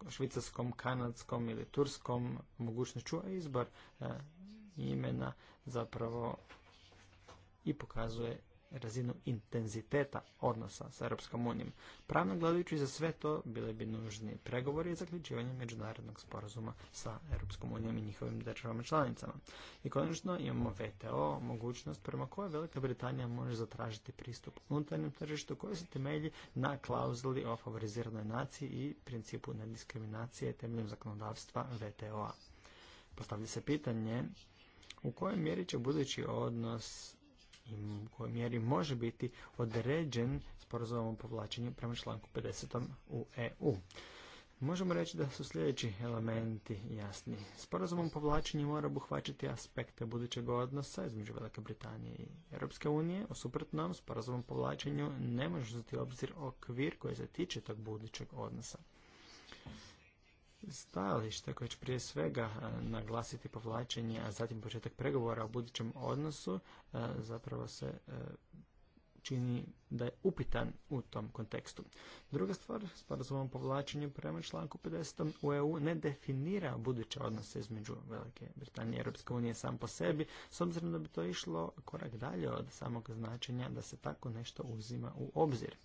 švicarskom, kanadskom ili turskom mogućnost a izbor e, imena zapravo i pokazuje razinu intenziteta odnosa sa Europskom unijom. Pravno gledajući za sve to bile bi nužni pregovori i zaključivanje međunarodnog sporazuma sa Europskom unijom i njihovim državama članicama. I konačno imamo VTO, mogućnost prema kojoj Velika Britanija može zatražiti pristup unutarnjem tržištu koji se temelji na klauzuli o favoriziranoj naciji i principu nediskriminacije temeljem zakonodavstva VTO-a. Postavlja se pitanje u kojoj mjeri će budući odnos i u kojoj mjeri može biti određen sporazumom o povlačenju prema članku 50. u EU. Možemo reći da su sljedeći elementi jasni. Sporazumom povlačenju mora obuhvaćati aspekte budućeg odnosa između Velike Britanije i Europske unije. U suprotnom, sporazumom povlačenju ne može uzeti obzir okvir koji se tiče tog budućeg odnosa stajalište koje će prije svega naglasiti povlačenje, a zatim početak pregovora o budućem odnosu, zapravo se e, čini da je upitan u tom kontekstu. Druga stvar, s o povlačenju prema članku 50. u EU ne definira buduće odnose između Velike Britanije i Europske unije sam po sebi, s obzirom da bi to išlo korak dalje od samog značenja da se tako nešto uzima u obzir.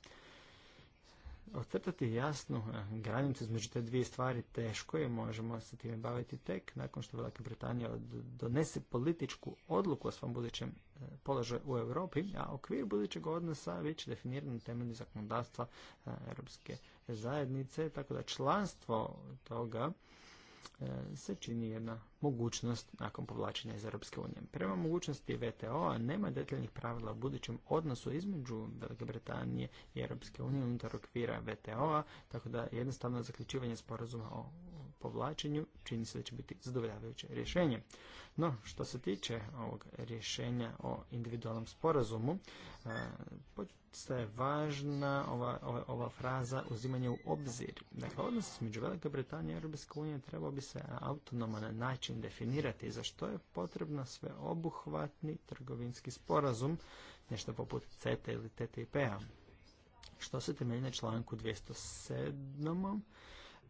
Ocrtati jasnu e, granicu između te dvije stvari teško je, možemo se time baviti tek nakon što Velika Britanija donese političku odluku o svom budućem e, položaju u Europi, a okvir budućeg odnosa već definiran na temelju zakonodavstva e, Europske zajednice, tako da članstvo toga E, se čini jedna mogućnost nakon povlačenja iz Europske unije. Prema mogućnosti VTO-a nema detaljnih pravila u budućem odnosu između Velike Britanije i Europske unije unutar okvira VTO-a, tako da jednostavno zaključivanje sporazuma o povlačenju čini se da će biti zadovoljavajuće rješenje. No, što se tiče ovog rješenja o individualnom sporazumu, e, je važna ova, ova, ova fraza uzimanje u obzir. Dakle, odnos između Velike Britanije i Europske unije trebao bi se na autonoman način definirati za što je potrebno sveobuhvatni trgovinski sporazum, nešto poput CETA ili TTIP-a što se temelji na članku 207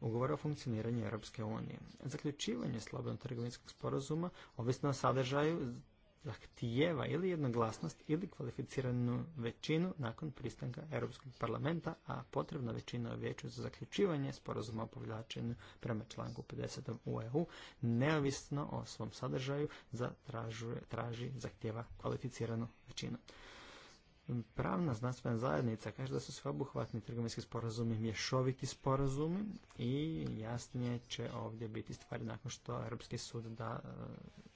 ugovora o funkcioniranju Europske unije. Zaključivanje slobodnog trgovinskog sporazuma, ovisno o sadržaju, zahtijeva ili jednoglasnost ili kvalificiranu većinu nakon pristanka Europskog parlamenta, a potrebna većina u vijeću za zaključivanje sporazuma o povlačenju prema članku 50. u EU, neovisno o svom sadržaju, zatražuje, traži, zahtijeva kvalificiranu većinu. Pravna znanstvena zajednica kaže da su sveobuhvatni trgovinski sporazumi mješoviti sporazumi i jasnije će ovdje biti stvari nakon što Europski sud da e,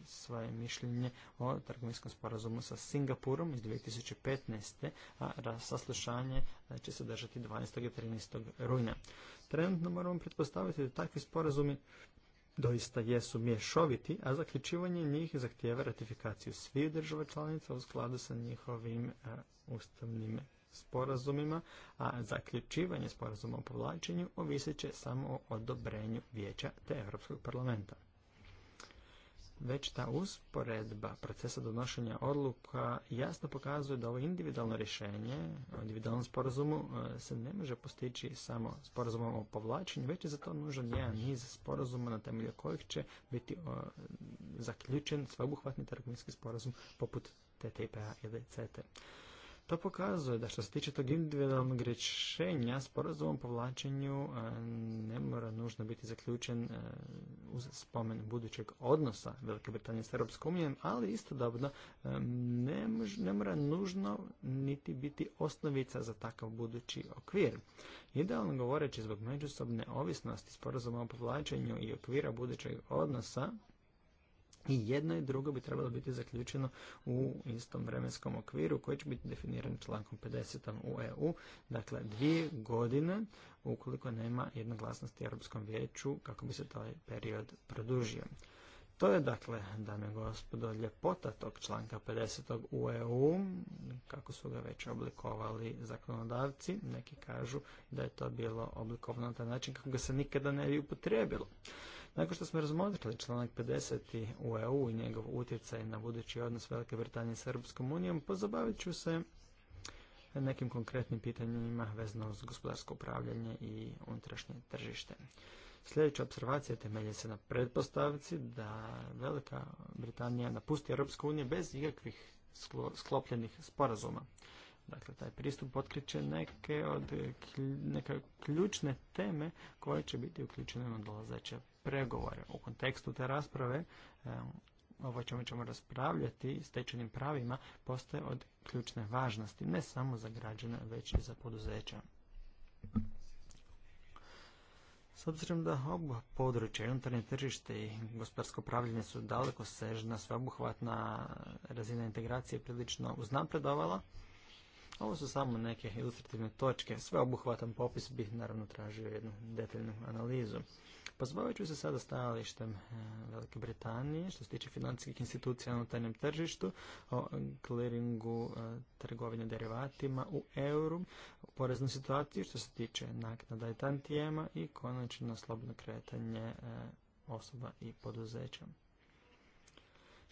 svoje mišljenje o trgovinskom sporazumu sa Singapurom iz 2015. a saslušanje e, će se držati 12. i 13. rujna. Trenutno moramo pretpostaviti da takvi sporazumi doista jesu mješoviti, a zaključivanje njih zahtjeva ratifikaciju svih država članica u skladu sa njihovim e, ustavnim sporazumima, a zaključivanje sporazuma o povlačenju ovisit će samo o odobrenju vijeća te Europskog parlamenta već ta usporedba procesa donošenja odluka jasno pokazuje da ovo individualno rješenje o individualnom sporazumu e, se ne može postići samo sporazumom o povlačenju, već je za to nužan jedan niz sporazuma na temelju kojih će biti zaključen sveobuhvatni trgovinski sporazum poput TTIP-a ili a to pokazuje da što se tiče tog individualnog rješenja, sporazum o povlačenju e, ne mora nužno biti zaključen e, uz spomen budućeg odnosa Velike Britanije s Europskom unijom, ali istodobno e, ne, ne mora nužno niti biti osnovica za takav budući okvir. Idealno govoreći zbog međusobne ovisnosti sporazuma o povlačenju i okvira budućeg odnosa, i jedno i drugo bi trebalo biti zaključeno u istom vremenskom okviru koji će biti definiran člankom 50. u EU. Dakle, dvije godine ukoliko nema jednoglasnosti u Europskom vijeću kako bi se taj period produžio. To je dakle, dame i gospodo, ljepota tog članka 50. u EU, kako su ga već oblikovali zakonodavci. Neki kažu da je to bilo oblikovano na taj način kako ga se nikada ne bi upotrebilo. Nakon što smo razmotrili članak 50. u EU i njegov utjecaj na budući odnos Velike Britanije s Europskom unijom, pozabavit ću se nekim konkretnim pitanjima vezano uz gospodarsko upravljanje i unutrašnje tržište. Sljedeća observacija temelje se na pretpostavci da Velika Britanija napusti Europsku uniju bez ikakvih sklopljenih sporazuma. Dakle, taj pristup otkriće neke od neke ključne teme koje će biti uključene na dolazeće pregovore. U kontekstu te rasprave, ovo čemu ćemo raspravljati, stečenim pravima, postoje od ključne važnosti, ne samo za građane, već i za poduzeća. S obzirom da oba područja, unutarnje tržište i gospodarsko upravljanje su daleko sežna, sveobuhvatna razina integracije prilično uznapredovala, ovo su samo neke ilustrativne točke. Sveobuhvatan popis bi naravno tražio jednu detaljnu analizu. Pozbavit ću se sada stajalištem eh, Velike Britanije što se tiče financijskih institucija na unutarnjem tržištu o clearingu eh, trgovine derivatima u euru, poreznu situaciju što se tiče naknada i tantijema i konačno slobodno kretanje eh, osoba i poduzeća.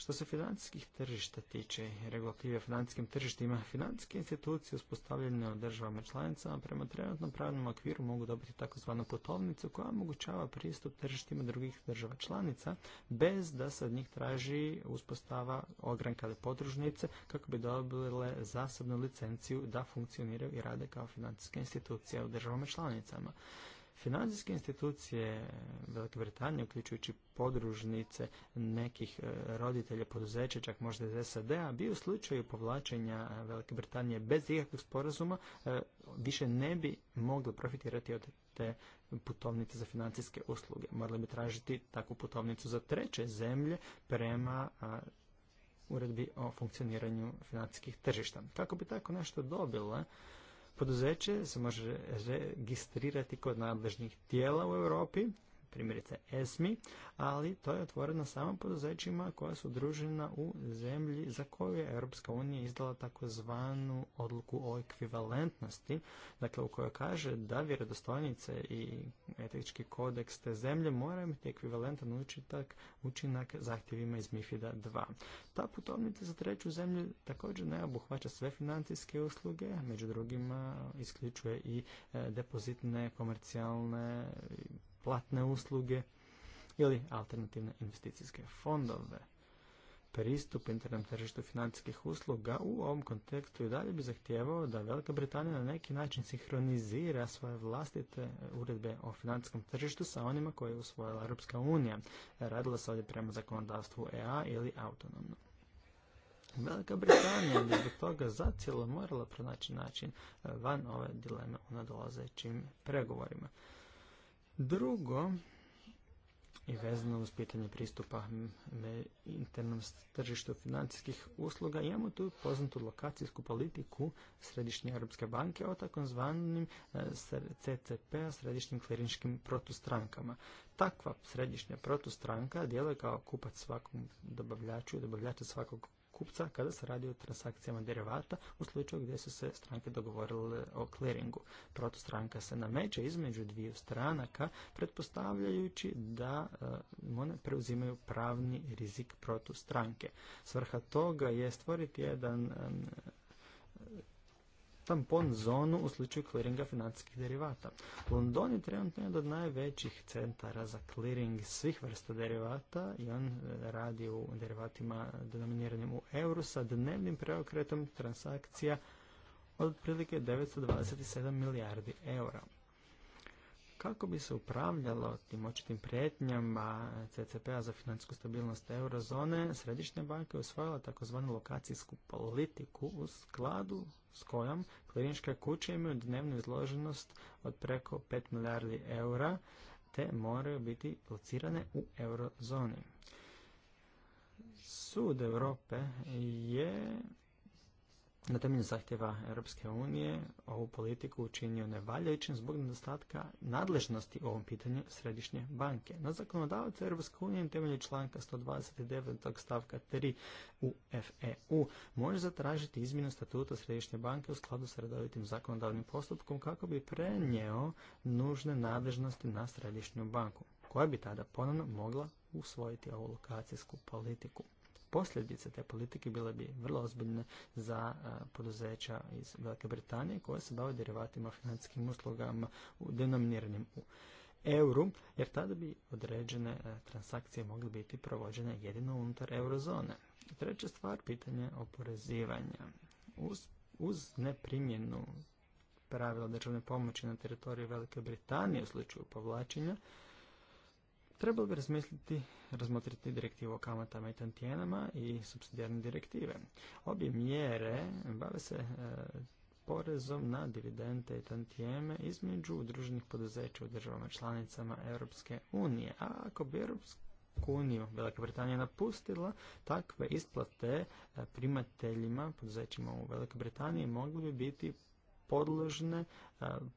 Što se financijskih tržišta tiče regulative financijskim tržištima, financijske institucije uspostavljene u državama članicama prema trenutnom pravnom okviru mogu dobiti tzv. putovnicu koja omogućava pristup tržištima drugih država članica bez da se od njih traži uspostava ogranka podružnice kako bi dobile zasebnu licenciju da funkcioniraju i rade kao financijske institucije u državama članicama. Financijske institucije Velike Britanije, uključujući podružnice nekih e, roditelja poduzeća, čak možda iz SAD-a, bi u slučaju povlačenja e, Velike Britanije bez ikakvog sporazuma e, više ne bi mogli profitirati od te putovnice za financijske usluge. Morali bi tražiti takvu putovnicu za treće zemlje prema uredbi o funkcioniranju financijskih tržišta. Kako bi tako nešto dobila? Poduzeće se može registrirati kod nadležnih tijela u Europi primjerice ESMI, ali to je otvoreno samo poduzećima koja su družena u zemlji za koju je Europska unija izdala takozvanu odluku o ekvivalentnosti, dakle u kojoj kaže da vjerodostojnice i etički kodeks te zemlje moraju imati ekvivalentan učitak, učinak zahtjevima iz MIFID-a 2. Ta putovnica za treću zemlju također ne obuhvaća sve financijske usluge, među drugima isključuje i e, depozitne, komercijalne platne usluge ili alternativne investicijske fondove. Pristup internom tržištu financijskih usluga u ovom kontekstu i dalje bi zahtijevao da Velika Britanija na neki način sinhronizira svoje vlastite uredbe o financijskom tržištu sa onima koje je usvojila Europska unija. Radila se ovdje prema zakonodavstvu EA ili autonomno. Velika Britanija bi zbog toga zacijelo morala pronaći način van ove dileme u nadolazećim pregovorima. Drugo, i vezano uz pitanje pristupa internom tržištu financijskih usluga, imamo tu poznatu lokacijsku politiku Središnje Europske banke o takozvanim e, CCP, središnjim kliničkim protustrankama. Takva središnja protustranka djeluje kao kupac svakom dobavljaču i dobavljača svakog kupca kada se radi o transakcijama derivata u slučaju gdje su se stranke dogovorile o clearingu. Protostranka se nameće između dviju stranaka pretpostavljajući da eh, one preuzimaju pravni rizik protostranke. Svrha toga je stvoriti jedan tampon zonu u slučaju kliringa financijskih derivata. London je trenutno jedan od najvećih centara za kliring svih vrsta derivata i on e, radi u derivatima denominiranim u euru sa dnevnim preokretom transakcija od otprilike 927 milijardi eura kako bi se upravljalo tim očitim prijetnjama ccp p-a za financijsku stabilnost eurozone, Središnja banka je usvojila tzv. lokacijsku politiku u skladu s kojom klinička kuće imaju dnevnu izloženost od preko 5 milijardi eura te moraju biti locirane u eurozoni. Sud Europe je na temelju zahtjeva Europske unije ovu politiku učinio nevaljajućim zbog nedostatka nadležnosti u ovom pitanju Središnje banke. Na zakonodavac Europske unije na temelju članka 129. stavka 3 u FEU može zatražiti izmjenu statuta Središnje banke u skladu sa redovitim zakonodavnim postupkom kako bi prenio nužne nadležnosti na Središnju banku koja bi tada ponovno mogla usvojiti ovu lokacijsku politiku posljedice te politike bile bi vrlo ozbiljne za e, poduzeća iz Velike Britanije koje se bave derivatima financijskim uslugama u denominiranim u euru, jer tada bi određene e, transakcije mogle biti provođene jedino unutar eurozone. Treća stvar, pitanje oporezivanja. Uz, uz neprimjenu pravila državne pomoći na teritoriju Velike Britanije u slučaju povlačenja, Trebalo bi razmisliti, razmotriti direktivu o kamatama i tantijenama i subsidijarne direktive. Obje mjere bave se e, porezom na dividende i tantijeme između udruženih poduzeća u državama članicama Europske unije. A ako bi Europsku Velika Britanija napustila, takve isplate e, primateljima, poduzećima u Velikoj Britaniji mogli bi biti podložne e,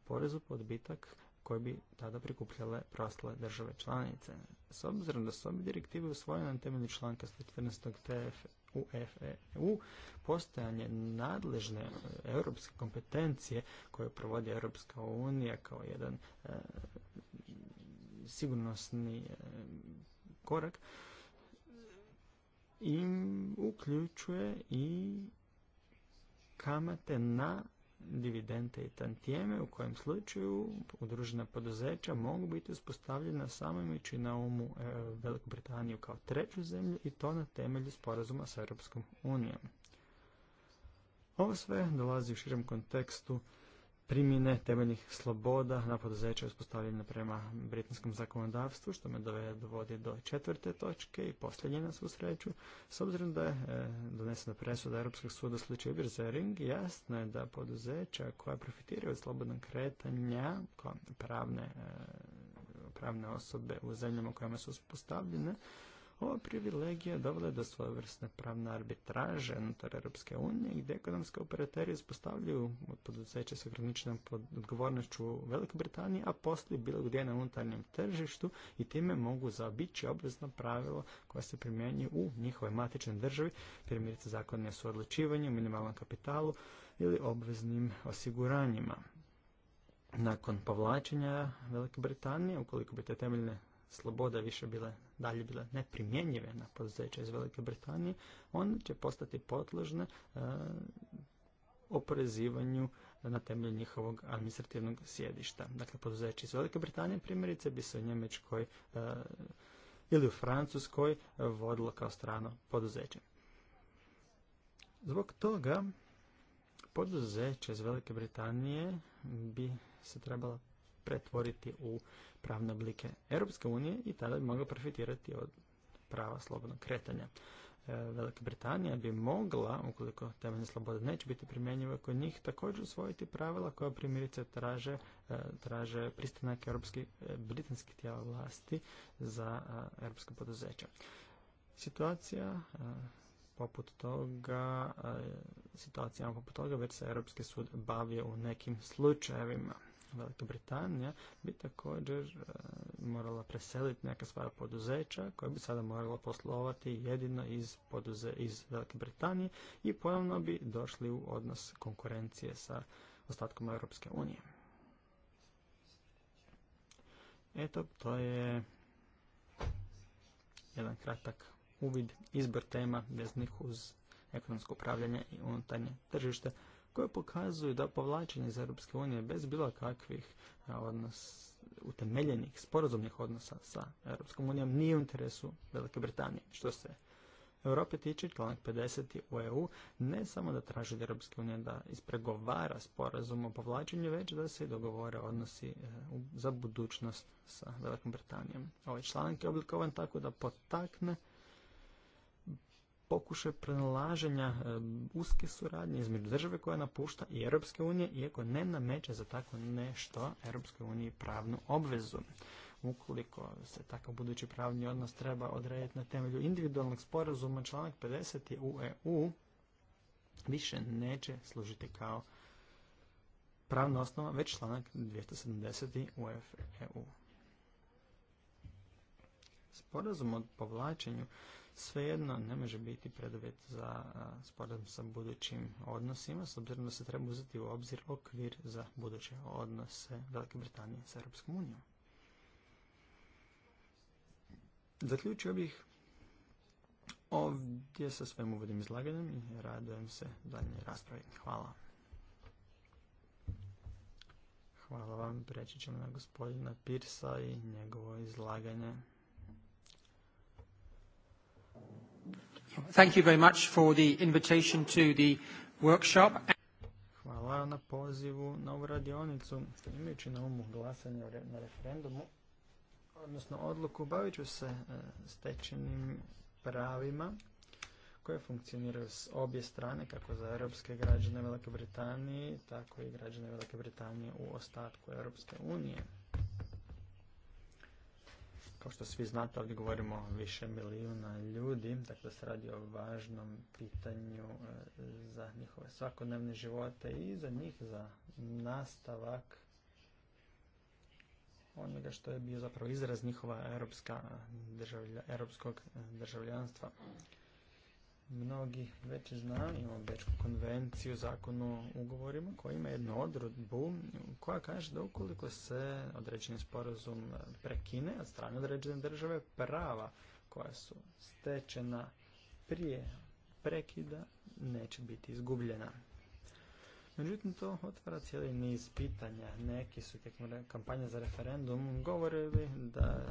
porezu podbitak koje bi tada prikupljale prostale države članice. S obzirom da su obje direktive usvojene na temelju članka 114. TF e e u postojanje nadležne e, europske kompetencije koje provodi Europska unija kao jedan e, sigurnosni korak i uključuje i kamate na dividende i tantijeme u kojem slučaju udružena poduzeća mogu biti uspostavljena samo imajući na umu e, Veliku Britaniju kao treću zemlju i to na temelju sporazuma sa Europskom unijom. Ovo sve dolazi u širem kontekstu primjene temeljnih sloboda na poduzeće uspostavljene prema britanskom zakonodavstvu, što me dovodi do četvrte točke i posljednje na svu sreću. S obzirom da je e, donesena presuda Europskog suda slučaju Ring, jasno je da poduzeća koja profitiraju od slobodnog kretanja, pravne, e, pravne osobe u zemljama kojima su uspostavljene, ova privilegija dovela je do svojevrsne pravne arbitraže unutar Europske unije gdje ekonomske operateri ispostavljaju od poduzeća sa ograničenom odgovornošću u Velikoj Britaniji, a poslije bilo gdje na unutarnjem tržištu i time mogu zaobići obvezno pravilo koje se primjenjuje u njihovoj matičnoj državi, primjerice zakonne su odlučivanju, minimalnom kapitalu ili obveznim osiguranjima. Nakon povlačenja Velike Britanije, ukoliko bi te temeljne slobode više bile dalje bile neprimjenjive na poduzeće iz Velike Britanije, on će postati potložne e, oporezivanju na temelju njihovog administrativnog sjedišta. Dakle, poduzeće iz Velike Britanije primjerice bi se u Njemečkoj e, ili u Francuskoj e, vodilo kao strano poduzeće. Zbog toga poduzeće iz Velike Britanije bi se trebalo pretvoriti u pravne oblike Europske unije i tada bi mogao profitirati od prava slobodnog kretanja. E, Velika Britanija bi mogla, ukoliko temeljne slobode neće biti primjenjiva kod njih, također usvojiti pravila koja primjerice traže, e, traže pristanak europskih e, britanskih tijela vlasti za europske poduzeća. Situacija poput toga, situacijama poput toga već se Europski sud bavio u nekim slučajevima. Velika Britanija bi također e, morala preseliti neka svoja poduzeća koja bi sada morala poslovati jedino iz, poduze, iz Velike Britanije i ponovno bi došli u odnos konkurencije sa ostatkom Europske unije. Eto, to je jedan kratak uvid, izbor tema veznih uz ekonomsko upravljanje i unutarnje tržište koje pokazuju da povlačenje iz Europske unije bez bilo kakvih e, odnos, utemeljenih sporazumnih odnosa sa Europskom unijom nije u interesu Velike Britanije. Što se Europe tiče, članak 50. u EU ne samo da traži od Europske unije da ispregovara sporazum o povlačenju, već da se i dogovore odnosi e, za budućnost sa Velikom Britanijom. Ovaj članak je oblikovan tako da potakne pokušaj pronalaženja e, uske suradnje između države koja napušta i Europske unije, iako ne nameće za tako nešto Europske unije pravnu obvezu. Ukoliko se takav budući pravni odnos treba odrediti na temelju individualnog sporazuma, članak 50 u EU više neće služiti kao pravna osnova, već članak 270 EU. Sporazum o povlačenju svejedno ne može biti preduvjet za sporazum sa budućim odnosima, s obzirom da se treba uzeti u obzir okvir za buduće odnose Velike Britanije sa Europskom unijom. Zaključio bih ovdje sa svojim uvodnim izlaganjem i radujem se daljnjoj raspravi. Hvala. Hvala vam, preći ćemo na gospodina Pirsa i njegovo izlaganje. Thank you very much for the invitation to the workshop. Hvala na pozivu na ovu radionicu. Imajući na umu glasanje na referendumu, odnosno odluku, bavit ću se e, stečenim pravima koje funkcioniraju s obje strane, kako za europske građane Velike Britanije, tako i građane Velike Britanije u ostatku Europske unije. Kao što svi znate, ovdje govorimo o više milijuna ljudi, da dakle, se radi o važnom pitanju e, za njihove svakodnevne živote i za njih, za nastavak onoga što je bio zapravo izraz njihova europska državlja, europskog državljanstva mnogi već znaju, imamo Bečku konvenciju, zakon o ugovorima koji ima jednu odredbu koja kaže da ukoliko se određeni sporazum prekine od strane određene države, prava koja su stečena prije prekida neće biti izgubljena. Međutim, to otvara cijeli niz pitanja. Neki su tijekom kampanje za referendum govorili da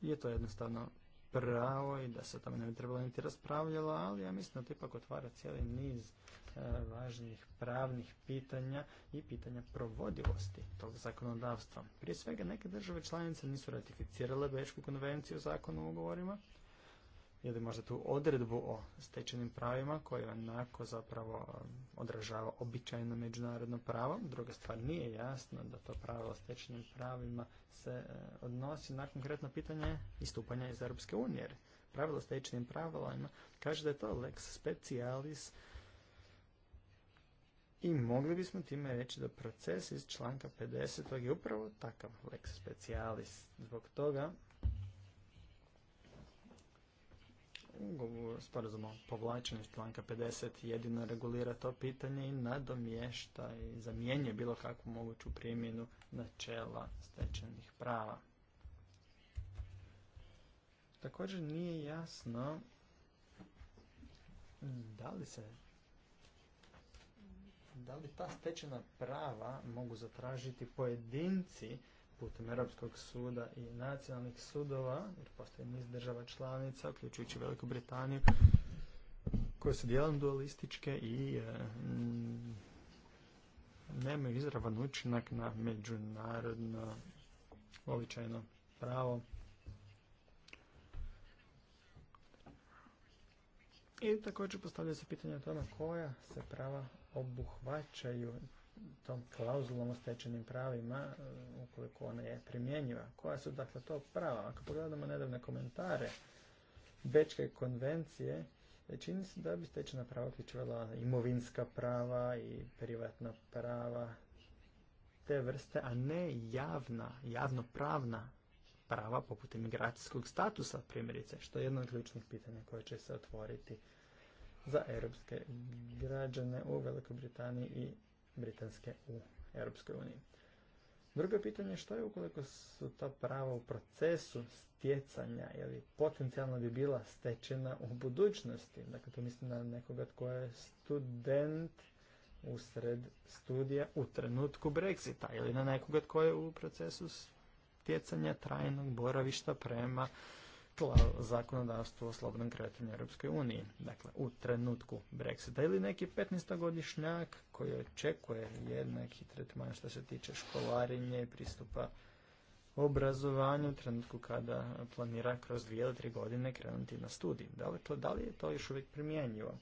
je to jednostavno pravo i da se o tome ne bi trebalo niti raspravljalo, ali ja mislim da to ipak otvara cijeli niz važnijih e, važnih pravnih pitanja i pitanja provodivosti tog zakonodavstva. Prije svega neke države članice nisu ratificirale Bečku konvenciju o zakonu o ugovorima, ili možda tu odredbu o stečenim pravima koja onako zapravo um, odražava običajno međunarodno pravo. Druga stvar nije jasno da to pravo o stečenim pravima se e, odnosi na konkretno pitanje istupanja iz Europske unije. pravilo o stečenim pravilima kaže da je to lex specialis i mogli bismo time reći da proces iz članka 50. je upravo takav lex specialis. Zbog toga ugovor sporazum o povlačenju članka 50 jedino regulira to pitanje i nadomješta i zamjenjuje bilo kakvu moguću primjenu načela stečenih prava. Također nije jasno da li se da li ta stečena prava mogu zatražiti pojedinci putem Europskog suda i nacionalnih sudova, jer postoji niz država članica, uključujući Veliku Britaniju, koje su dijelom dualističke i e, nemaju izravan učinak na međunarodno običajno pravo. I također postavlja se pitanje o tome koja se prava obuhvaćaju tom klauzulom o stečenim pravima e, ukoliko ona je primjenjiva. Koja su dakle to prava? Ako pogledamo nedavne komentare Bečke konvencije, e, čini se da bi stečena prava uključivala imovinska prava i privatna prava te vrste, a ne javna, javnopravna prava poput imigracijskog statusa primjerice, što je jedno od ključnih pitanja koje će se otvoriti za europske građane u Velikoj Britaniji i Britanske u Europskoj uniji. Drugo pitanje što je ukoliko su ta prava u procesu stjecanja ili potencijalno bi bila stečena u budućnosti. Dakle, to mislim na nekoga tko je student usred studija u trenutku Brexita ili na nekoga tko je u procesu stjecanja trajnog boravišta prema zakonodavstvo o slobodnom kretanju Europske uniji, dakle u trenutku Brexita ili neki 15-godišnjak koji očekuje jednaki tretman što se tiče školarinje i pristupa obrazovanju u trenutku kada planira kroz dvije ili tri godine krenuti na studij. Da dakle, li, to, da li je to još uvijek primjenjivo?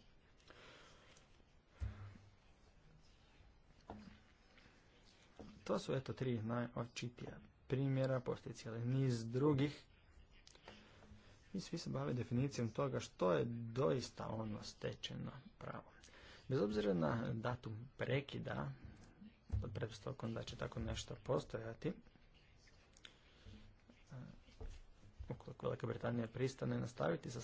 To su eto tri najočitija primjera, postoji cijeli niz drugih svi se bave definicijom toga što je doista ono stečeno pravo. Bez obzira na datum prekida, pod predstavkom da će tako nešto postojati, ukoliko Velika Britanija pristane nastaviti sa,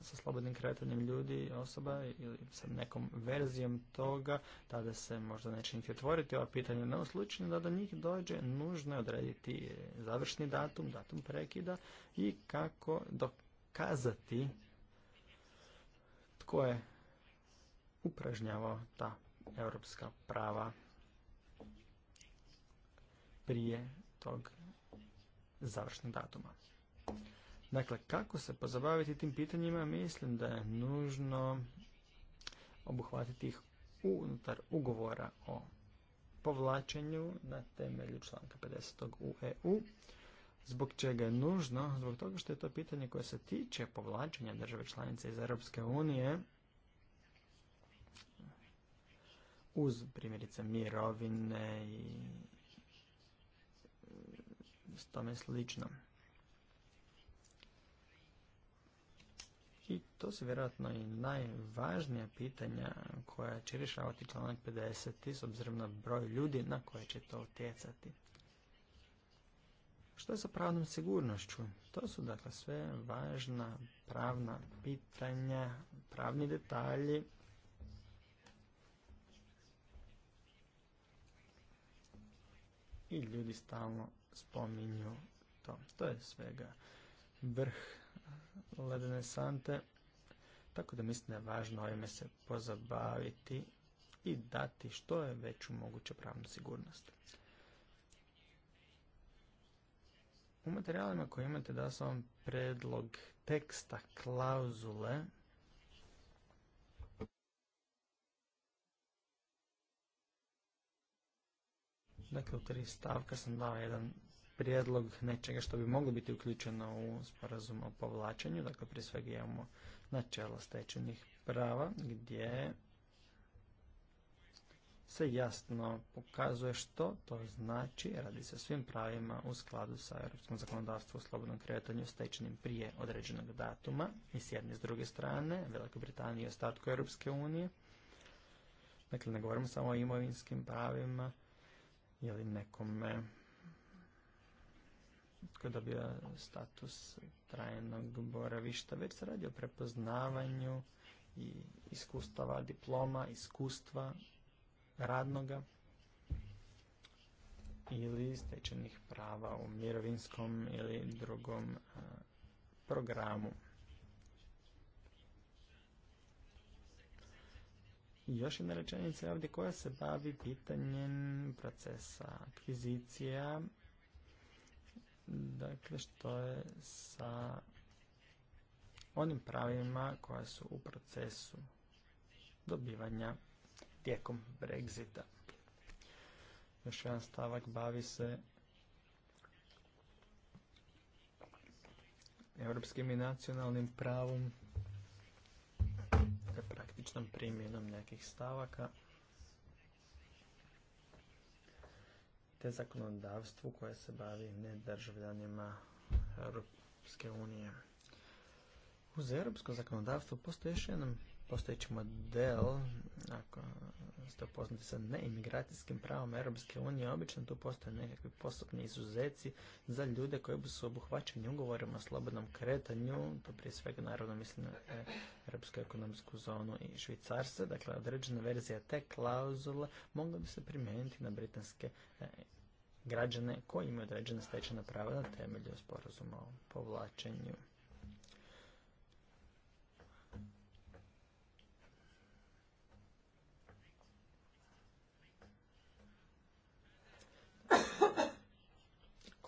sa slobodnim kretanjem ljudi, osoba ili sa nekom verzijom toga, tada se možda neće niti otvoriti ova pitanja. No, slučaju da do njih dođe, nužno je odrediti završni datum, datum prekida i kako, dok kazati tko je upražnjavao ta europska prava prije tog završnog datuma. Dakle, kako se pozabaviti tim pitanjima, mislim da je nužno obuhvatiti ih unutar ugovora o povlačenju na temelju članka 50. u EU Zbog čega je nužno? Zbog toga što je to pitanje koje se tiče povlačenja države članice iz Europske unije uz primjerice mirovine i s tome slično. I to su vjerojatno i najvažnija pitanja koja će rješavati članak 50 s obzirom na broj ljudi na koje će to utjecati. Što je sa pravnom sigurnošću? To su dakle sve važna pravna pitanja, pravni detalji. I ljudi stalno spominju to. To je svega vrh ledene sante. Tako da mislim da je važno ovime se pozabaviti i dati što je veću moguće pravnu sigurnost. U materijalima koje imate da sam vam predlog teksta klauzule Dakle, u tri stavka sam dao jedan prijedlog nečega što bi moglo biti uključeno u sporazum o povlačenju. Dakle, prije svega imamo načelo stečenih prava gdje se jasno pokazuje što to znači, radi se o svim pravima u skladu sa europskom zakonodavstvom o slobodnom kretanju stečenim prije određenog datuma i s jedne i s druge strane Velikoj Britaniji i ostatku Europske unije. Dakle, ne govorimo samo o imovinskim pravima ili nekome koji dobio status trajnog boravišta, već se radi o prepoznavanju i iskustava, diploma, iskustva radnoga ili stečenih prava u mirovinskom ili drugom e, programu. Još jedna rečenica je ovdje koja se bavi pitanjem procesa akvizicija, dakle što je sa onim pravima koja su u procesu dobivanja tijekom Brexita. Još jedan stavak bavi se europskim i nacionalnim pravom te praktičnom primjenom nekih stavaka te zakonodavstvu koje se bavi nedržavljanima Europske unije. Uz europsko zakonodavstvo postoji još jedan postojeći model, ako ste upoznati sa neimigracijskim pravom Europske unije, obično tu postoje nekakvi postupni izuzeci za ljude koji su obuhvaćeni ugovorima o slobodnom kretanju, to prije svega naravno mislim na Europsku ekonomsku zonu i Švicarse, dakle određena verzija te klauzule mogla bi se primijeniti na britanske e, građane koji imaju određena stečena prava na temelju sporazuma o povlačenju.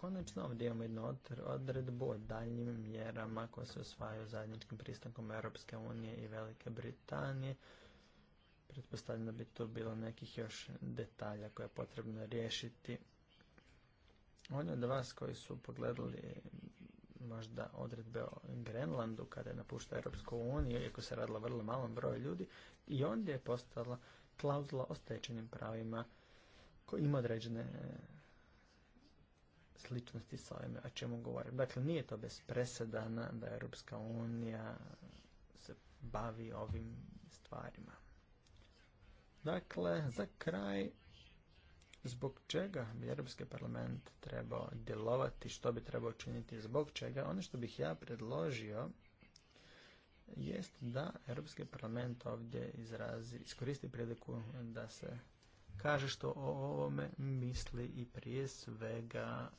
konačno ovdje imamo jednu odredbu o daljnjim mjerama koje se osvajaju zajedničkim pristankom Europske unije i Velike Britanije. Pretpostavljam da bi tu bilo nekih još detalja koje je potrebno riješiti. Oni od vas koji su pogledali možda odredbe o Grenlandu kada je napušta Europsku uniju, iako se radilo vrlo malom broju ljudi, i ondje je postala klauzula o stečenim pravima koji ima određene sličnosti sa ovime o čemu govorim. Dakle, nije to bez presedana da Europska unija se bavi ovim stvarima. Dakle, za kraj, zbog čega bi Europski parlament trebao djelovati, što bi trebao činiti, zbog čega, ono što bih ja predložio jest da Europski parlament ovdje izrazi, iskoristi priliku da se kaže što o ovome misli i prije svega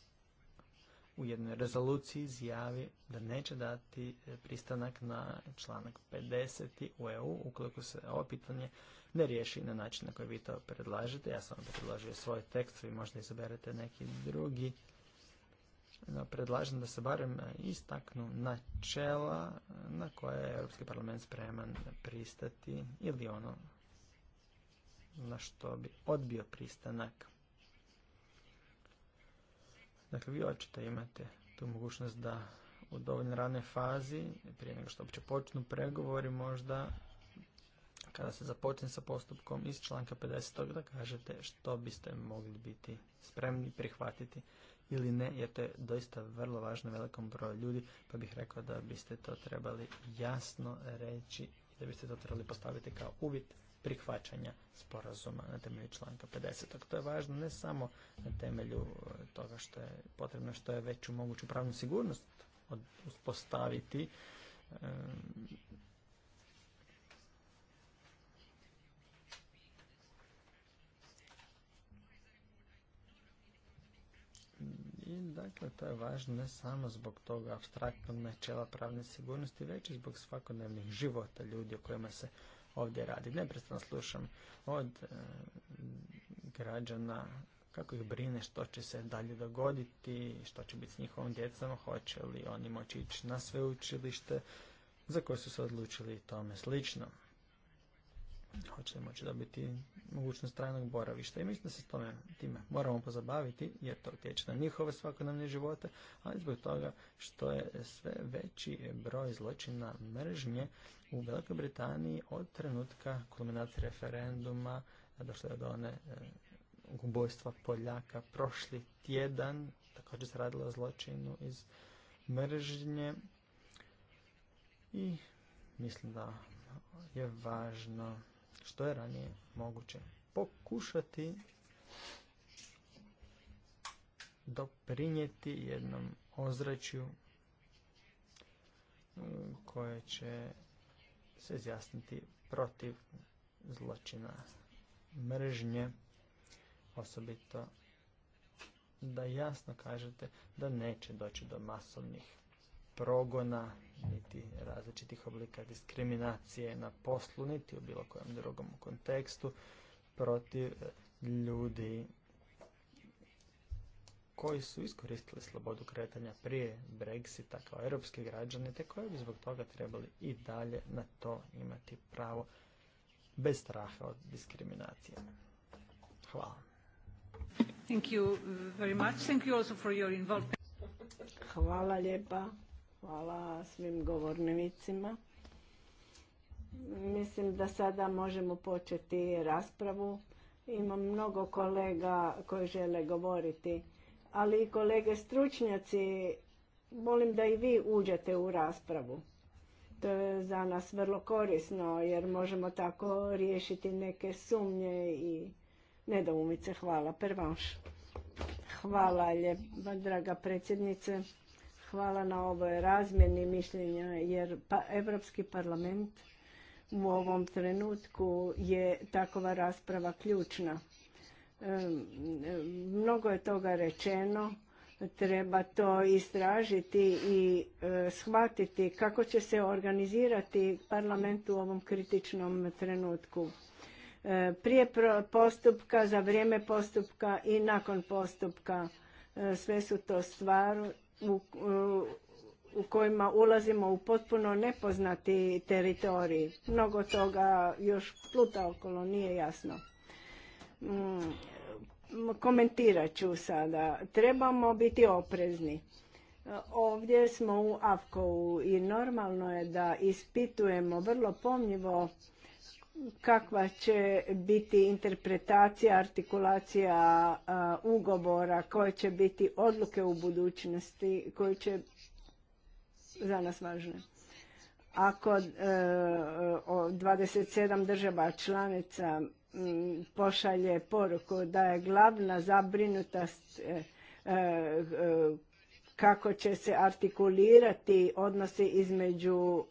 u jednoj rezoluciji izjavi da neće dati e, pristanak na članak 50. u EU ukoliko se ovo pitanje ne riješi na način na koji vi to predlažete. Ja sam vam predložio svoj tekst, vi možda izaberete neki drugi. No, predlažem da se barem istaknu načela na koje je Europski parlament spreman pristati ili ono na što bi odbio pristanak Dakle, vi očito imate tu mogućnost da u dovoljno rane fazi, prije nego što opće počnu pregovori, možda kada se započne sa postupkom iz članka 50. da kažete što biste mogli biti spremni prihvatiti ili ne, jer to je doista vrlo važno velikom broju ljudi, pa bih rekao da biste to trebali jasno reći i da biste to trebali postaviti kao uvjet prihvaćanja sporazuma na temelju članka 50. To je važno ne samo na temelju e, toga što je potrebno što je veću moguću pravnu sigurnost uspostaviti e, I dakle, to je važno ne samo zbog toga abstraktnog načela pravne sigurnosti, već i zbog svakodnevnih života ljudi o kojima se ovdje radi. Neprestano slušam od e, građana kako ih brine što će se dalje dogoditi, što će biti s njihovom djecom, hoće li oni moći ići na sveučilište za koje su se odlučili i tome slično hoće li moći dobiti mogućnost trajnog boravišta. I mislim da se s tome, time moramo pozabaviti jer to utječe na njihove svakodnevne živote, ali zbog toga što je sve veći broj zločina mržnje u Velikoj Britaniji od trenutka kulminacije referenduma došlo je do one e, ubojstva Poljaka prošli tjedan, također se radilo o zločinu iz mržnje i mislim da je važno što je ranije moguće pokušati doprinijeti jednom ozračju koje će se izjasniti protiv zločina mržnje, osobito da jasno kažete da neće doći do masovnih progona, niti različitih oblika diskriminacije na poslu, niti u bilo kojem drugom kontekstu protiv e, ljudi koji su iskoristili slobodu kretanja prije Brexita kao europski građani, te koji bi zbog toga trebali i dalje na to imati pravo bez straha od diskriminacije. Hvala. Thank you very much. Thank you also for your involvement. Hvala lijepa Hvala svim govornicima. Mislim da sada možemo početi raspravu. Ima mnogo kolega koji žele govoriti, ali i kolege stručnjaci, molim da i vi uđete u raspravu. To je za nas vrlo korisno jer možemo tako riješiti neke sumnje i nedoumice. Hvala. Pervanš. Hvala lijepa, draga predsjednice. Hvala na ovoj razmjeni mišljenja jer pa Europski parlament u ovom trenutku je takova rasprava ključna. Mnogo je toga rečeno, treba to istražiti i e, shvatiti kako će se organizirati parlament u ovom kritičnom trenutku. E, prije postupka, za vrijeme postupka i nakon postupka e, sve su to stvari u, kojima ulazimo u potpuno nepoznati teritorij. Mnogo toga još pluta okolo, nije jasno. Mm, komentirat ću sada. Trebamo biti oprezni. Ovdje smo u Avkovu i normalno je da ispitujemo vrlo pomljivo kakva će biti interpretacija, artikulacija ugovora, koje će biti odluke u budućnosti, koje će za nas važne. Ako 27 e, država članica pošalje poruku da je glavna zabrinutost e, e, kako će se artikulirati odnosi između uh,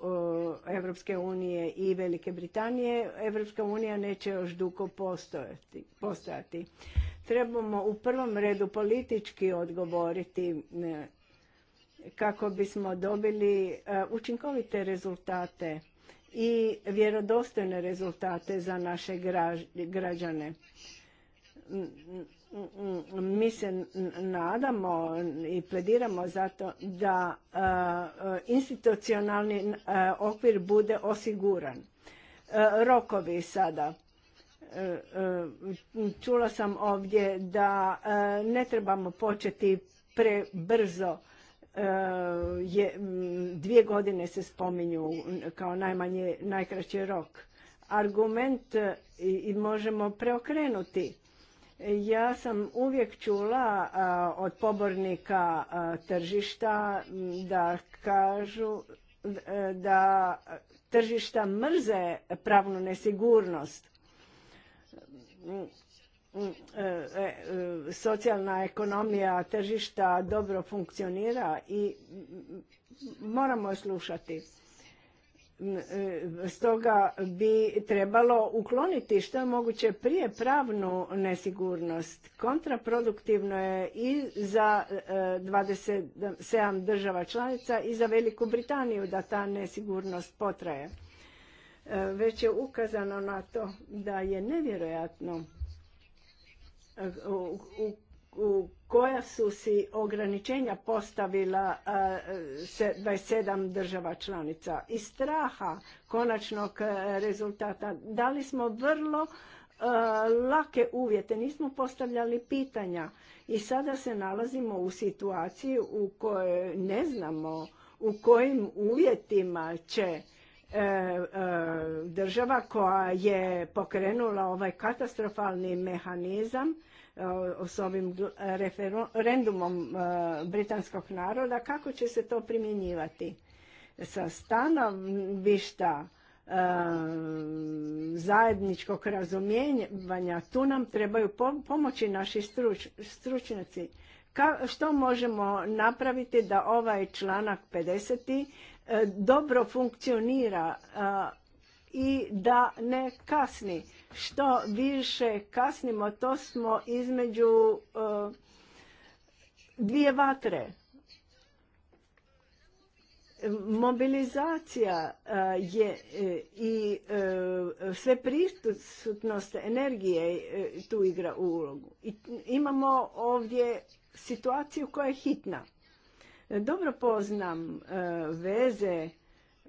Europske unije i Velike Britanije, Europska unija neće još dugo postojati, postojati. Trebamo u prvom redu politički odgovoriti uh, kako bismo dobili uh, učinkovite rezultate i vjerodostojne rezultate za naše građane mi se nadamo i plediramo zato da e, e, institucionalni e, okvir bude osiguran. Rokovi sada. Čula sam ovdje da ne trebamo početi prebrzo. Je, dvije godine se spominju kao najmanje, najkraći rok. Argument i možemo preokrenuti ja sam uvijek čula od pobornika tržišta da kažu e, da tržišta mrze pravnu nesigurnost. E, e, socijalna ekonomija tržišta dobro funkcionira i moramo je slušati. E, stoga bi trebalo ukloniti što je moguće prije pravnu nesigurnost. Kontraproduktivno je i za 27 e, država članica i za Veliku Britaniju da ta nesigurnost potraje. E, već je ukazano na to da je nevjerojatno u koja su si ograničenja postavila 27 e, država članica i straha konačnog e, rezultata. Dali smo vrlo e, lake uvjete, nismo postavljali pitanja i sada se nalazimo u situaciji u kojoj ne znamo u kojim uvjetima će država koja je pokrenula ovaj katastrofalni mehanizam s ovim referendumom e, britanskog naroda, kako će se to primjenjivati? Sa stanovišta e, zajedničkog razumijevanja, tu nam trebaju pomoći naši struč, stručnjaci. što možemo napraviti da ovaj članak 50. E, dobro funkcionira, i da ne kasni. Što više kasnimo, to smo između e, dvije vatre. Mobilizacija e, je e, i sve prisutnost energije tu igra u ulogu. I imamo ovdje situaciju koja je hitna. Dobro poznam veze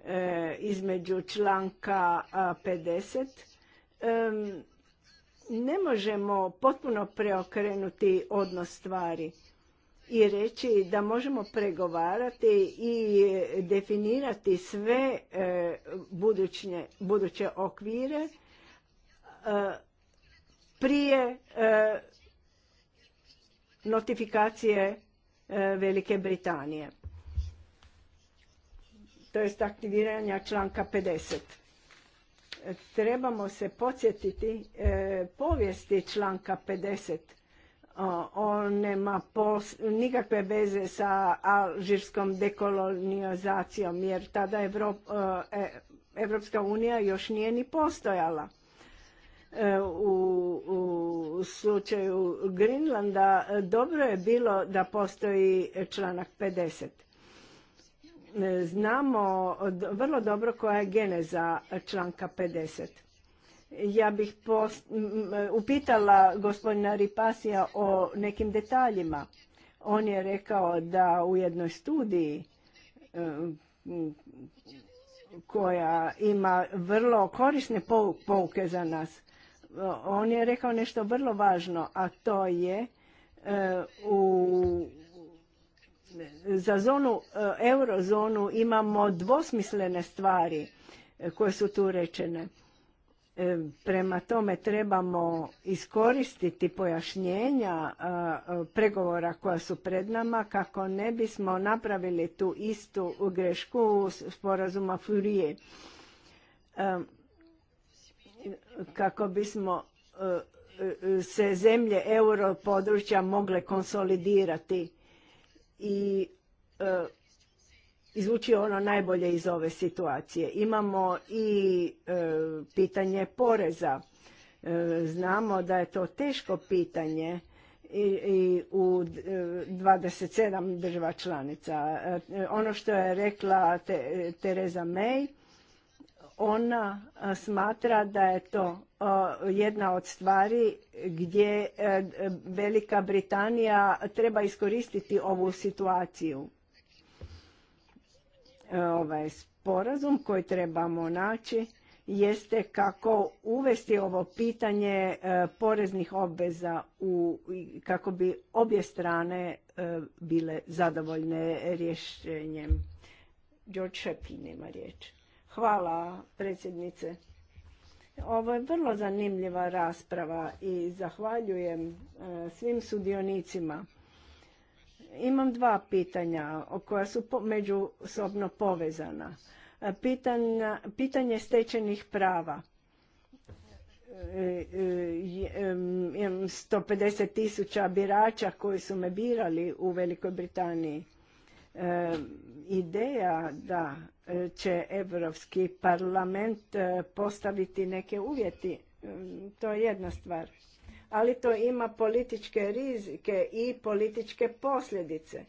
E, između članka 50 ne možemo potpuno preokrenuti odnos stvari i reći da možemo pregovarati i definirati sve e, budućne, buduće okvire e, prije notifikacije Velike Britanije to jest aktiviranja članka 50. Trebamo se podsjetiti e, povijesti članka 50. on nema nikakve veze sa alžirskom dekolonizacijom jer tada EU e, e, Evropska unija još nije ni postojala. U, u slučaju Grinlanda dobro je bilo da postoji članak 50. Znamo vrlo dobro koja je geneza članka 50. Ja bih upitala gospodina Ripasija o nekim detaljima. On je rekao da u jednoj studiji e, koja ima vrlo korisne pouke za nas, on je rekao nešto vrlo važno, a to je e, u za zonu, e, eurozonu imamo dvosmislene stvari e, koje su tu rečene. E, prema tome trebamo iskoristiti pojašnjenja pregovora koja su pred nama kako ne bismo napravili tu istu grešku sporazuma Furije. Kako bismo se zemlje europodručja mogle konsolidirati i e, izvući ono najbolje iz ove situacije. Imamo i e, pitanje poreza. E, znamo da je to teško pitanje i, u 27 država članica. Ono što je rekla Tereza May, ona smatra da je to jedna od stvari gdje e, Velika Britanija treba iskoristiti ovu situaciju. E, ovaj sporazum koji trebamo naći jeste kako uvesti ovo pitanje e, poreznih obveza u, kako bi obje strane bile zadovoljne rješenjem. George Shepin ima riječ. Hvala predsjednice. Ovo je vrlo zanimljiva rasprava i zahvaljujem e, svim sudionicima. Imam dva pitanja koja su međusobno povezana. E, pitanje stečenih prava. 150 e, tisuća birača koji su me birali u Velikoj Britaniji. E, ideja da e, će Europski parlament e, postaviti neke uvjeti, to je jedna stvar. Ali to ima političke rizike i političke posljedice.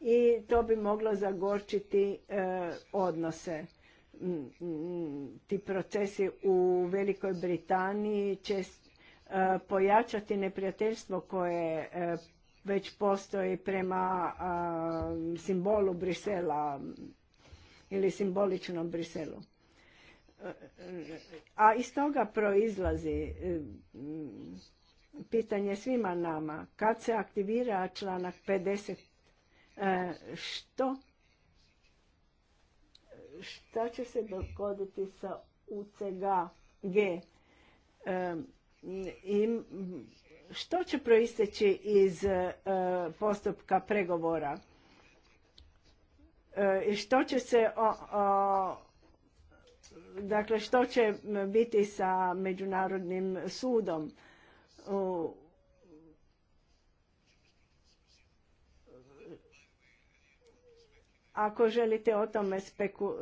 I to bi moglo zagorčiti odnose. Ti procesi u Velikoj Britaniji će pojačati neprijateljstvo koje već postoji prema simbolu Brisela ili simboličnom Briselu. A iz toga proizlazi pitanje svima nama, kad se aktivira članak 50, e, što šta će se dogoditi sa UCG? G? E, što će proisteći iz e, postupka pregovora? E, što će se dakle što će biti sa međunarodnim sudom ako želite o tome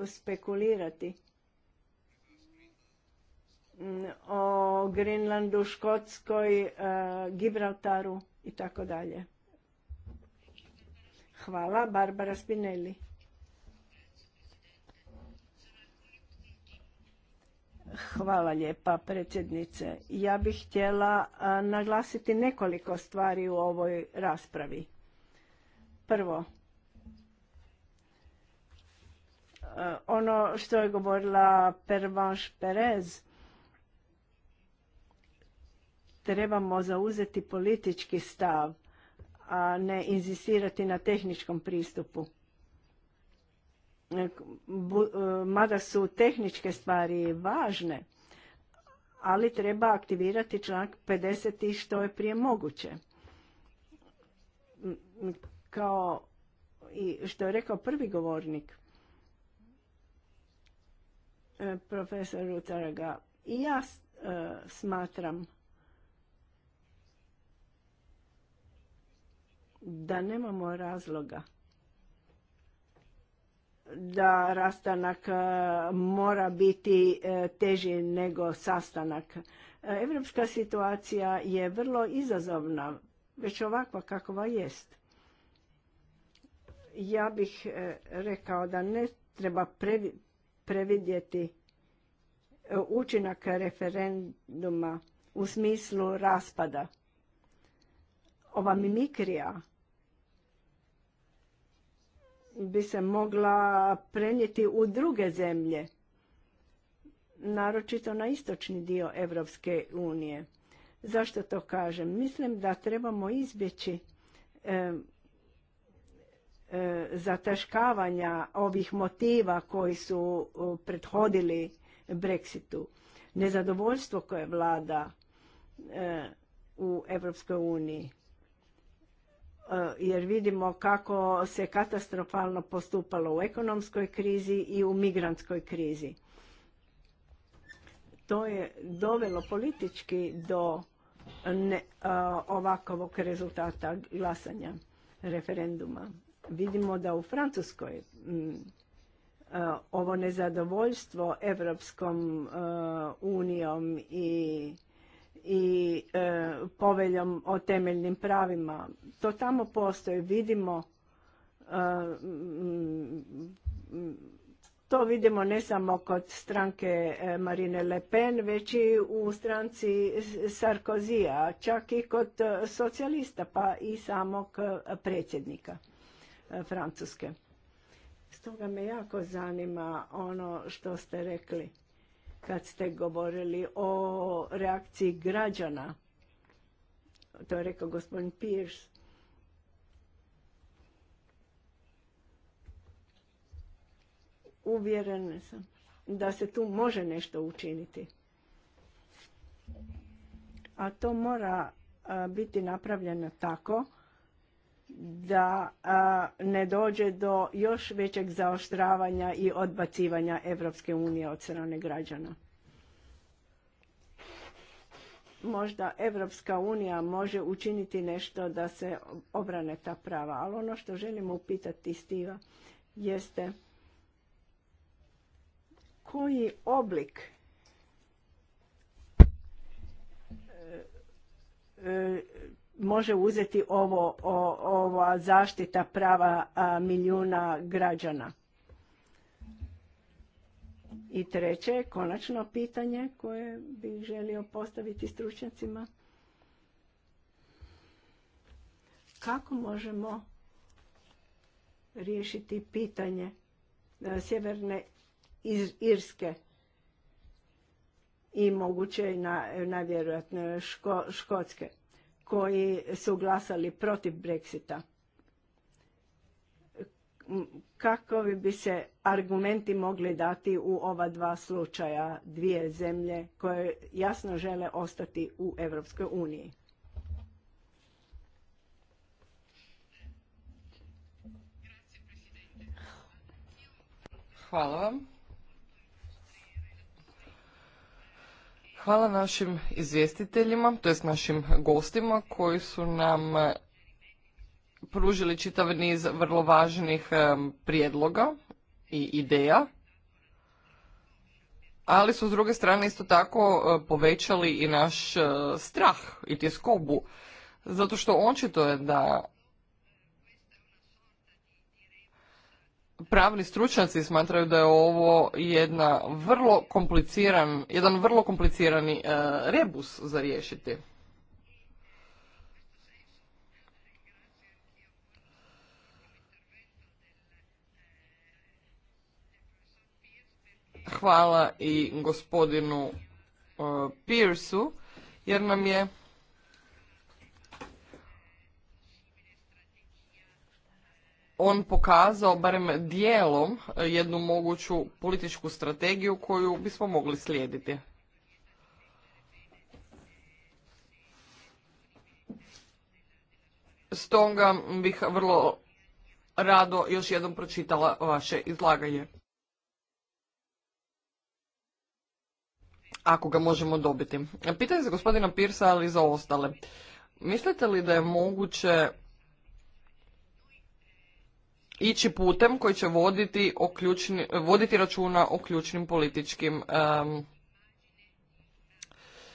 spekulirati o Grenlandu, Škotskoj, e, Gibraltaru i tako dalje. Hvala, Barbara Spinelli. Hvala lijepa, predsjednice. Ja bih htjela e, naglasiti nekoliko stvari u ovoj raspravi. Prvo, e, ono što je govorila Pervanš Perez, trebamo zauzeti politički stav, a ne inzistirati na tehničkom pristupu. E, mada su tehničke stvari važne, ali treba aktivirati članak 50. što je prije moguće. Kao i što je rekao prvi govornik, e, profesor Rutaraga, i ja e, smatram da nemamo razloga da rastanak e, mora biti e, teži nego sastanak. E, evropska situacija je vrlo izazovna, već ovakva kakva jest. Ja bih rekao da ne treba previdjeti učinak referenduma u smislu raspada. Ova mimikrija bi se mogla prenijeti u druge zemlje, naročito na istočni dio Evropske unije. Zašto to kažem? Mislim da trebamo izbjeći e, e zataškavanja ovih motiva koji su prethodili Brexitu. Nezadovoljstvo koje vlada e, u Evropskoj uniji E, jer vidimo kako se katastrofalno postupalo u ekonomskoj krizi i u migrantskoj krizi. To je dovelo politički do ne, e, ovakvog rezultata glasanja referenduma. Vidimo da u Francuskoj e, ovo nezadovoljstvo Evropskom unijom i i e, poveljom o temeljnim pravima. To tamo postoji, vidimo e, to vidimo ne samo kod stranke e, Marine Le Pen, već i u stranci Sarkozija, čak i kod socijalista, pa i samog predsjednika Francuske. Stoga me jako zanima ono što ste rekli kad ste govorili o reakciji građana. To je rekao gospodin Piers. Uvjeren sam da se tu može nešto učiniti. A to mora biti napravljeno tako da a, ne dođe do još većeg zaoštravanja i odbacivanja Evropske unije od strane građana. Možda Evropska unija može učiniti nešto da se obrane ta prava, ali ono što želimo upitati Stiva jeste koji oblik e, e, može uzeti ovo, ova zaštita prava a, milijuna građana. I treće, konačno pitanje koje bih želio postaviti stručnjacima. Kako možemo riješiti pitanje e, Sjeverne Irske i moguće na, Škotske? koji su glasali protiv Brexita. kako bi se argumenti mogli dati u ova dva slučaja, dvije zemlje koje jasno žele ostati u Europskoj uniji? Hvala vam. Hvala našim izvjestiteljima, to jest našim gostima koji su nam e, pružili čitav niz vrlo važnih e, prijedloga i ideja, ali su s druge strane isto tako e, povećali i naš strah i tjeskobu, zato što očito je da pravni stručnjaci smatraju da je ovo jedna vrlo kompliciran, jedan vrlo komplicirani e, rebus za riješiti. Hvala i gospodinu e, jer nam je on pokazao barem dijelom jednu moguću političku strategiju koju bismo mogli slijediti. Stoga bih vrlo rado još jednom pročitala vaše izlaganje. Ako ga možemo dobiti. Pitanje za gospodina Pirsa, ali i za ostale. Mislite li da je moguće ići putem koji će voditi, voditi računa o ključnim političkim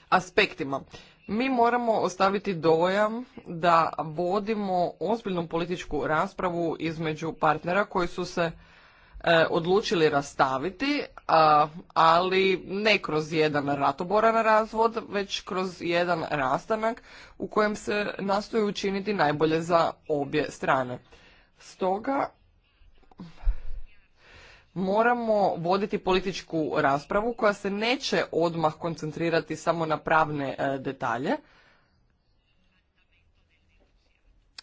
aspektima. Mi moramo ostaviti dojam da vodimo ozbiljnu političku raspravu između partnera koji su se e, odlučili rastaviti, a, ali ne kroz jedan ratoboran razvod, već kroz jedan rastanak u kojem se nastoji učiniti najbolje za obje strane. Stoga moramo voditi političku raspravu koja se neće odmah koncentrirati samo na pravne e, detalje,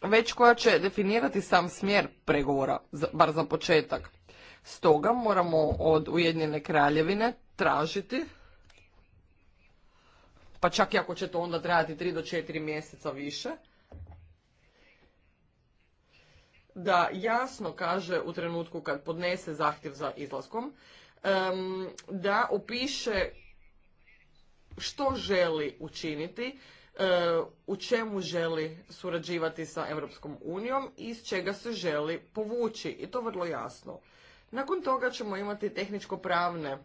već koja će definirati sam smjer pregovora, bar za početak. Stoga moramo od Ujedinjene kraljevine tražiti, pa čak i ako će to onda trajati 3 do 4 mjeseca više, da jasno kaže u trenutku kad podnese zahtjev za izlaskom, da opiše što želi učiniti, eh, u čemu želi surađivati sa Europskom unijom i iz čega se želi povući. I to vrlo jasno. Nakon toga ćemo imati tehničko-pravne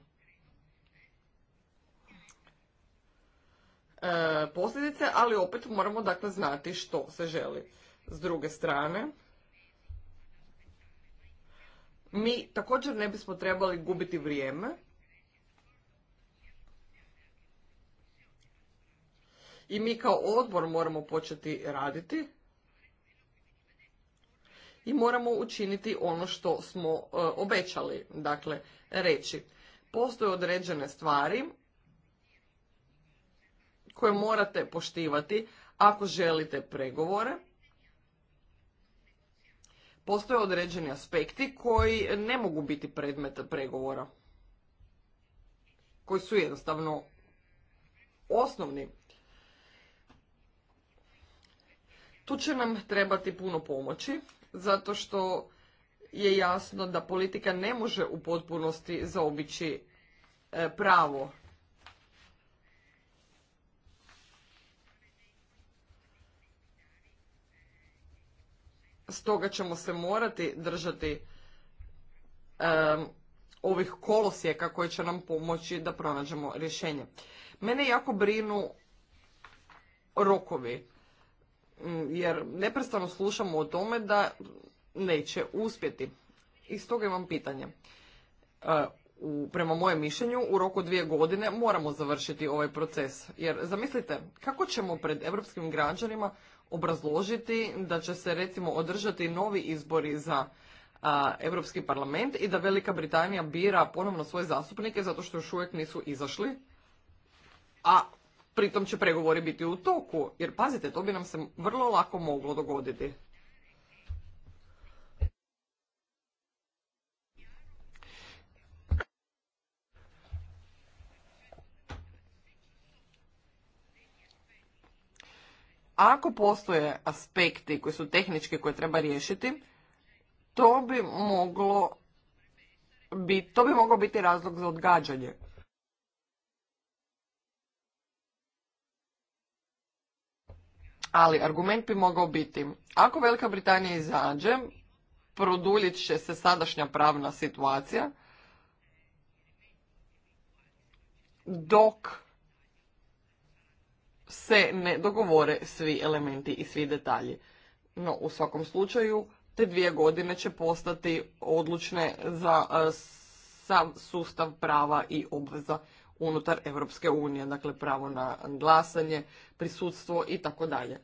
eh, posljedice, ali opet moramo dakle znati što se želi. S druge strane, mi također ne bismo trebali gubiti vrijeme i mi kao odbor moramo početi raditi i moramo učiniti ono što smo e, obećali, dakle reći. Postoje određene stvari koje morate poštivati ako želite pregovore postoje određeni aspekti koji ne mogu biti predmet pregovora, koji su jednostavno osnovni. Tu će nam trebati puno pomoći, zato što je jasno da politika ne može u potpunosti zaobići e, pravo stoga ćemo se morati držati ovih kolosijeka koji će nam pomoći da pronađemo rješenje. Mene jako brinu rokovi, jer neprestano slušamo o tome da neće uspjeti. I stoga imam pitanje. E, prema mojem mišljenju, u roku dvije godine moramo završiti ovaj proces. Jer zamislite, kako ćemo pred evropskim građanima obrazložiti da će se recimo održati novi izbori za Evropski Europski parlament i da Velika Britanija bira ponovno svoje zastupnike zato što još uvijek nisu izašli, a pritom će pregovori biti u toku, jer pazite, to bi nam se vrlo lako moglo dogoditi. Ako postoje aspekti koji su tehnički koje treba riješiti, to bi moglo biti, to bi moglo biti razlog za odgađanje. Ali argument bi mogao biti, ako Velika Britanija izađe, produljit će se sadašnja pravna situacija, dok se ne dogovore svi elementi i svi detalji. No, u svakom slučaju, te dvije godine će postati odlučne za e, sav sustav prava i obveza unutar Europske unije, dakle pravo na glasanje, prisutstvo i tako dalje.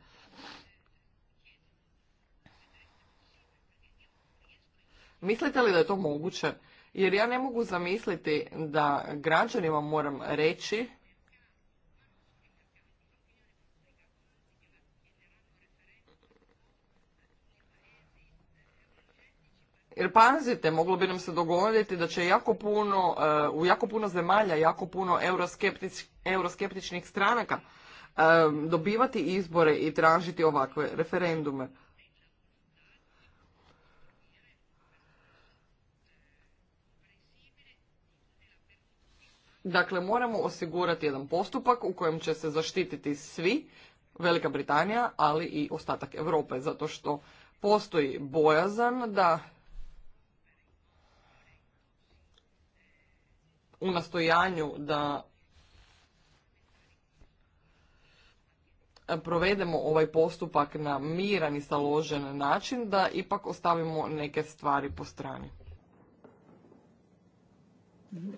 Mislite li da je to moguće? Jer ja ne mogu zamisliti da građanima moram reći Jer pazite, moglo bi nam se dogoditi da će jako puno, eh, u jako puno zemalja, jako puno euroskeptičnih stranaka eh, dobivati izbore i tražiti ovakve referendume. Dakle, moramo osigurati jedan postupak u kojem će se zaštititi svi, Velika Britanija, ali i ostatak Europe, zato što postoji bojazan da u nastojanju da provedemo ovaj postupak na miran i saložen način, da ipak ostavimo neke stvari po strani.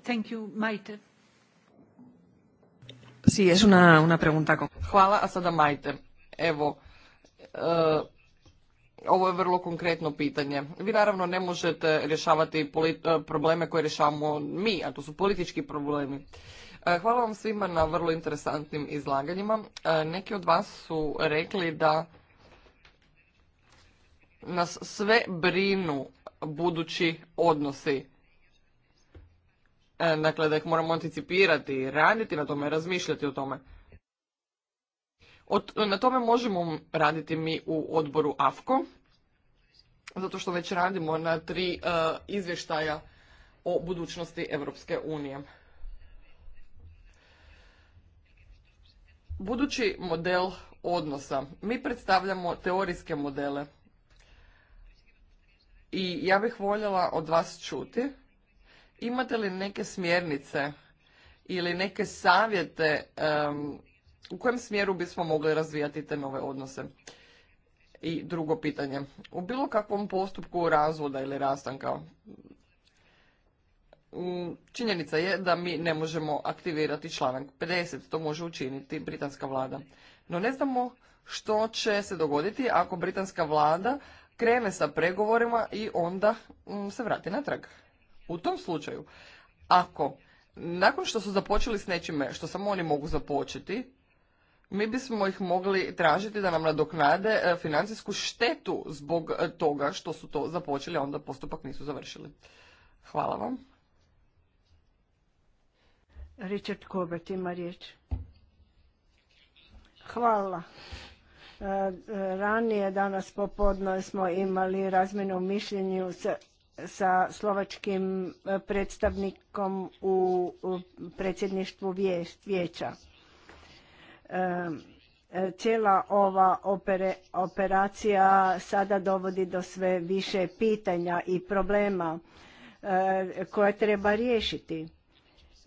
Thank you, Maite. Hvala, a sada maite Evo, eh, ovo je vrlo konkretno pitanje. Vi naravno ne možete rješavati e, probleme koje rješavamo mi, a to su politički problemi. E, hvala vam svima na vrlo interesantnim izlaganjima. E, neki od vas su rekli da nas sve brinu budući odnosi. Dakle, da ih moramo anticipirati, raditi na tome, razmišljati o tome na tome možemo raditi mi u odboru AFKO, zato što već radimo na tri e, izvještaja o budućnosti Europske unije. Budući model odnosa. Mi predstavljamo teorijske modele. I ja bih voljela od vas čuti, imate li neke smjernice ili neke savjete u kojem smjeru bismo mogli razvijati te nove odnose? I drugo pitanje, u bilo kakvom postupku razvoda ili rastanka, mm, činjenica je da mi ne možemo aktivirati članak 50, to može učiniti britanska vlada. No ne znamo što će se dogoditi ako britanska vlada krene sa pregovorima i onda mm, se vrati natrag. U tom slučaju, ako nakon što su započeli s nečime što samo oni mogu započeti, mi bismo ih mogli tražiti da nam nadoknade e, financijsku štetu zbog e, toga što su to započeli, a onda postupak nisu završili. Hvala vam. Richard Kobet ima riječ. Hvala. E, ranije danas popodno smo imali razmjenu mišljenju sa, slovačkim predstavnikom u, predsjedništvu vijeća. E, cijela ova operacija sada dovodi do sve više pitanja i problema e, koje treba riješiti.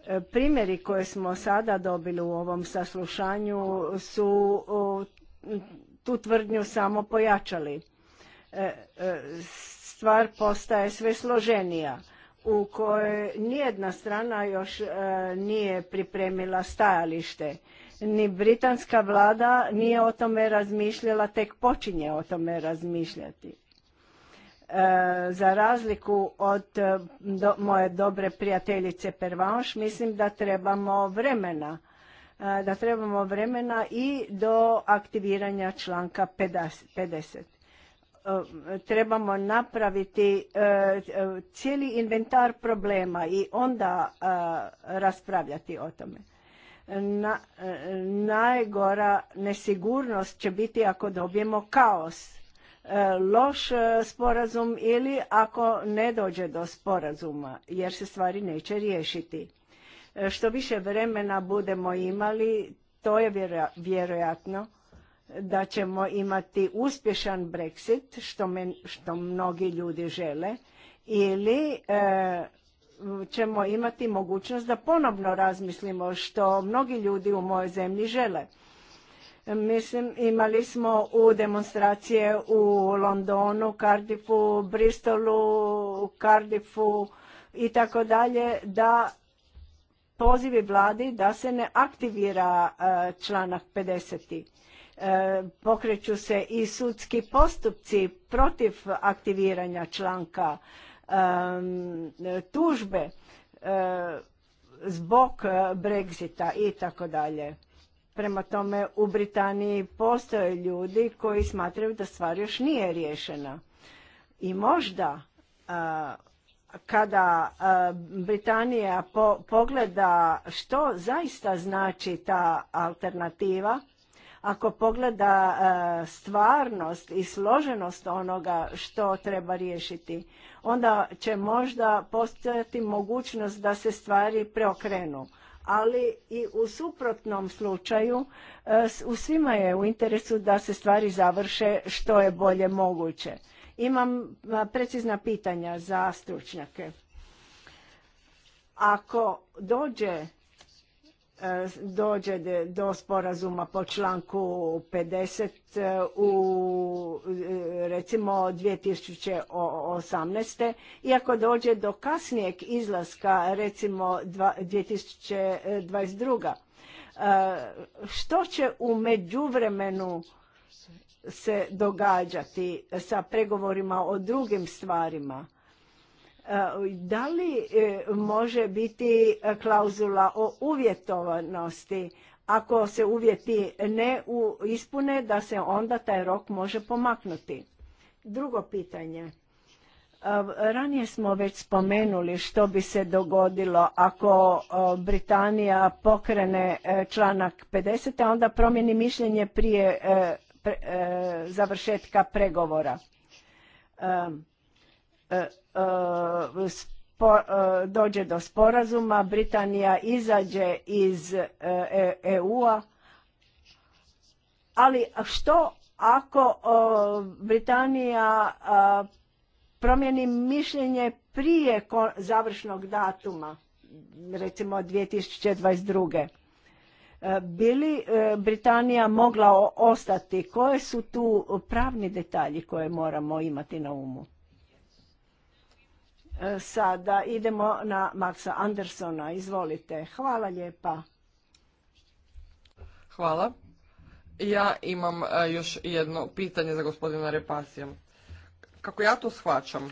E, primjeri koje smo sada dobili u ovom saslušanju su tu tvrdnju samo pojačali. Stvar postaje sve složenija u kojoj nijedna strana još nije pripremila stajalište ni britanska vlada nije o tome razmišljala, tek počinje o tome razmišljati. E, za razliku od e, moje dobre prijateljice Pervanš, mislim da trebamo vremena e, da trebamo vremena i do aktiviranja članka 50. trebamo napraviti cijeli inventar problema i onda raspravljati o tome. Na, e, najgora nesigurnost će biti ako dobijemo kaos, e, loš e, sporazum ili ako ne dođe do sporazuma jer se stvari neće riješiti. Što više vremena budemo imali, to je vjerojatno da ćemo imati uspješan Brexit, što, što mnogi ljudi žele, ili ćemo imati mogućnost da ponovno razmislimo što mnogi ljudi u mojoj zemlji žele. Mislim, imali smo u demonstracije u Londonu, Cardiffu, Bristolu, Cardiffu i tako dalje, da pozivi vladi da se ne aktivira e, članak 50. E, pokreću se i sudski postupci protiv aktiviranja članka tužbe zbog e, Brexita i tako dalje. Prema tome u Britaniji postoje ljudi koji smatraju da stvar još nije riješena. I možda e, kada e, Britanija pogleda što zaista znači ta alternativa, ako pogleda e, stvarnost i složenost onoga što treba riješiti, onda će možda postojati mogućnost da se stvari preokrenu. Ali i u suprotnom slučaju e, u svima je u interesu da se stvari završe što je bolje moguće. Imam e, precizna pitanja za stručnjake. Ako dođe E, dođe do sporazuma po članku 50 e, u e, recimo 2018. I ako dođe do kasnijeg izlaska recimo 2022. Što će u međuvremenu se događati sa pregovorima o drugim stvarima? E, da li e, može biti klauzula o uvjetovanosti? Ako se uvjeti ne ispune, da se onda taj rok može pomaknuti. Drugo pitanje. E, ranije smo već spomenuli što bi se dogodilo ako Britanija pokrene članak 50, a onda promjeni mišljenje prije završetka pregovora. Eh, spo, eh, dođe do sporazuma, Britanija izađe iz EU-a, eh, e, e ali što ako Britanija promijeni mišljenje prije završnog datuma, recimo 2022. Bili Britanija mogla ostati? Koje su tu pravni detalji koje moramo imati na umu? Sada idemo na Maxa Andersona. Izvolite. Hvala lijepa. Hvala. Ja imam e, još jedno pitanje za gospodina Repasija. Kako ja to shvaćam,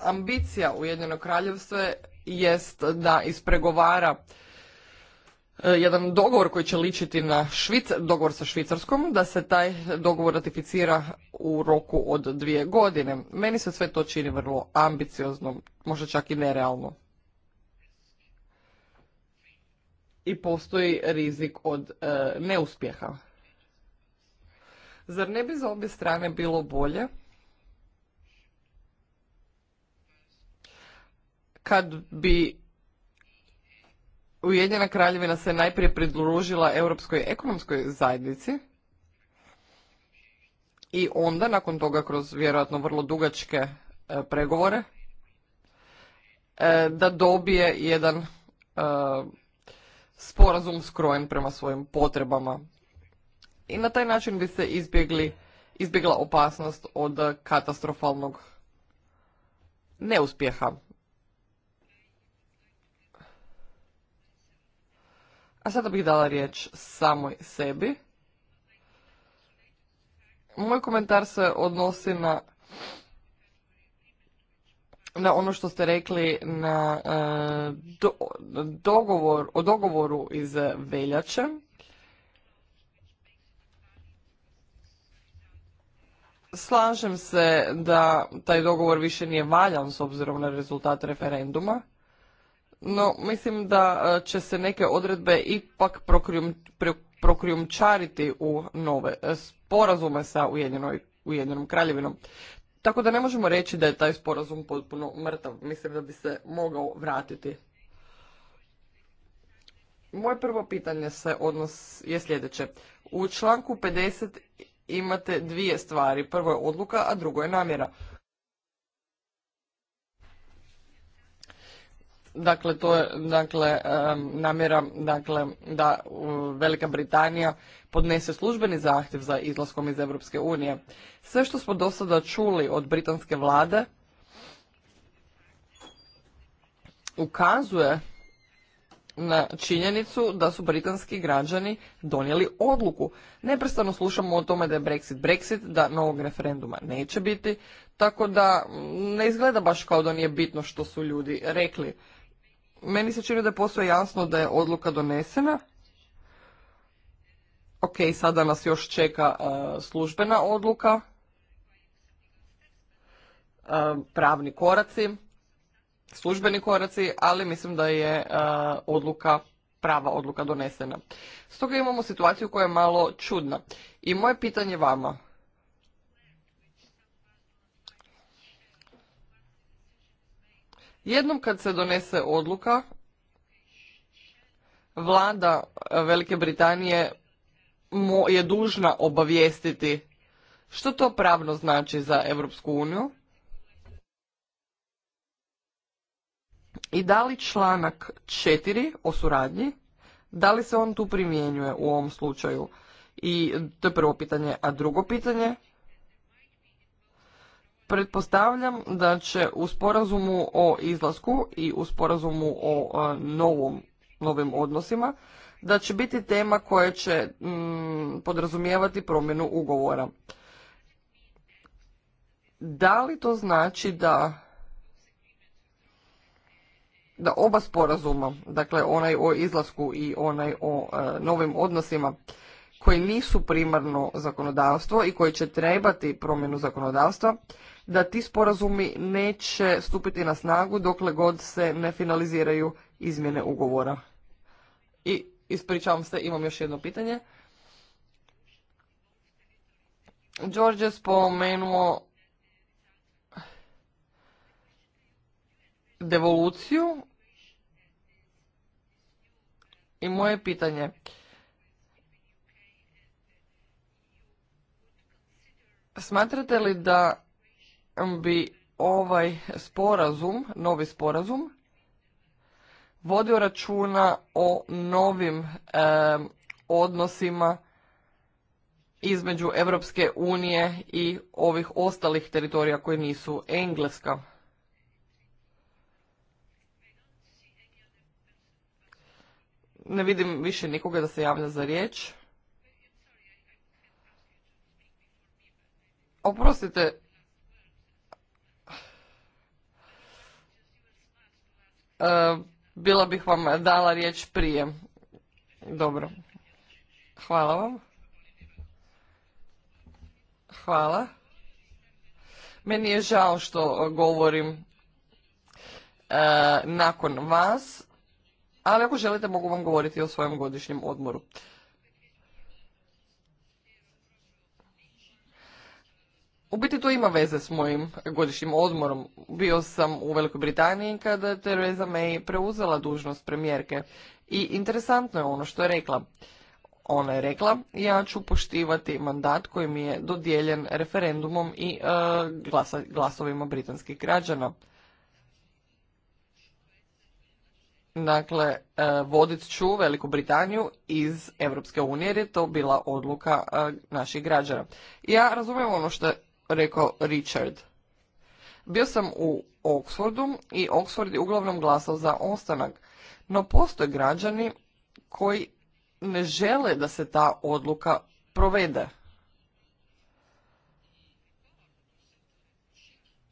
ambicija Ujedinjenog kraljevstva jest da ispregovara E, jedan dogovor koji će ličiti na Švic, dogovor sa Švicarskom, da se taj dogovor ratificira u roku od dvije godine. Meni se sve to čini vrlo ambiciozno, možda čak i nerealno. I postoji rizik od e, neuspjeha. Zar ne bi za obje strane bilo bolje kad bi Ujedinjena kraljevina se najprije pridružila Europskoj ekonomskoj zajednici i onda nakon toga kroz vjerojatno vrlo dugačke e, pregovore e, da dobije jedan e, sporazum skrojen prema svojim potrebama. I na taj način bi se izbjegli, izbjegla opasnost od katastrofalnog neuspjeha. A sada bih dala riječ samoj sebi. Moj komentar se odnosi na na ono što ste rekli na e, o dogovoru iz veljače. Slažem se da taj dogovor više nije valjan s obzirom na rezultat referenduma. No, mislim da e, će se neke odredbe ipak prokrijumčariti u nove e, sporazume sa Ujedinom Ujedinjenom kraljevinom. Tako da ne možemo reći da je taj sporazum potpuno mrtav. Mislim da bi se mogao vratiti. Moje prvo pitanje se odnos je sljedeće. U članku 50 imate dvije stvari. Prvo je odluka, a drugo je namjera. Dakle, to je dakle, namjera dakle, da Velika Britanija podnese službeni zahtjev za izlaskom iz Europske unije. Sve što smo do sada čuli od britanske vlade ukazuje na činjenicu da su britanski građani donijeli odluku. Neprestano slušamo o tome da je Brexit Brexit, da novog referenduma neće biti, tako da ne izgleda baš kao da nije bitno što su ljudi rekli meni se čini da je posve jasno da je odluka donesena. Ok, sada nas još čeka e, službena odluka, e, pravni koraci, službeni koraci, ali mislim da je e, odluka prava odluka donesena. Stoga imamo situaciju koja je malo čudna. I moje pitanje vama, Jednom kad se donese odluka, vlada Velike Britanije je dužna obavijestiti što to pravno znači za Europsku uniju i da li članak 4 o suradnji, da li se on tu primjenjuje u ovom slučaju? I to je prvo pitanje. A drugo pitanje, Pretpostavljam da će u sporazumu o izlasku i u sporazumu o e, novom, novim odnosima da će biti tema koja će mm, podrazumijevati promjenu ugovora. Da li to znači da da oba sporazuma, dakle onaj o izlasku i onaj o e, novim odnosima koji nisu primarno zakonodavstvo i koji će trebati promjenu zakonodavstva, da ti sporazumi neće stupiti na snagu dokle god se ne finaliziraju izmjene ugovora. I ispričavam se, imam još jedno pitanje. George je spomenuo devoluciju i moje pitanje. Smatrate li da bi ovaj sporazum, novi sporazum, vodio računa o novim odnosima između Europske unije i ovih ostalih teritorija koje nisu engleska. Ne vidim više nikoga da se javlja za riječ. Oprostite, E, bila bih vam dala riječ prije. Dobro. Hvala vam. Hvala. Meni je žao što govorim e, nakon vas, ali ako želite mogu vam govoriti o svojem godišnjem odmoru. U biti to ima veze s mojim godišnjim odmorom. Bio sam u Velikoj Britaniji kada je Theresa May preuzela dužnost premijerke i interesantno je ono što je rekla. Ona je rekla, ja ću poštivati mandat koji mi je dodijeljen referendumom i e, glasovima britanskih građana. Dakle, e, vodit ću Veliku Britaniju iz Europske unije jer je to bila odluka e, naših građana. Ja razumijem ono što rekao Richard. Bio sam u Oxfordu i Oxford je uglavnom glasao za ostanak, no postoje građani koji ne žele da se ta odluka provede.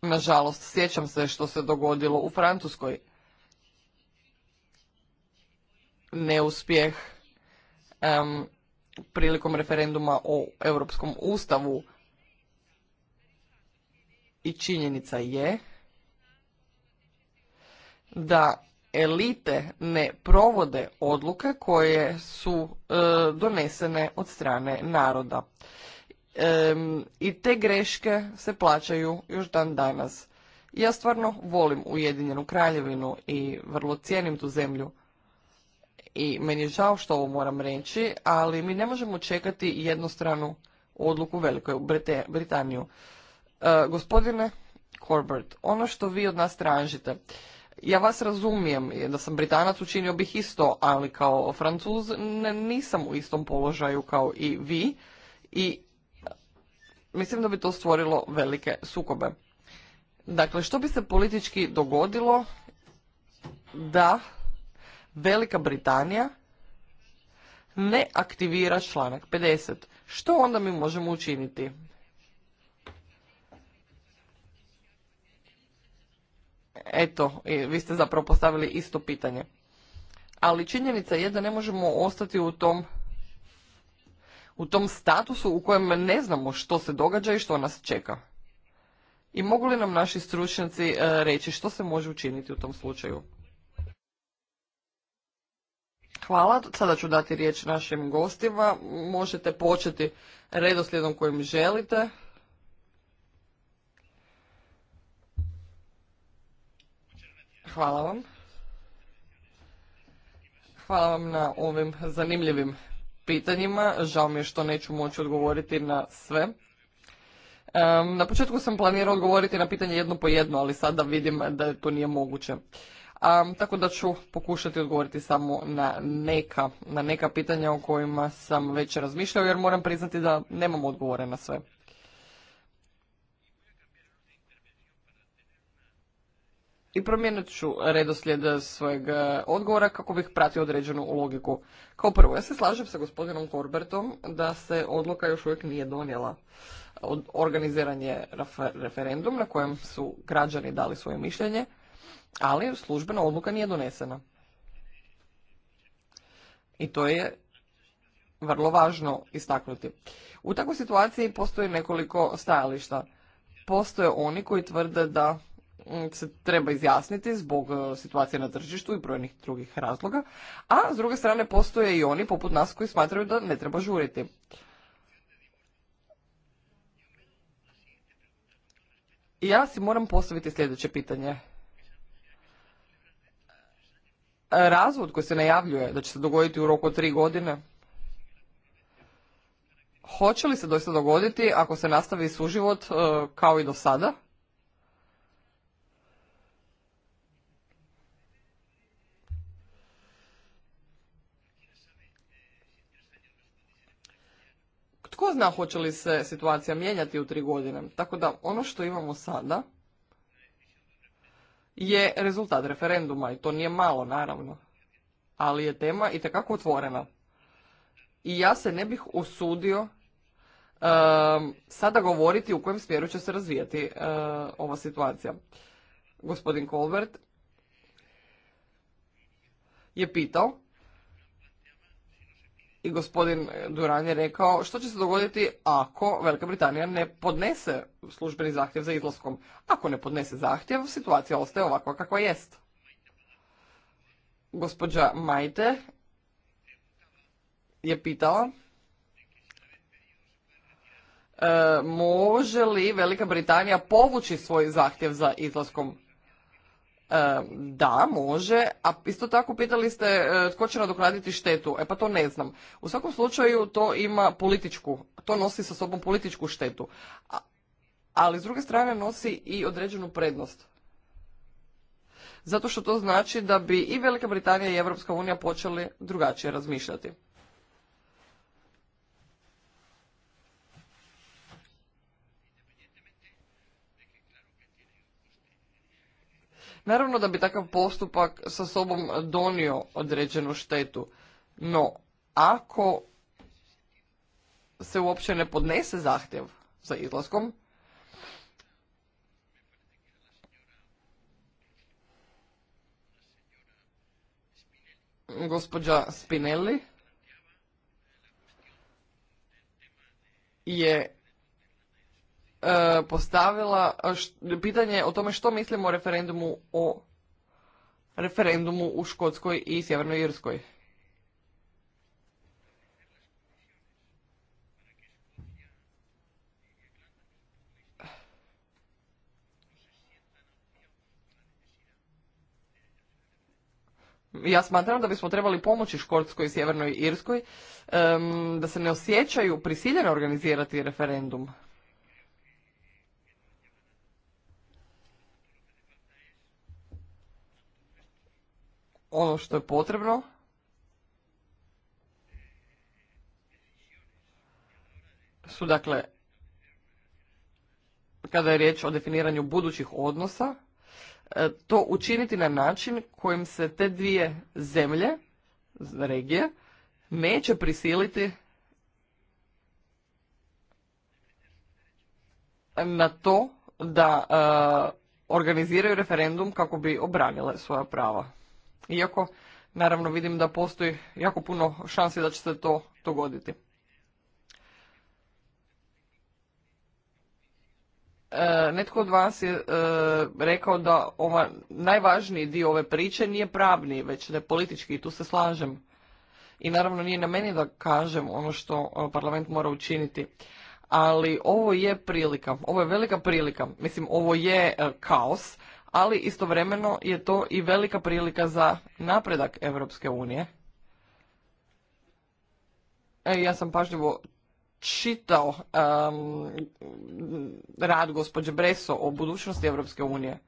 Nažalost, sjećam se što se dogodilo u Francuskoj. Neuspjeh prilikom referenduma o Europskom ustavu i činjenica je da elite ne provode odluke koje su e, donesene od strane naroda. I te greške se plaćaju još dan danas. Ja stvarno volim Ujedinjenu kraljevinu i vrlo cijenim tu zemlju. I meni je žao što ovo moram reći, ali mi ne možemo čekati jednostranu odluku Velikoj Britaniju. E, gospodine Corbett, ono što vi od nas tražite, ja vas razumijem, da sam Britanac učinio bih isto, ali kao Francuz nisam u istom položaju kao i vi i mislim da bi to stvorilo velike sukobe. Dakle, što bi se politički dogodilo da Velika Britanija ne aktivira članak 50? Što onda mi možemo učiniti? Eto, vi ste zapravo postavili isto pitanje. Ali činjenica je da ne možemo ostati u tom u tom statusu u kojem ne znamo što se događa i što nas čeka. I mogu li nam naši stručnjaci e, reći što se može učiniti u tom slučaju? Hvala. Sada ću dati riječ našim gostima. Možete početi redoslijedom kojim želite. Hvala vam. Hvala vam na ovim zanimljivim pitanjima. Žao mi je što neću moći odgovoriti na sve. Na početku sam planirao odgovoriti na pitanje jedno po jedno, ali sada vidim da to nije moguće. tako da ću pokušati odgovoriti samo na neka, na neka pitanja o kojima sam već razmišljao jer moram priznati da nemam odgovore na sve. i promijenit ću redoslijed svojeg e, odgovora kako bih pratio određenu logiku. Kao prvo, ja se slažem sa gospodinom Korbertom da se odluka još uvijek nije donijela. Organiziran je referendum na kojem su građani dali svoje mišljenje, ali službena odluka nije donesena. I to je vrlo važno istaknuti. U takvoj situaciji postoji nekoliko stajališta. Postoje oni koji tvrde da Eh, se treba izjasniti zbog eh, situacije na tržištu i brojnih drugih razloga, a s druge strane postoje i oni poput nas koji smatraju da ne treba žuriti. I ja si moram postaviti sljedeće pitanje. Razvod koji se najavljuje da će se dogoditi u roku od tri godine, hoće li se doista dogoditi ako se nastavi suživot eh, kao i do sada? Tko zna hoće li se situacija mijenjati u tri godine? Tako da ono što imamo sada je rezultat referenduma i to nije malo naravno, ali je tema i tekako otvorena. I ja se ne bih usudio sada govoriti u kojem smjeru će se razvijati ova situacija. Gospodin Colbert je pitao i gospodin Duran je rekao što će se dogoditi ako Velika Britanija ne podnese službeni zahtjev za izlaskom. Ako ne podnese zahtjev, situacija ostaje ovako kakva jest. Gospođa Majte je pitala e, može li Velika Britanija povući svoj zahtjev za izlaskom E, da, može, a isto tako pitali ste e, tko će nadoknaditi štetu. E pa to ne znam. U svakom slučaju to ima političku, to nosi sa sobom političku štetu. Ali s druge strane nosi i određenu prednost. Zato što to znači da bi i Velika Britanija i Europska unija počeli drugačije razmišljati. Naravno da bi takav postupak sa sobom donio određenu štetu, no ako se uopće ne podnese zahtjev za izlaskom, gospođa Spinelli je E, postavila pitanje o tome što mislimo o referendumu o referendumu u Škotskoj i Sjevernoj Irskoj. Ja smatram da bismo trebali pomoći Škotskoj i Sjevernoj Irskoj da se ne osjećaju prisiljene organizirati referendum. ono što je potrebno su dakle kada je riječ o definiranju budućih odnosa e, to učiniti na način kojim se te dvije zemlje regije neće prisiliti na to da e, organiziraju referendum kako bi obranile svoja prava iako, naravno, vidim da postoji jako puno šansi da će se to dogoditi. E, netko od vas je e, rekao da ova, najvažniji dio ove priče nije pravni, već da je politički i tu se slažem. I naravno nije na meni da kažem ono što e, parlament mora učiniti. Ali ovo je prilika, ovo je velika prilika. Mislim, ovo je e, kaos, ali istovremeno je to i velika prilika za napredak Europske unije. E, ja sam pažljivo čitao rad gospođe Breso o budućnosti Europske unije.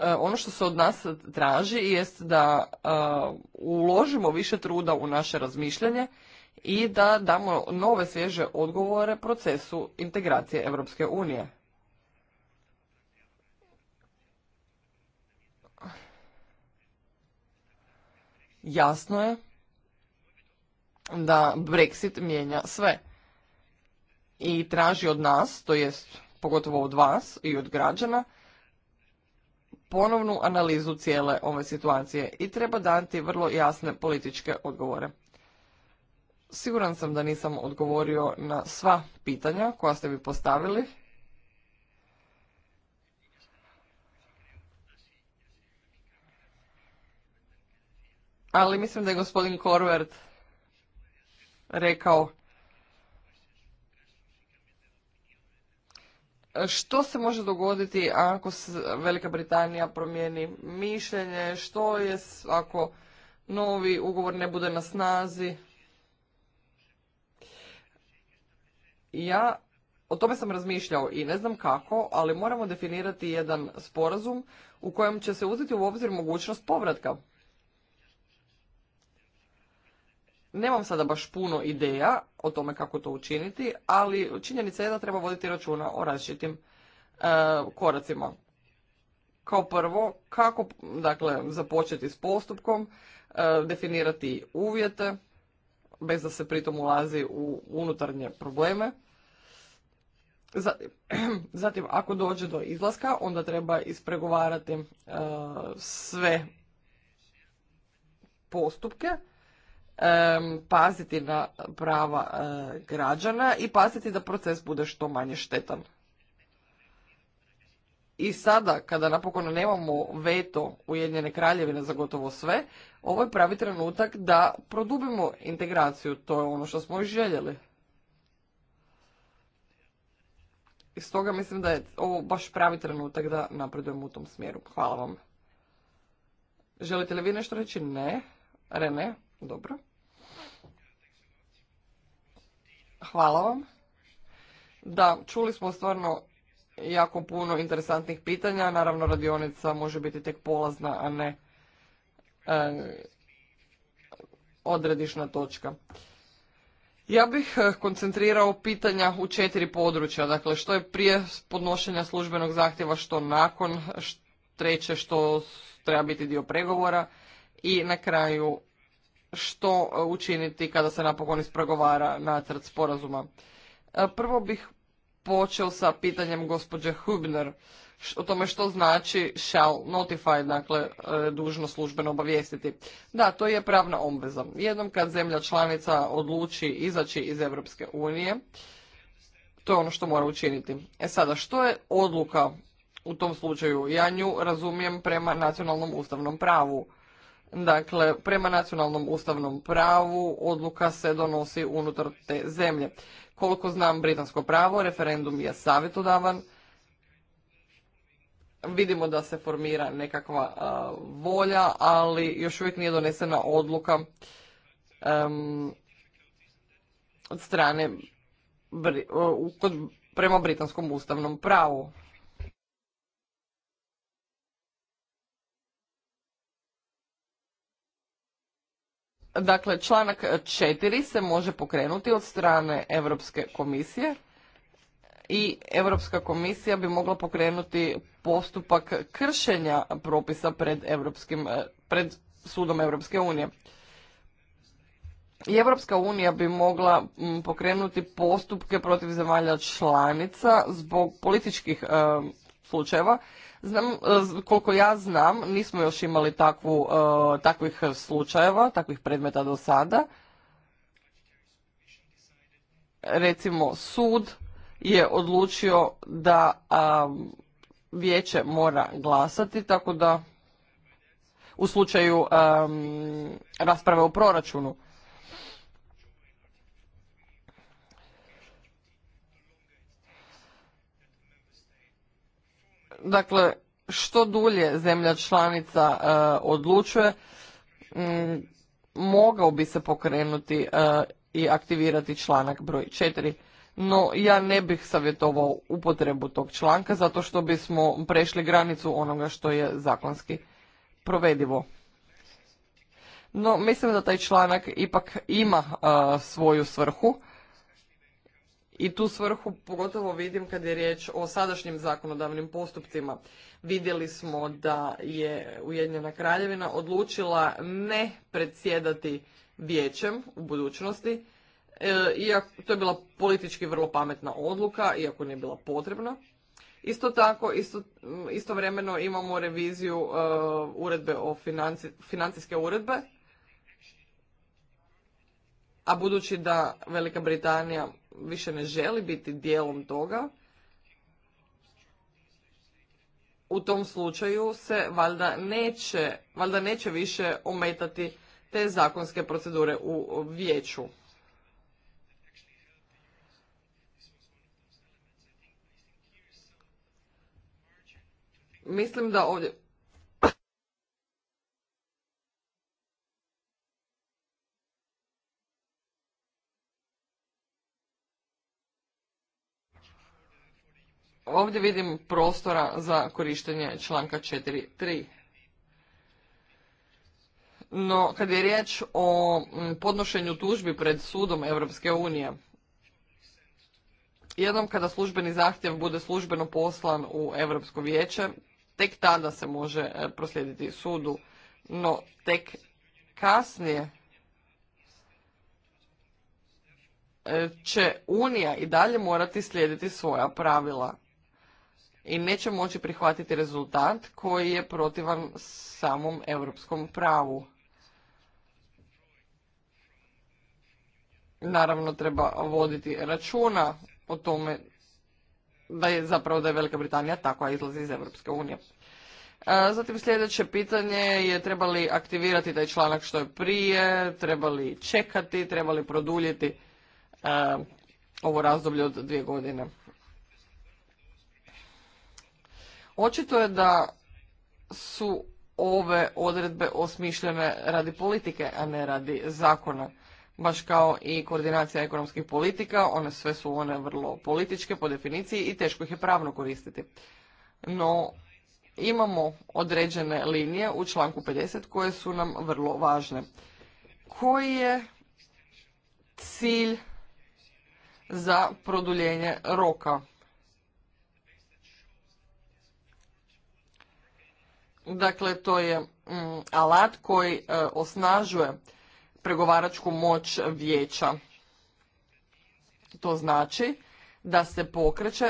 E, ono što se od nas traži jest da e, uložimo više truda u naše razmišljanje i da damo nove svježe odgovore procesu integracije Europske unije. Jasno je da Brexit mijenja sve i traži od nas, to jest pogotovo od vas i od građana, ponovnu analizu cijele ove situacije i treba dati vrlo jasne političke odgovore. Siguran sam da nisam odgovorio na sva pitanja koja ste mi postavili. Ali mislim da je gospodin Korvert rekao što se može dogoditi ako Velika Britanija promijeni mišljenje, što je ako novi ugovor ne bude na snazi. Ja o tome sam razmišljao i ne znam kako, ali moramo definirati jedan sporazum u kojem će se uzeti u obzir mogućnost povratka. Nemam sada baš puno ideja o tome kako to učiniti, ali činjenica je da treba voditi računa o različitim e, koracima. Kao prvo, kako dakle, započeti s postupkom, e, definirati uvjete, bez da se pritom ulazi u unutarnje probleme. Zatim, ako dođe do izlaska, onda treba ispregovarati e, sve postupke paziti na prava e, građana i paziti da proces bude što manje štetan. I sada, kada napokon nemamo veto Ujedinjene kraljevine za gotovo sve, ovo je pravi trenutak da produbimo integraciju. To je ono što smo i željeli. I stoga mislim da je ovo baš pravi trenutak da napredujemo u tom smjeru. Hvala vam. Želite li vi nešto reći? Ne. Rene? Dobro. Hvala vam. Da, čuli smo stvarno jako puno interesantnih pitanja. Naravno, radionica može biti tek polazna, a ne e, odredišna točka. Ja bih e, koncentrirao pitanja u četiri područja. Dakle, što je prije podnošenja službenog zahtjeva, što nakon, treće što treba biti dio pregovora i na kraju što e, učiniti kada se napokon ispregovara nacrt sporazuma. E, prvo bih počeo sa pitanjem gospođe Hubner o tome što znači shall notify, dakle e, dužno službeno obavijestiti. Da, to je pravna obveza. Jednom kad zemlja članica odluči izaći iz Europske unije, to je ono što mora učiniti. E sada, što je odluka u tom slučaju? Ja nju razumijem prema nacionalnom ustavnom pravu. Dakle, prema nacionalnom ustavnom pravu odluka se donosi unutar te zemlje. Koliko znam britansko pravo, referendum je savjetodavan. Vidimo da se formira nekakva volja, ali još uvijek nije donesena odluka od strane kod, prema britanskom ustavnom pravu. Dakle, članak 4 se može pokrenuti od strane Europske komisije i Europska komisija bi mogla pokrenuti postupak kršenja propisa pred, Evropskim, eh, pred sudom Europske unije. I Europska unija bi mogla mm, pokrenuti postupke protiv zemalja članica zbog političkih eh, slučajeva. Znam, e, koliko ja znam, nismo još imali takvu, e, takvih slučajeva, takvih predmeta do sada. Recimo, sud je odlučio da vijeće mora glasati, tako da u slučaju rasprave o proračunu. Dakle, što dulje zemlja članica e, odlučuje, mm, mogao bi se pokrenuti e, i aktivirati članak broj 4. No, ja ne bih savjetovao upotrebu tog članka, zato što bismo prešli granicu onoga što je zakonski provedivo. No, mislim da taj članak ipak ima e, svoju svrhu i tu svrhu pogotovo vidim kad je riječ o sadašnjim zakonodavnim postupcima. Vidjeli smo da je Ujedinjena kraljevina odlučila ne predsjedati vijećem u budućnosti, e, iako to je bila politički vrlo pametna odluka, iako nije bila potrebna. Isto tako, isto, mm, istovremeno imamo reviziju e, uredbe o financijske uredbe, a budući da Velika Britanija više ne želi biti dijelom toga, u tom slučaju se valjda neće, valjda neće više ometati te zakonske procedure u vijeću. Mislim da ovdje ovdje vidim prostora za korištenje članka 4.3. No, kad je riječ o mm, podnošenju tužbi pred sudom Europske unije, jednom kada službeni zahtjev bude službeno poslan u Europsko vijeće, tek tada se može e, proslijediti sudu, no tek kasnije e, će Unija i dalje morati slijediti svoja pravila i neće moći prihvatiti rezultat koji je protivan samom europskom pravu. Naravno treba voditi računa o tome da je zapravo da je Velika Britanija takva izlazi iz Europske unije. E, zatim sljedeće pitanje je treba li aktivirati taj članak što je prije, treba li čekati, treba li produljiti e, ovo razdoblje od dvije godine. Očito je da su ove odredbe osmišljene radi politike, a ne radi zakona. Baš kao i koordinacija ekonomskih politika, one sve su one vrlo političke po definiciji i teško ih je pravno koristiti. No, imamo određene linije u članku 50 koje su nam vrlo važne. Koji je cilj za produljenje roka? Dakle, to je mm, alat koji e, osnažuje pregovaračku moć vijeća. To znači da se pokreće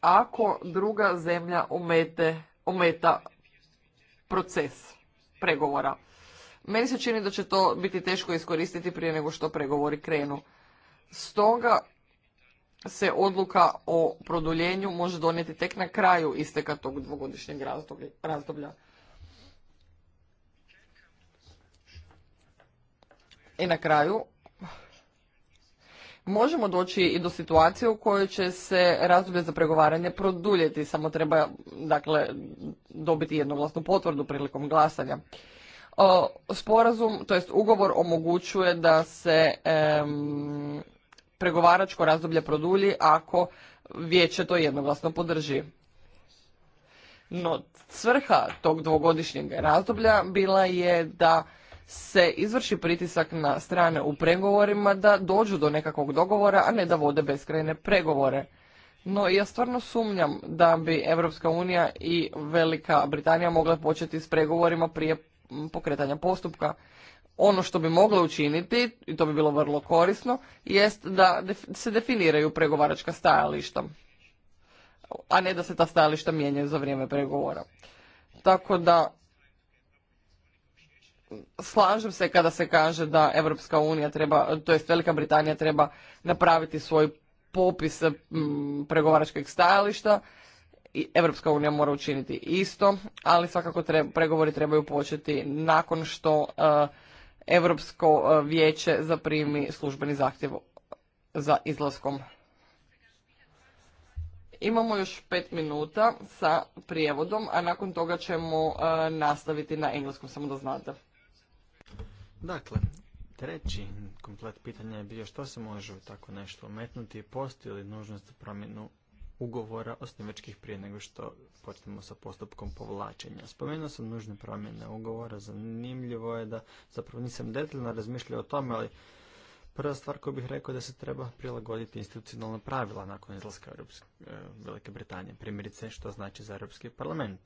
ako druga zemlja ometa proces pregovora. Meni se čini da će to biti teško iskoristiti prije nego što pregovori krenu. Stoga se odluka o produljenju može donijeti tek na kraju isteka tog dvogodišnjeg razdoblja. I na kraju možemo doći i do situacije u kojoj će se razdoblje za pregovaranje produljeti, samo treba dakle, dobiti jednoglasnu potvrdu prilikom glasanja. Sporazum, to jest ugovor omogućuje da se pregovaračko razdoblje produlji ako vijeće to jednoglasno podrži. No, svrha tog dvogodišnjeg razdoblja bila je da se izvrši pritisak na strane u pregovorima da dođu do nekakvog dogovora, a ne da vode beskrajne pregovore. No, ja stvarno sumnjam da bi Europska unija i Velika Britanija mogle početi s pregovorima prije pokretanja postupka ono što bi mogla učiniti, i to bi bilo vrlo korisno, jest da se definiraju pregovaračka stajališta, a ne da se ta stajališta mijenjaju za vrijeme pregovora. Tako da slažem se kada se kaže da Europska unija treba, to jest Velika Britanija treba napraviti svoj popis pregovaračkih stajališta, i Evropska unija mora učiniti isto, ali svakako pregovori trebaju početi nakon što e, Europsko e, vijeće zaprimi službeni zahtjev za izlaskom. Imamo još pet minuta sa prijevodom, a nakon toga ćemo e, nastaviti na engleskom, samo da znate. Dakle, treći komplet pitanja je bio što se može tako nešto umetnuti postoji li nužnost za promjenu ugovora osnivačkih prije nego što počnemo sa postupkom povlačenja. Spomenuo sam nužne promjene ugovora, zanimljivo je da zapravo nisam detaljno razmišljao o tome, ali prva stvar koju bih rekao da se treba prilagoditi institucionalna pravila nakon izlaska eh, Velike Britanije, primjerice što znači za Europski parlament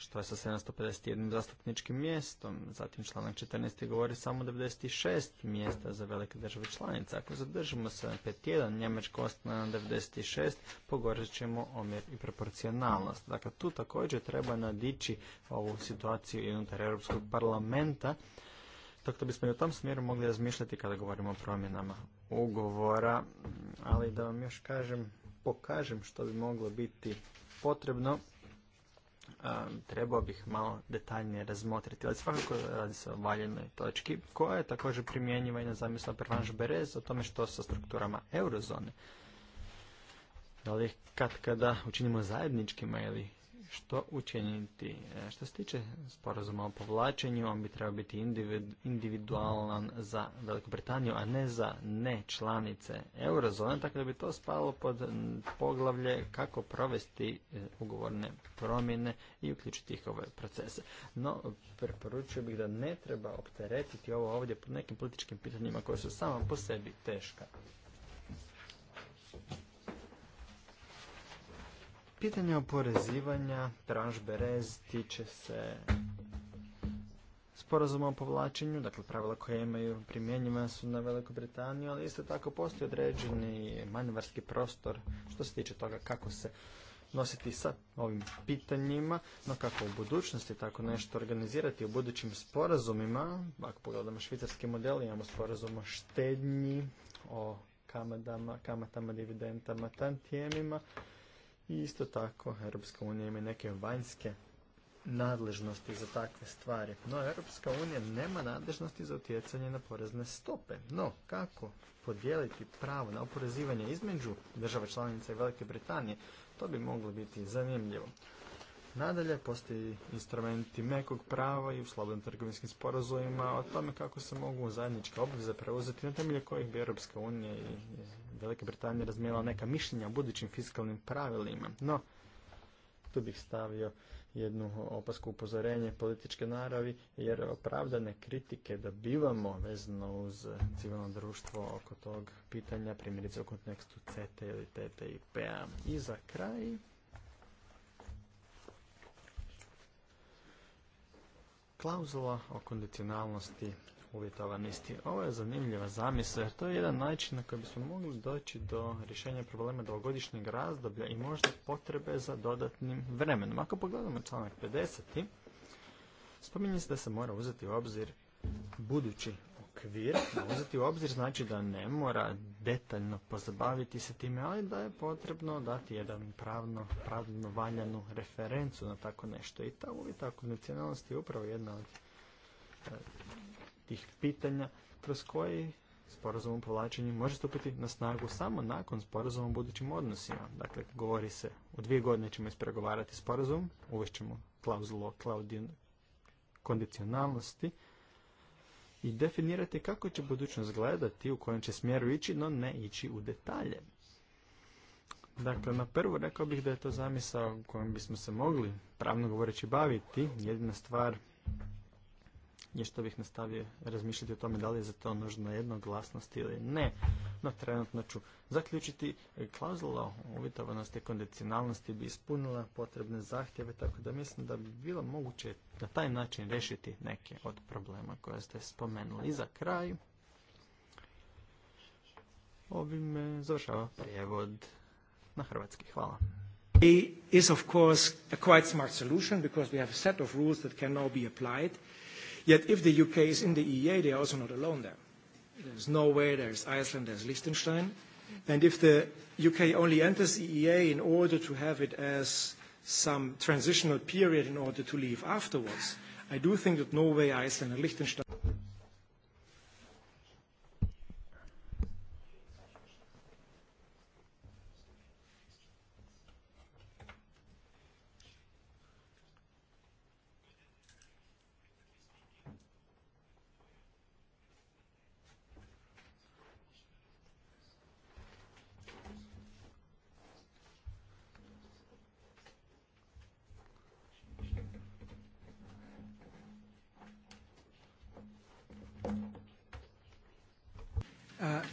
što je sa 751 zastupničkim mjestom. Zatim članak 14. govori samo 96 mjesta za velike države članice. Ako zadržimo 751, Njemačka ostane na 96, pogorit ćemo omjer i proporcionalnost. Dakle, tu također treba nadići ovu situaciju unutar Europskog parlamenta, tako da bismo i u tom smjeru mogli razmišljati kada govorimo o promjenama ugovora, ali da vam još kažem, pokažem što bi moglo biti potrebno um, trebao bih malo detaljnije razmotriti, ali svakako radi se o valjenoj točki koja je također primjenjiva i na zamislu Berez o tome što sa strukturama eurozone. Da li kad kada učinimo zajedničkima ili što učiniti. E, što se tiče sporazuma o povlačenju, on bi trebao biti individualan za Veliku Britaniju, a ne za ne članice eurozone, tako da bi to spalo pod poglavlje kako provesti e, ugovorne promjene i uključiti ih ove procese. No, preporučio bih da ne treba opteretiti ovo ovdje pod nekim političkim pitanjima koje su samo po sebi teška. Pitanje oporezivanja Tranš rez tiče se sporazuma o povlačenju, dakle pravila koje imaju primjenjiva su na Veliku Britaniju, ali isto tako postoji određeni manevarski prostor što se tiče toga kako se nositi sa ovim pitanjima, no kako u budućnosti tako nešto organizirati u budućim sporazumima, ako pogledamo švicarski model, imamo sporazum o štednji, o kamatama, kamatama dividendama, tantijemima, i isto tako, Europska unija ima neke vanjske nadležnosti za takve stvari. No, Europska unija nema nadležnosti za utjecanje na porezne stope. No, kako podijeliti pravo na oporezivanje između država članica i Velike Britanije, to bi moglo biti zanimljivo. Nadalje, postoji instrumenti mekog prava i u slobodnim trgovinskim sporazumima o tome kako se mogu zajedničke obveze preuzeti na temelju kojih bi Europska unija i Velika Britanija razmijela neka mišljenja o budućim fiskalnim pravilima, no tu bih stavio jednu opasku upozorenje političke naravi, jer opravdane kritike da bivamo vezano uz civilno društvo oko tog pitanja, primjerice u kontekstu CT ili TTIP-a. I za kraj... Klauzula o kondicionalnosti uvjetovanosti. Ovo je zanimljiva zamisla jer to je jedan način na koji bismo mogli doći do rješenja problema dvogodišnjeg razdoblja i možda potrebe za dodatnim vremenom. Ako pogledamo članak 50. Spominje se da se mora uzeti u obzir budući okvir. Uzeti u obzir znači da ne mora detaljno pozabaviti se time, ali da je potrebno dati jedan pravno, pravno valjanu referencu na tako nešto. I ta uvjeta konvencionalnosti je upravo jedna od e, tih pitanja kroz koji sporazum o povlačenju može stupiti na snagu samo nakon sporazuma o budućim odnosima. Dakle, govori se, u dvije godine ćemo ispregovarati sporazum, uvešćemo klauzulu o kondicionalnosti i definirati kako će budućnost gledati, u kojem će smjeru ići, no ne ići u detalje. Dakle, na prvu rekao bih da je to zamisao kojom bismo se mogli, pravno govoreći, baviti. Jedina stvar je što bih nastavio razmišljati o tome da li je za to nužno jednoglasnost ili ne. No trenutno ću zaključiti klauzula uvjetovanosti i kondicionalnosti bi ispunila potrebne zahtjeve, tako da mislim da bi bilo moguće na taj način rešiti neke od problema koje ste spomenuli. I za kraj, ovim završava prijevod na hrvatski. Hvala. is of course a quite smart solution because we have a set of rules that can now be applied. Yet if the UK is in the EEA, they are also not alone there. There's Norway, there's Iceland, there's Liechtenstein. And if the UK only enters the EEA in order to have it as some transitional period in order to leave afterwards, I do think that Norway, Iceland, and Liechtenstein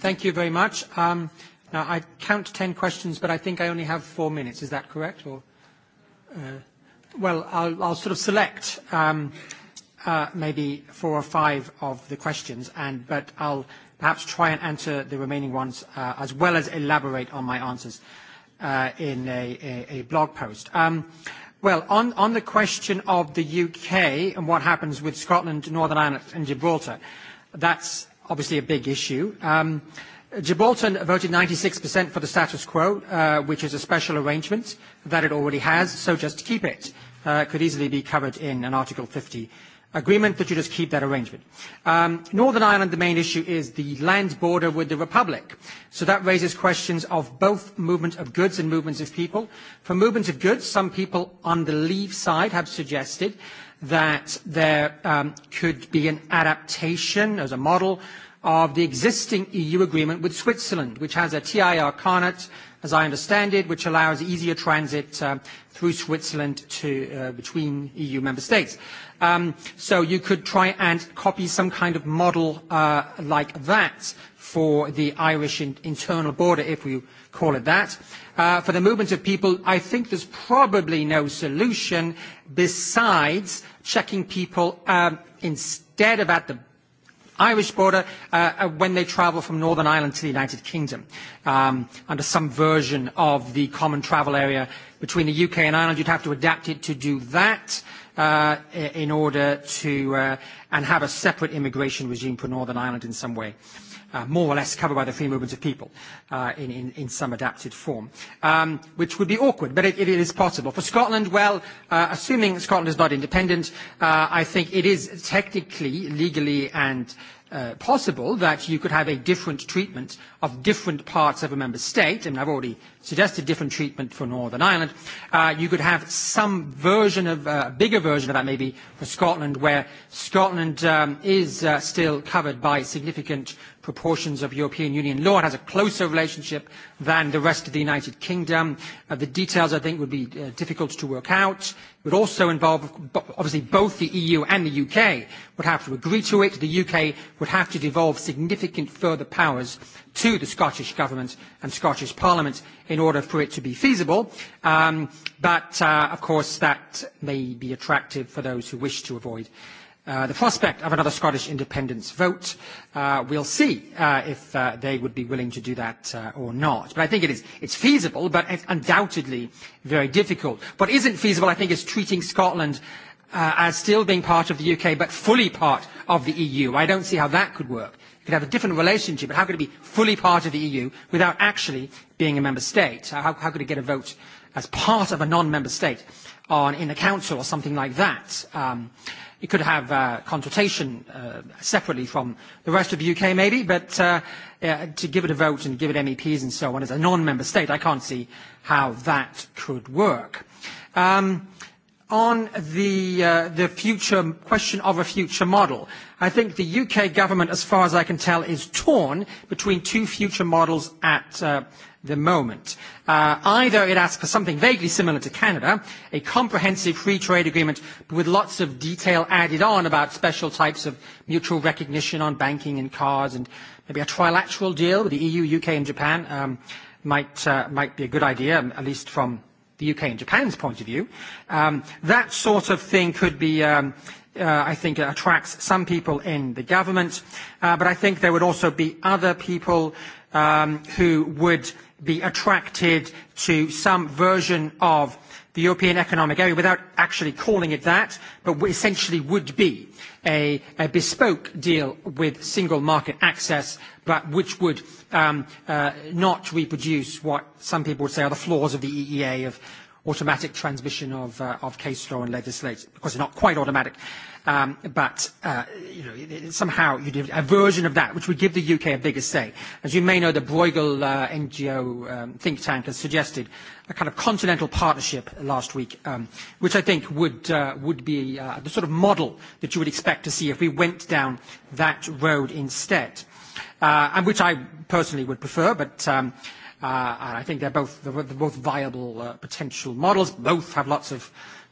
Thank you very much. Um, now, I count 10 questions, but I think I only have four minutes. Is that correct? Or, uh, well, I'll, sort of select um, uh, maybe four or five of the questions, and, but I'll perhaps try and answer the remaining ones uh, as well as elaborate on my answers in a, blog post. Um, well, on, on the question of the UK and what happens with Scotland, Northern Ireland and Gibraltar, that's obviously a big issue. Um, Gibraltar voted 96% for the status quo, uh, which is a special arrangement that it already has, so just keep it. Uh, could easily be covered in an Article 50 agreement, that you just keep that arrangement. Um, Northern Ireland, the main issue is the land border with the Republic. So that raises questions of both movement of goods and movements of people. For movement of goods, some people on the leave side have suggested that there um, could be an adaptation as a model of the existing EU agreement with Switzerland, which has a TIR carnet, as I understand it, which allows easier transit um, through Switzerland to, uh, between EU member states. Um, so you could try and copy some kind of model uh, like that for the Irish internal border, if we call it that. Uh, for the movement of people, I think there's probably no solution besides checking people um, instead of at the Irish border uh, uh, when they travel from Northern Ireland to the United Kingdom um, under some version of the common travel area between the UK and Ireland. You'd have to adapt it to do that in order to and have a separate immigration regime for Northern Ireland in some way. Uh, more or less covered by the free movement of people uh, in, in, in some adapted form, um, which would be awkward, but it, is possible. For Scotland, well, uh, assuming Scotland is not independent, I think it is technically, legally, and possible that you could have a different treatment of different parts of a member state, and I've already suggested different treatment for Northern Ireland. you could have some version of, a bigger version of that maybe for Scotland, where Scotland um, is still covered by significant proportions of European Union law. and has a closer relationship than the rest of the United Kingdom. Uh, the details, I think, would be uh, difficult to work out. It would also involve, obviously, both the EU and the UK would have to agree to it. The UK would have to devolve significant further powers to the Scottish Government and Scottish Parliament in order for it to be feasible. Um, but, uh, of course, that may be attractive for those who wish to avoid Uh, the prospect of another Scottish independence vote. Uh, we'll see uh, if uh, they would be willing to do that or not. But I think it is, it's feasible, but it's undoubtedly very difficult. What isn't feasible, I think, is treating Scotland as still being part of the UK, but fully part of the EU. I don't see how that could work. You could have a different relationship, but how could it be fully part of the EU without actually being a member state? How, how could it get a vote as part of a non-member state on, in the council or something like that? Um, It could have uh, consultation uh, separately from the rest of the UK maybe, but uh, to give it a vote and give it MEPs and so on as a non-member state, I can't see how that could work. Um, on the, uh, the future question of a future model, I think the UK government, as far as I can tell, is torn between two future models at uh, the moment. Uh, either it asks for something vaguely similar to Canada, a comprehensive free trade agreement with lots of detail added on about special types of mutual recognition on banking and cars, and maybe a trilateral deal with the EU, UK, and Japan um, might, might be a good idea, at least from the UK and Japan's point of view, um, that sort of thing could be um, Uh, I think it attracts some people in the government, uh, but I think there would also be other people um, who would be attracted to some version of the European Economic Area without actually calling it that, but essentially would be a, a bespoke deal with single market access, but which would um, uh, not reproduce what some people would say are the flaws of the EEA of automatic transmission of, uh, of case law and legislation, because it's not quite automatic. Um, but uh, you know, somehow you did a version of that, which would give the UK a bigger say. As you may know, the Bruegel uh, NGO um, think tank has suggested a kind of continental partnership last week, um, which I think would, uh, would be uh, the sort of model that you would expect to see if we went down that road instead, uh, and which I personally would prefer, but um, uh, I think they're both, they're both viable uh, potential models. Both have lots of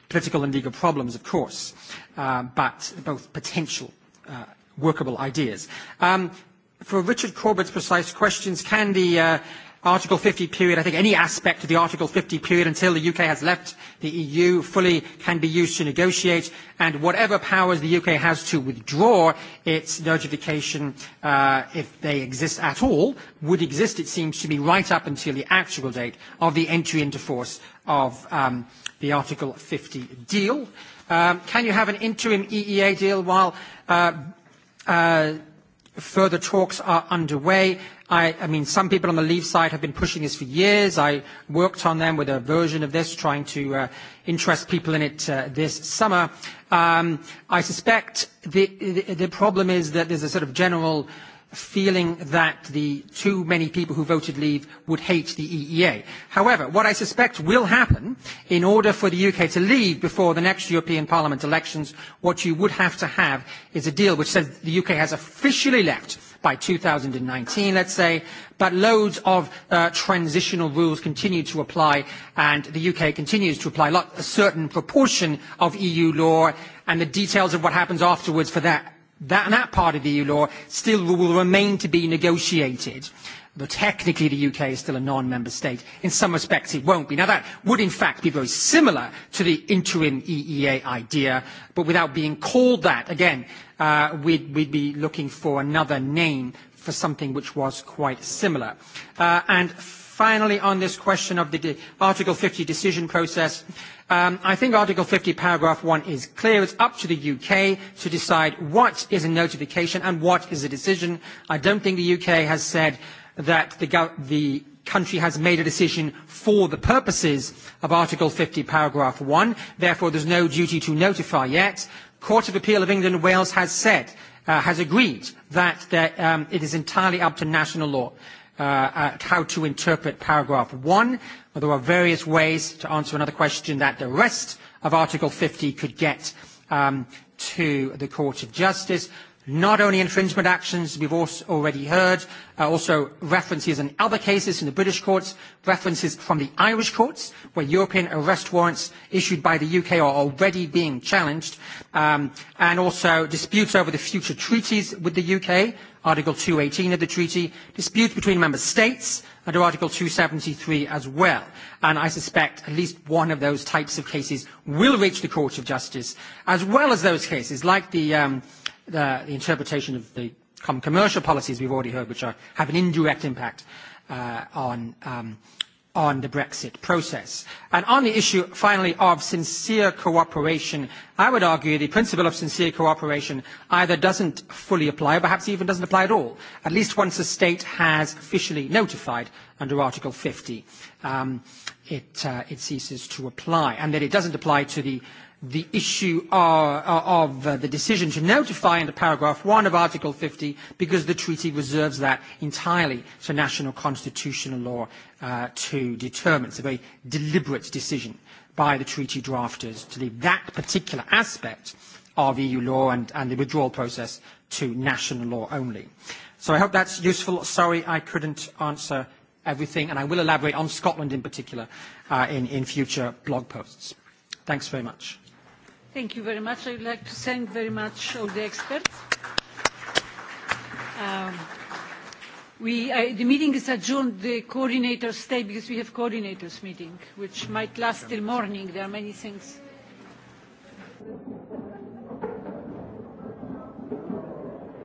political and legal problems, of course, uh, but both potential uh, workable ideas. Um, for Richard Corbett's precise questions, can the uh, Article 50 period, I think any aspect of the Article 50 period until the UK has left the EU fully can be used to negotiate and whatever powers the UK has to withdraw its notification, uh, if they exist at all, would exist, it seems to be right up until the actual date of the entry into force of um, the Article 50 deal? Um, can you have an interim EEA deal while uh, uh, further talks are underway? I, I mean, some people on the Leave side have been pushing this for years. I worked on them with a version of this, trying to uh, interest people in it uh, this summer. Um, I suspect the, the, the problem is that there's a sort of general feeling that the too many people who voted leave would hate the EEA. However, what I suspect will happen in order for the UK to leave before the next European Parliament elections, what you would have to have is a deal which says the UK has officially left by 2019, let's say, but loads of uh, transitional rules continue to apply and the UK continues to apply a certain proportion of EU law and the details of what happens afterwards for that that, that part of the EU law still will remain to be negotiated. But technically the UK is still a non-member state. In some respects it won't be. Now that would in fact be very similar to the interim EEA idea, but without being called that, again, uh, we'd, we'd be looking for another name for something which was quite similar. Uh, and Finally, on this question of the Article 50 decision process, um, I think Article 50, paragraph 1 is clear. It's up to the UK to decide what is a notification and what is a decision. I don't think the UK has said that the, the country has made a decision for the purposes of Article 50, paragraph 1. Therefore, there's no duty to notify yet. Court of Appeal of England and Wales has said, uh, has agreed that there, um, it is entirely up to national law. Uh, at how to interpret paragraph 1. Well, there are various ways to answer another question that the rest of Article 50 could get um, to the Court of Justice. Not only infringement actions, we've also already heard, uh, also references in other cases in the British courts, references from the Irish courts, where European arrest warrants issued by the UK are already being challenged, um, and also disputes over the future treaties with the UK, Article 218 of the treaty, disputes between member states under Article 273 as well. And I suspect at least one of those types of cases will reach the Court of Justice, as well as those cases like the, um, the, interpretation of the common commercial policies we've already heard, which are, have an indirect impact uh, on um, on the Brexit process. And on the issue, finally, of sincere cooperation, I would argue the principle of sincere cooperation either doesn't fully apply, or perhaps even doesn't apply at all, at least once a state has officially notified under Article 50, um, it, uh, it ceases to apply, and that it doesn't apply to the the issue of, uh, the decision to notify under paragraph 1 of Article 50 because the treaty reserves that entirely to national constitutional law uh, to determine. It's a very deliberate decision by the treaty drafters to leave that particular aspect of EU law and, and the withdrawal process to national law only. So I hope that's useful. Sorry I couldn't answer everything, and I will elaborate on Scotland in particular uh, in, in future blog posts. Thanks very much. Thank you very much. I would like to thank very much all the experts. Um, we, uh, the meeting is adjourned. The coordinators stay because we have coordinators meeting, which might last till morning. There are many things.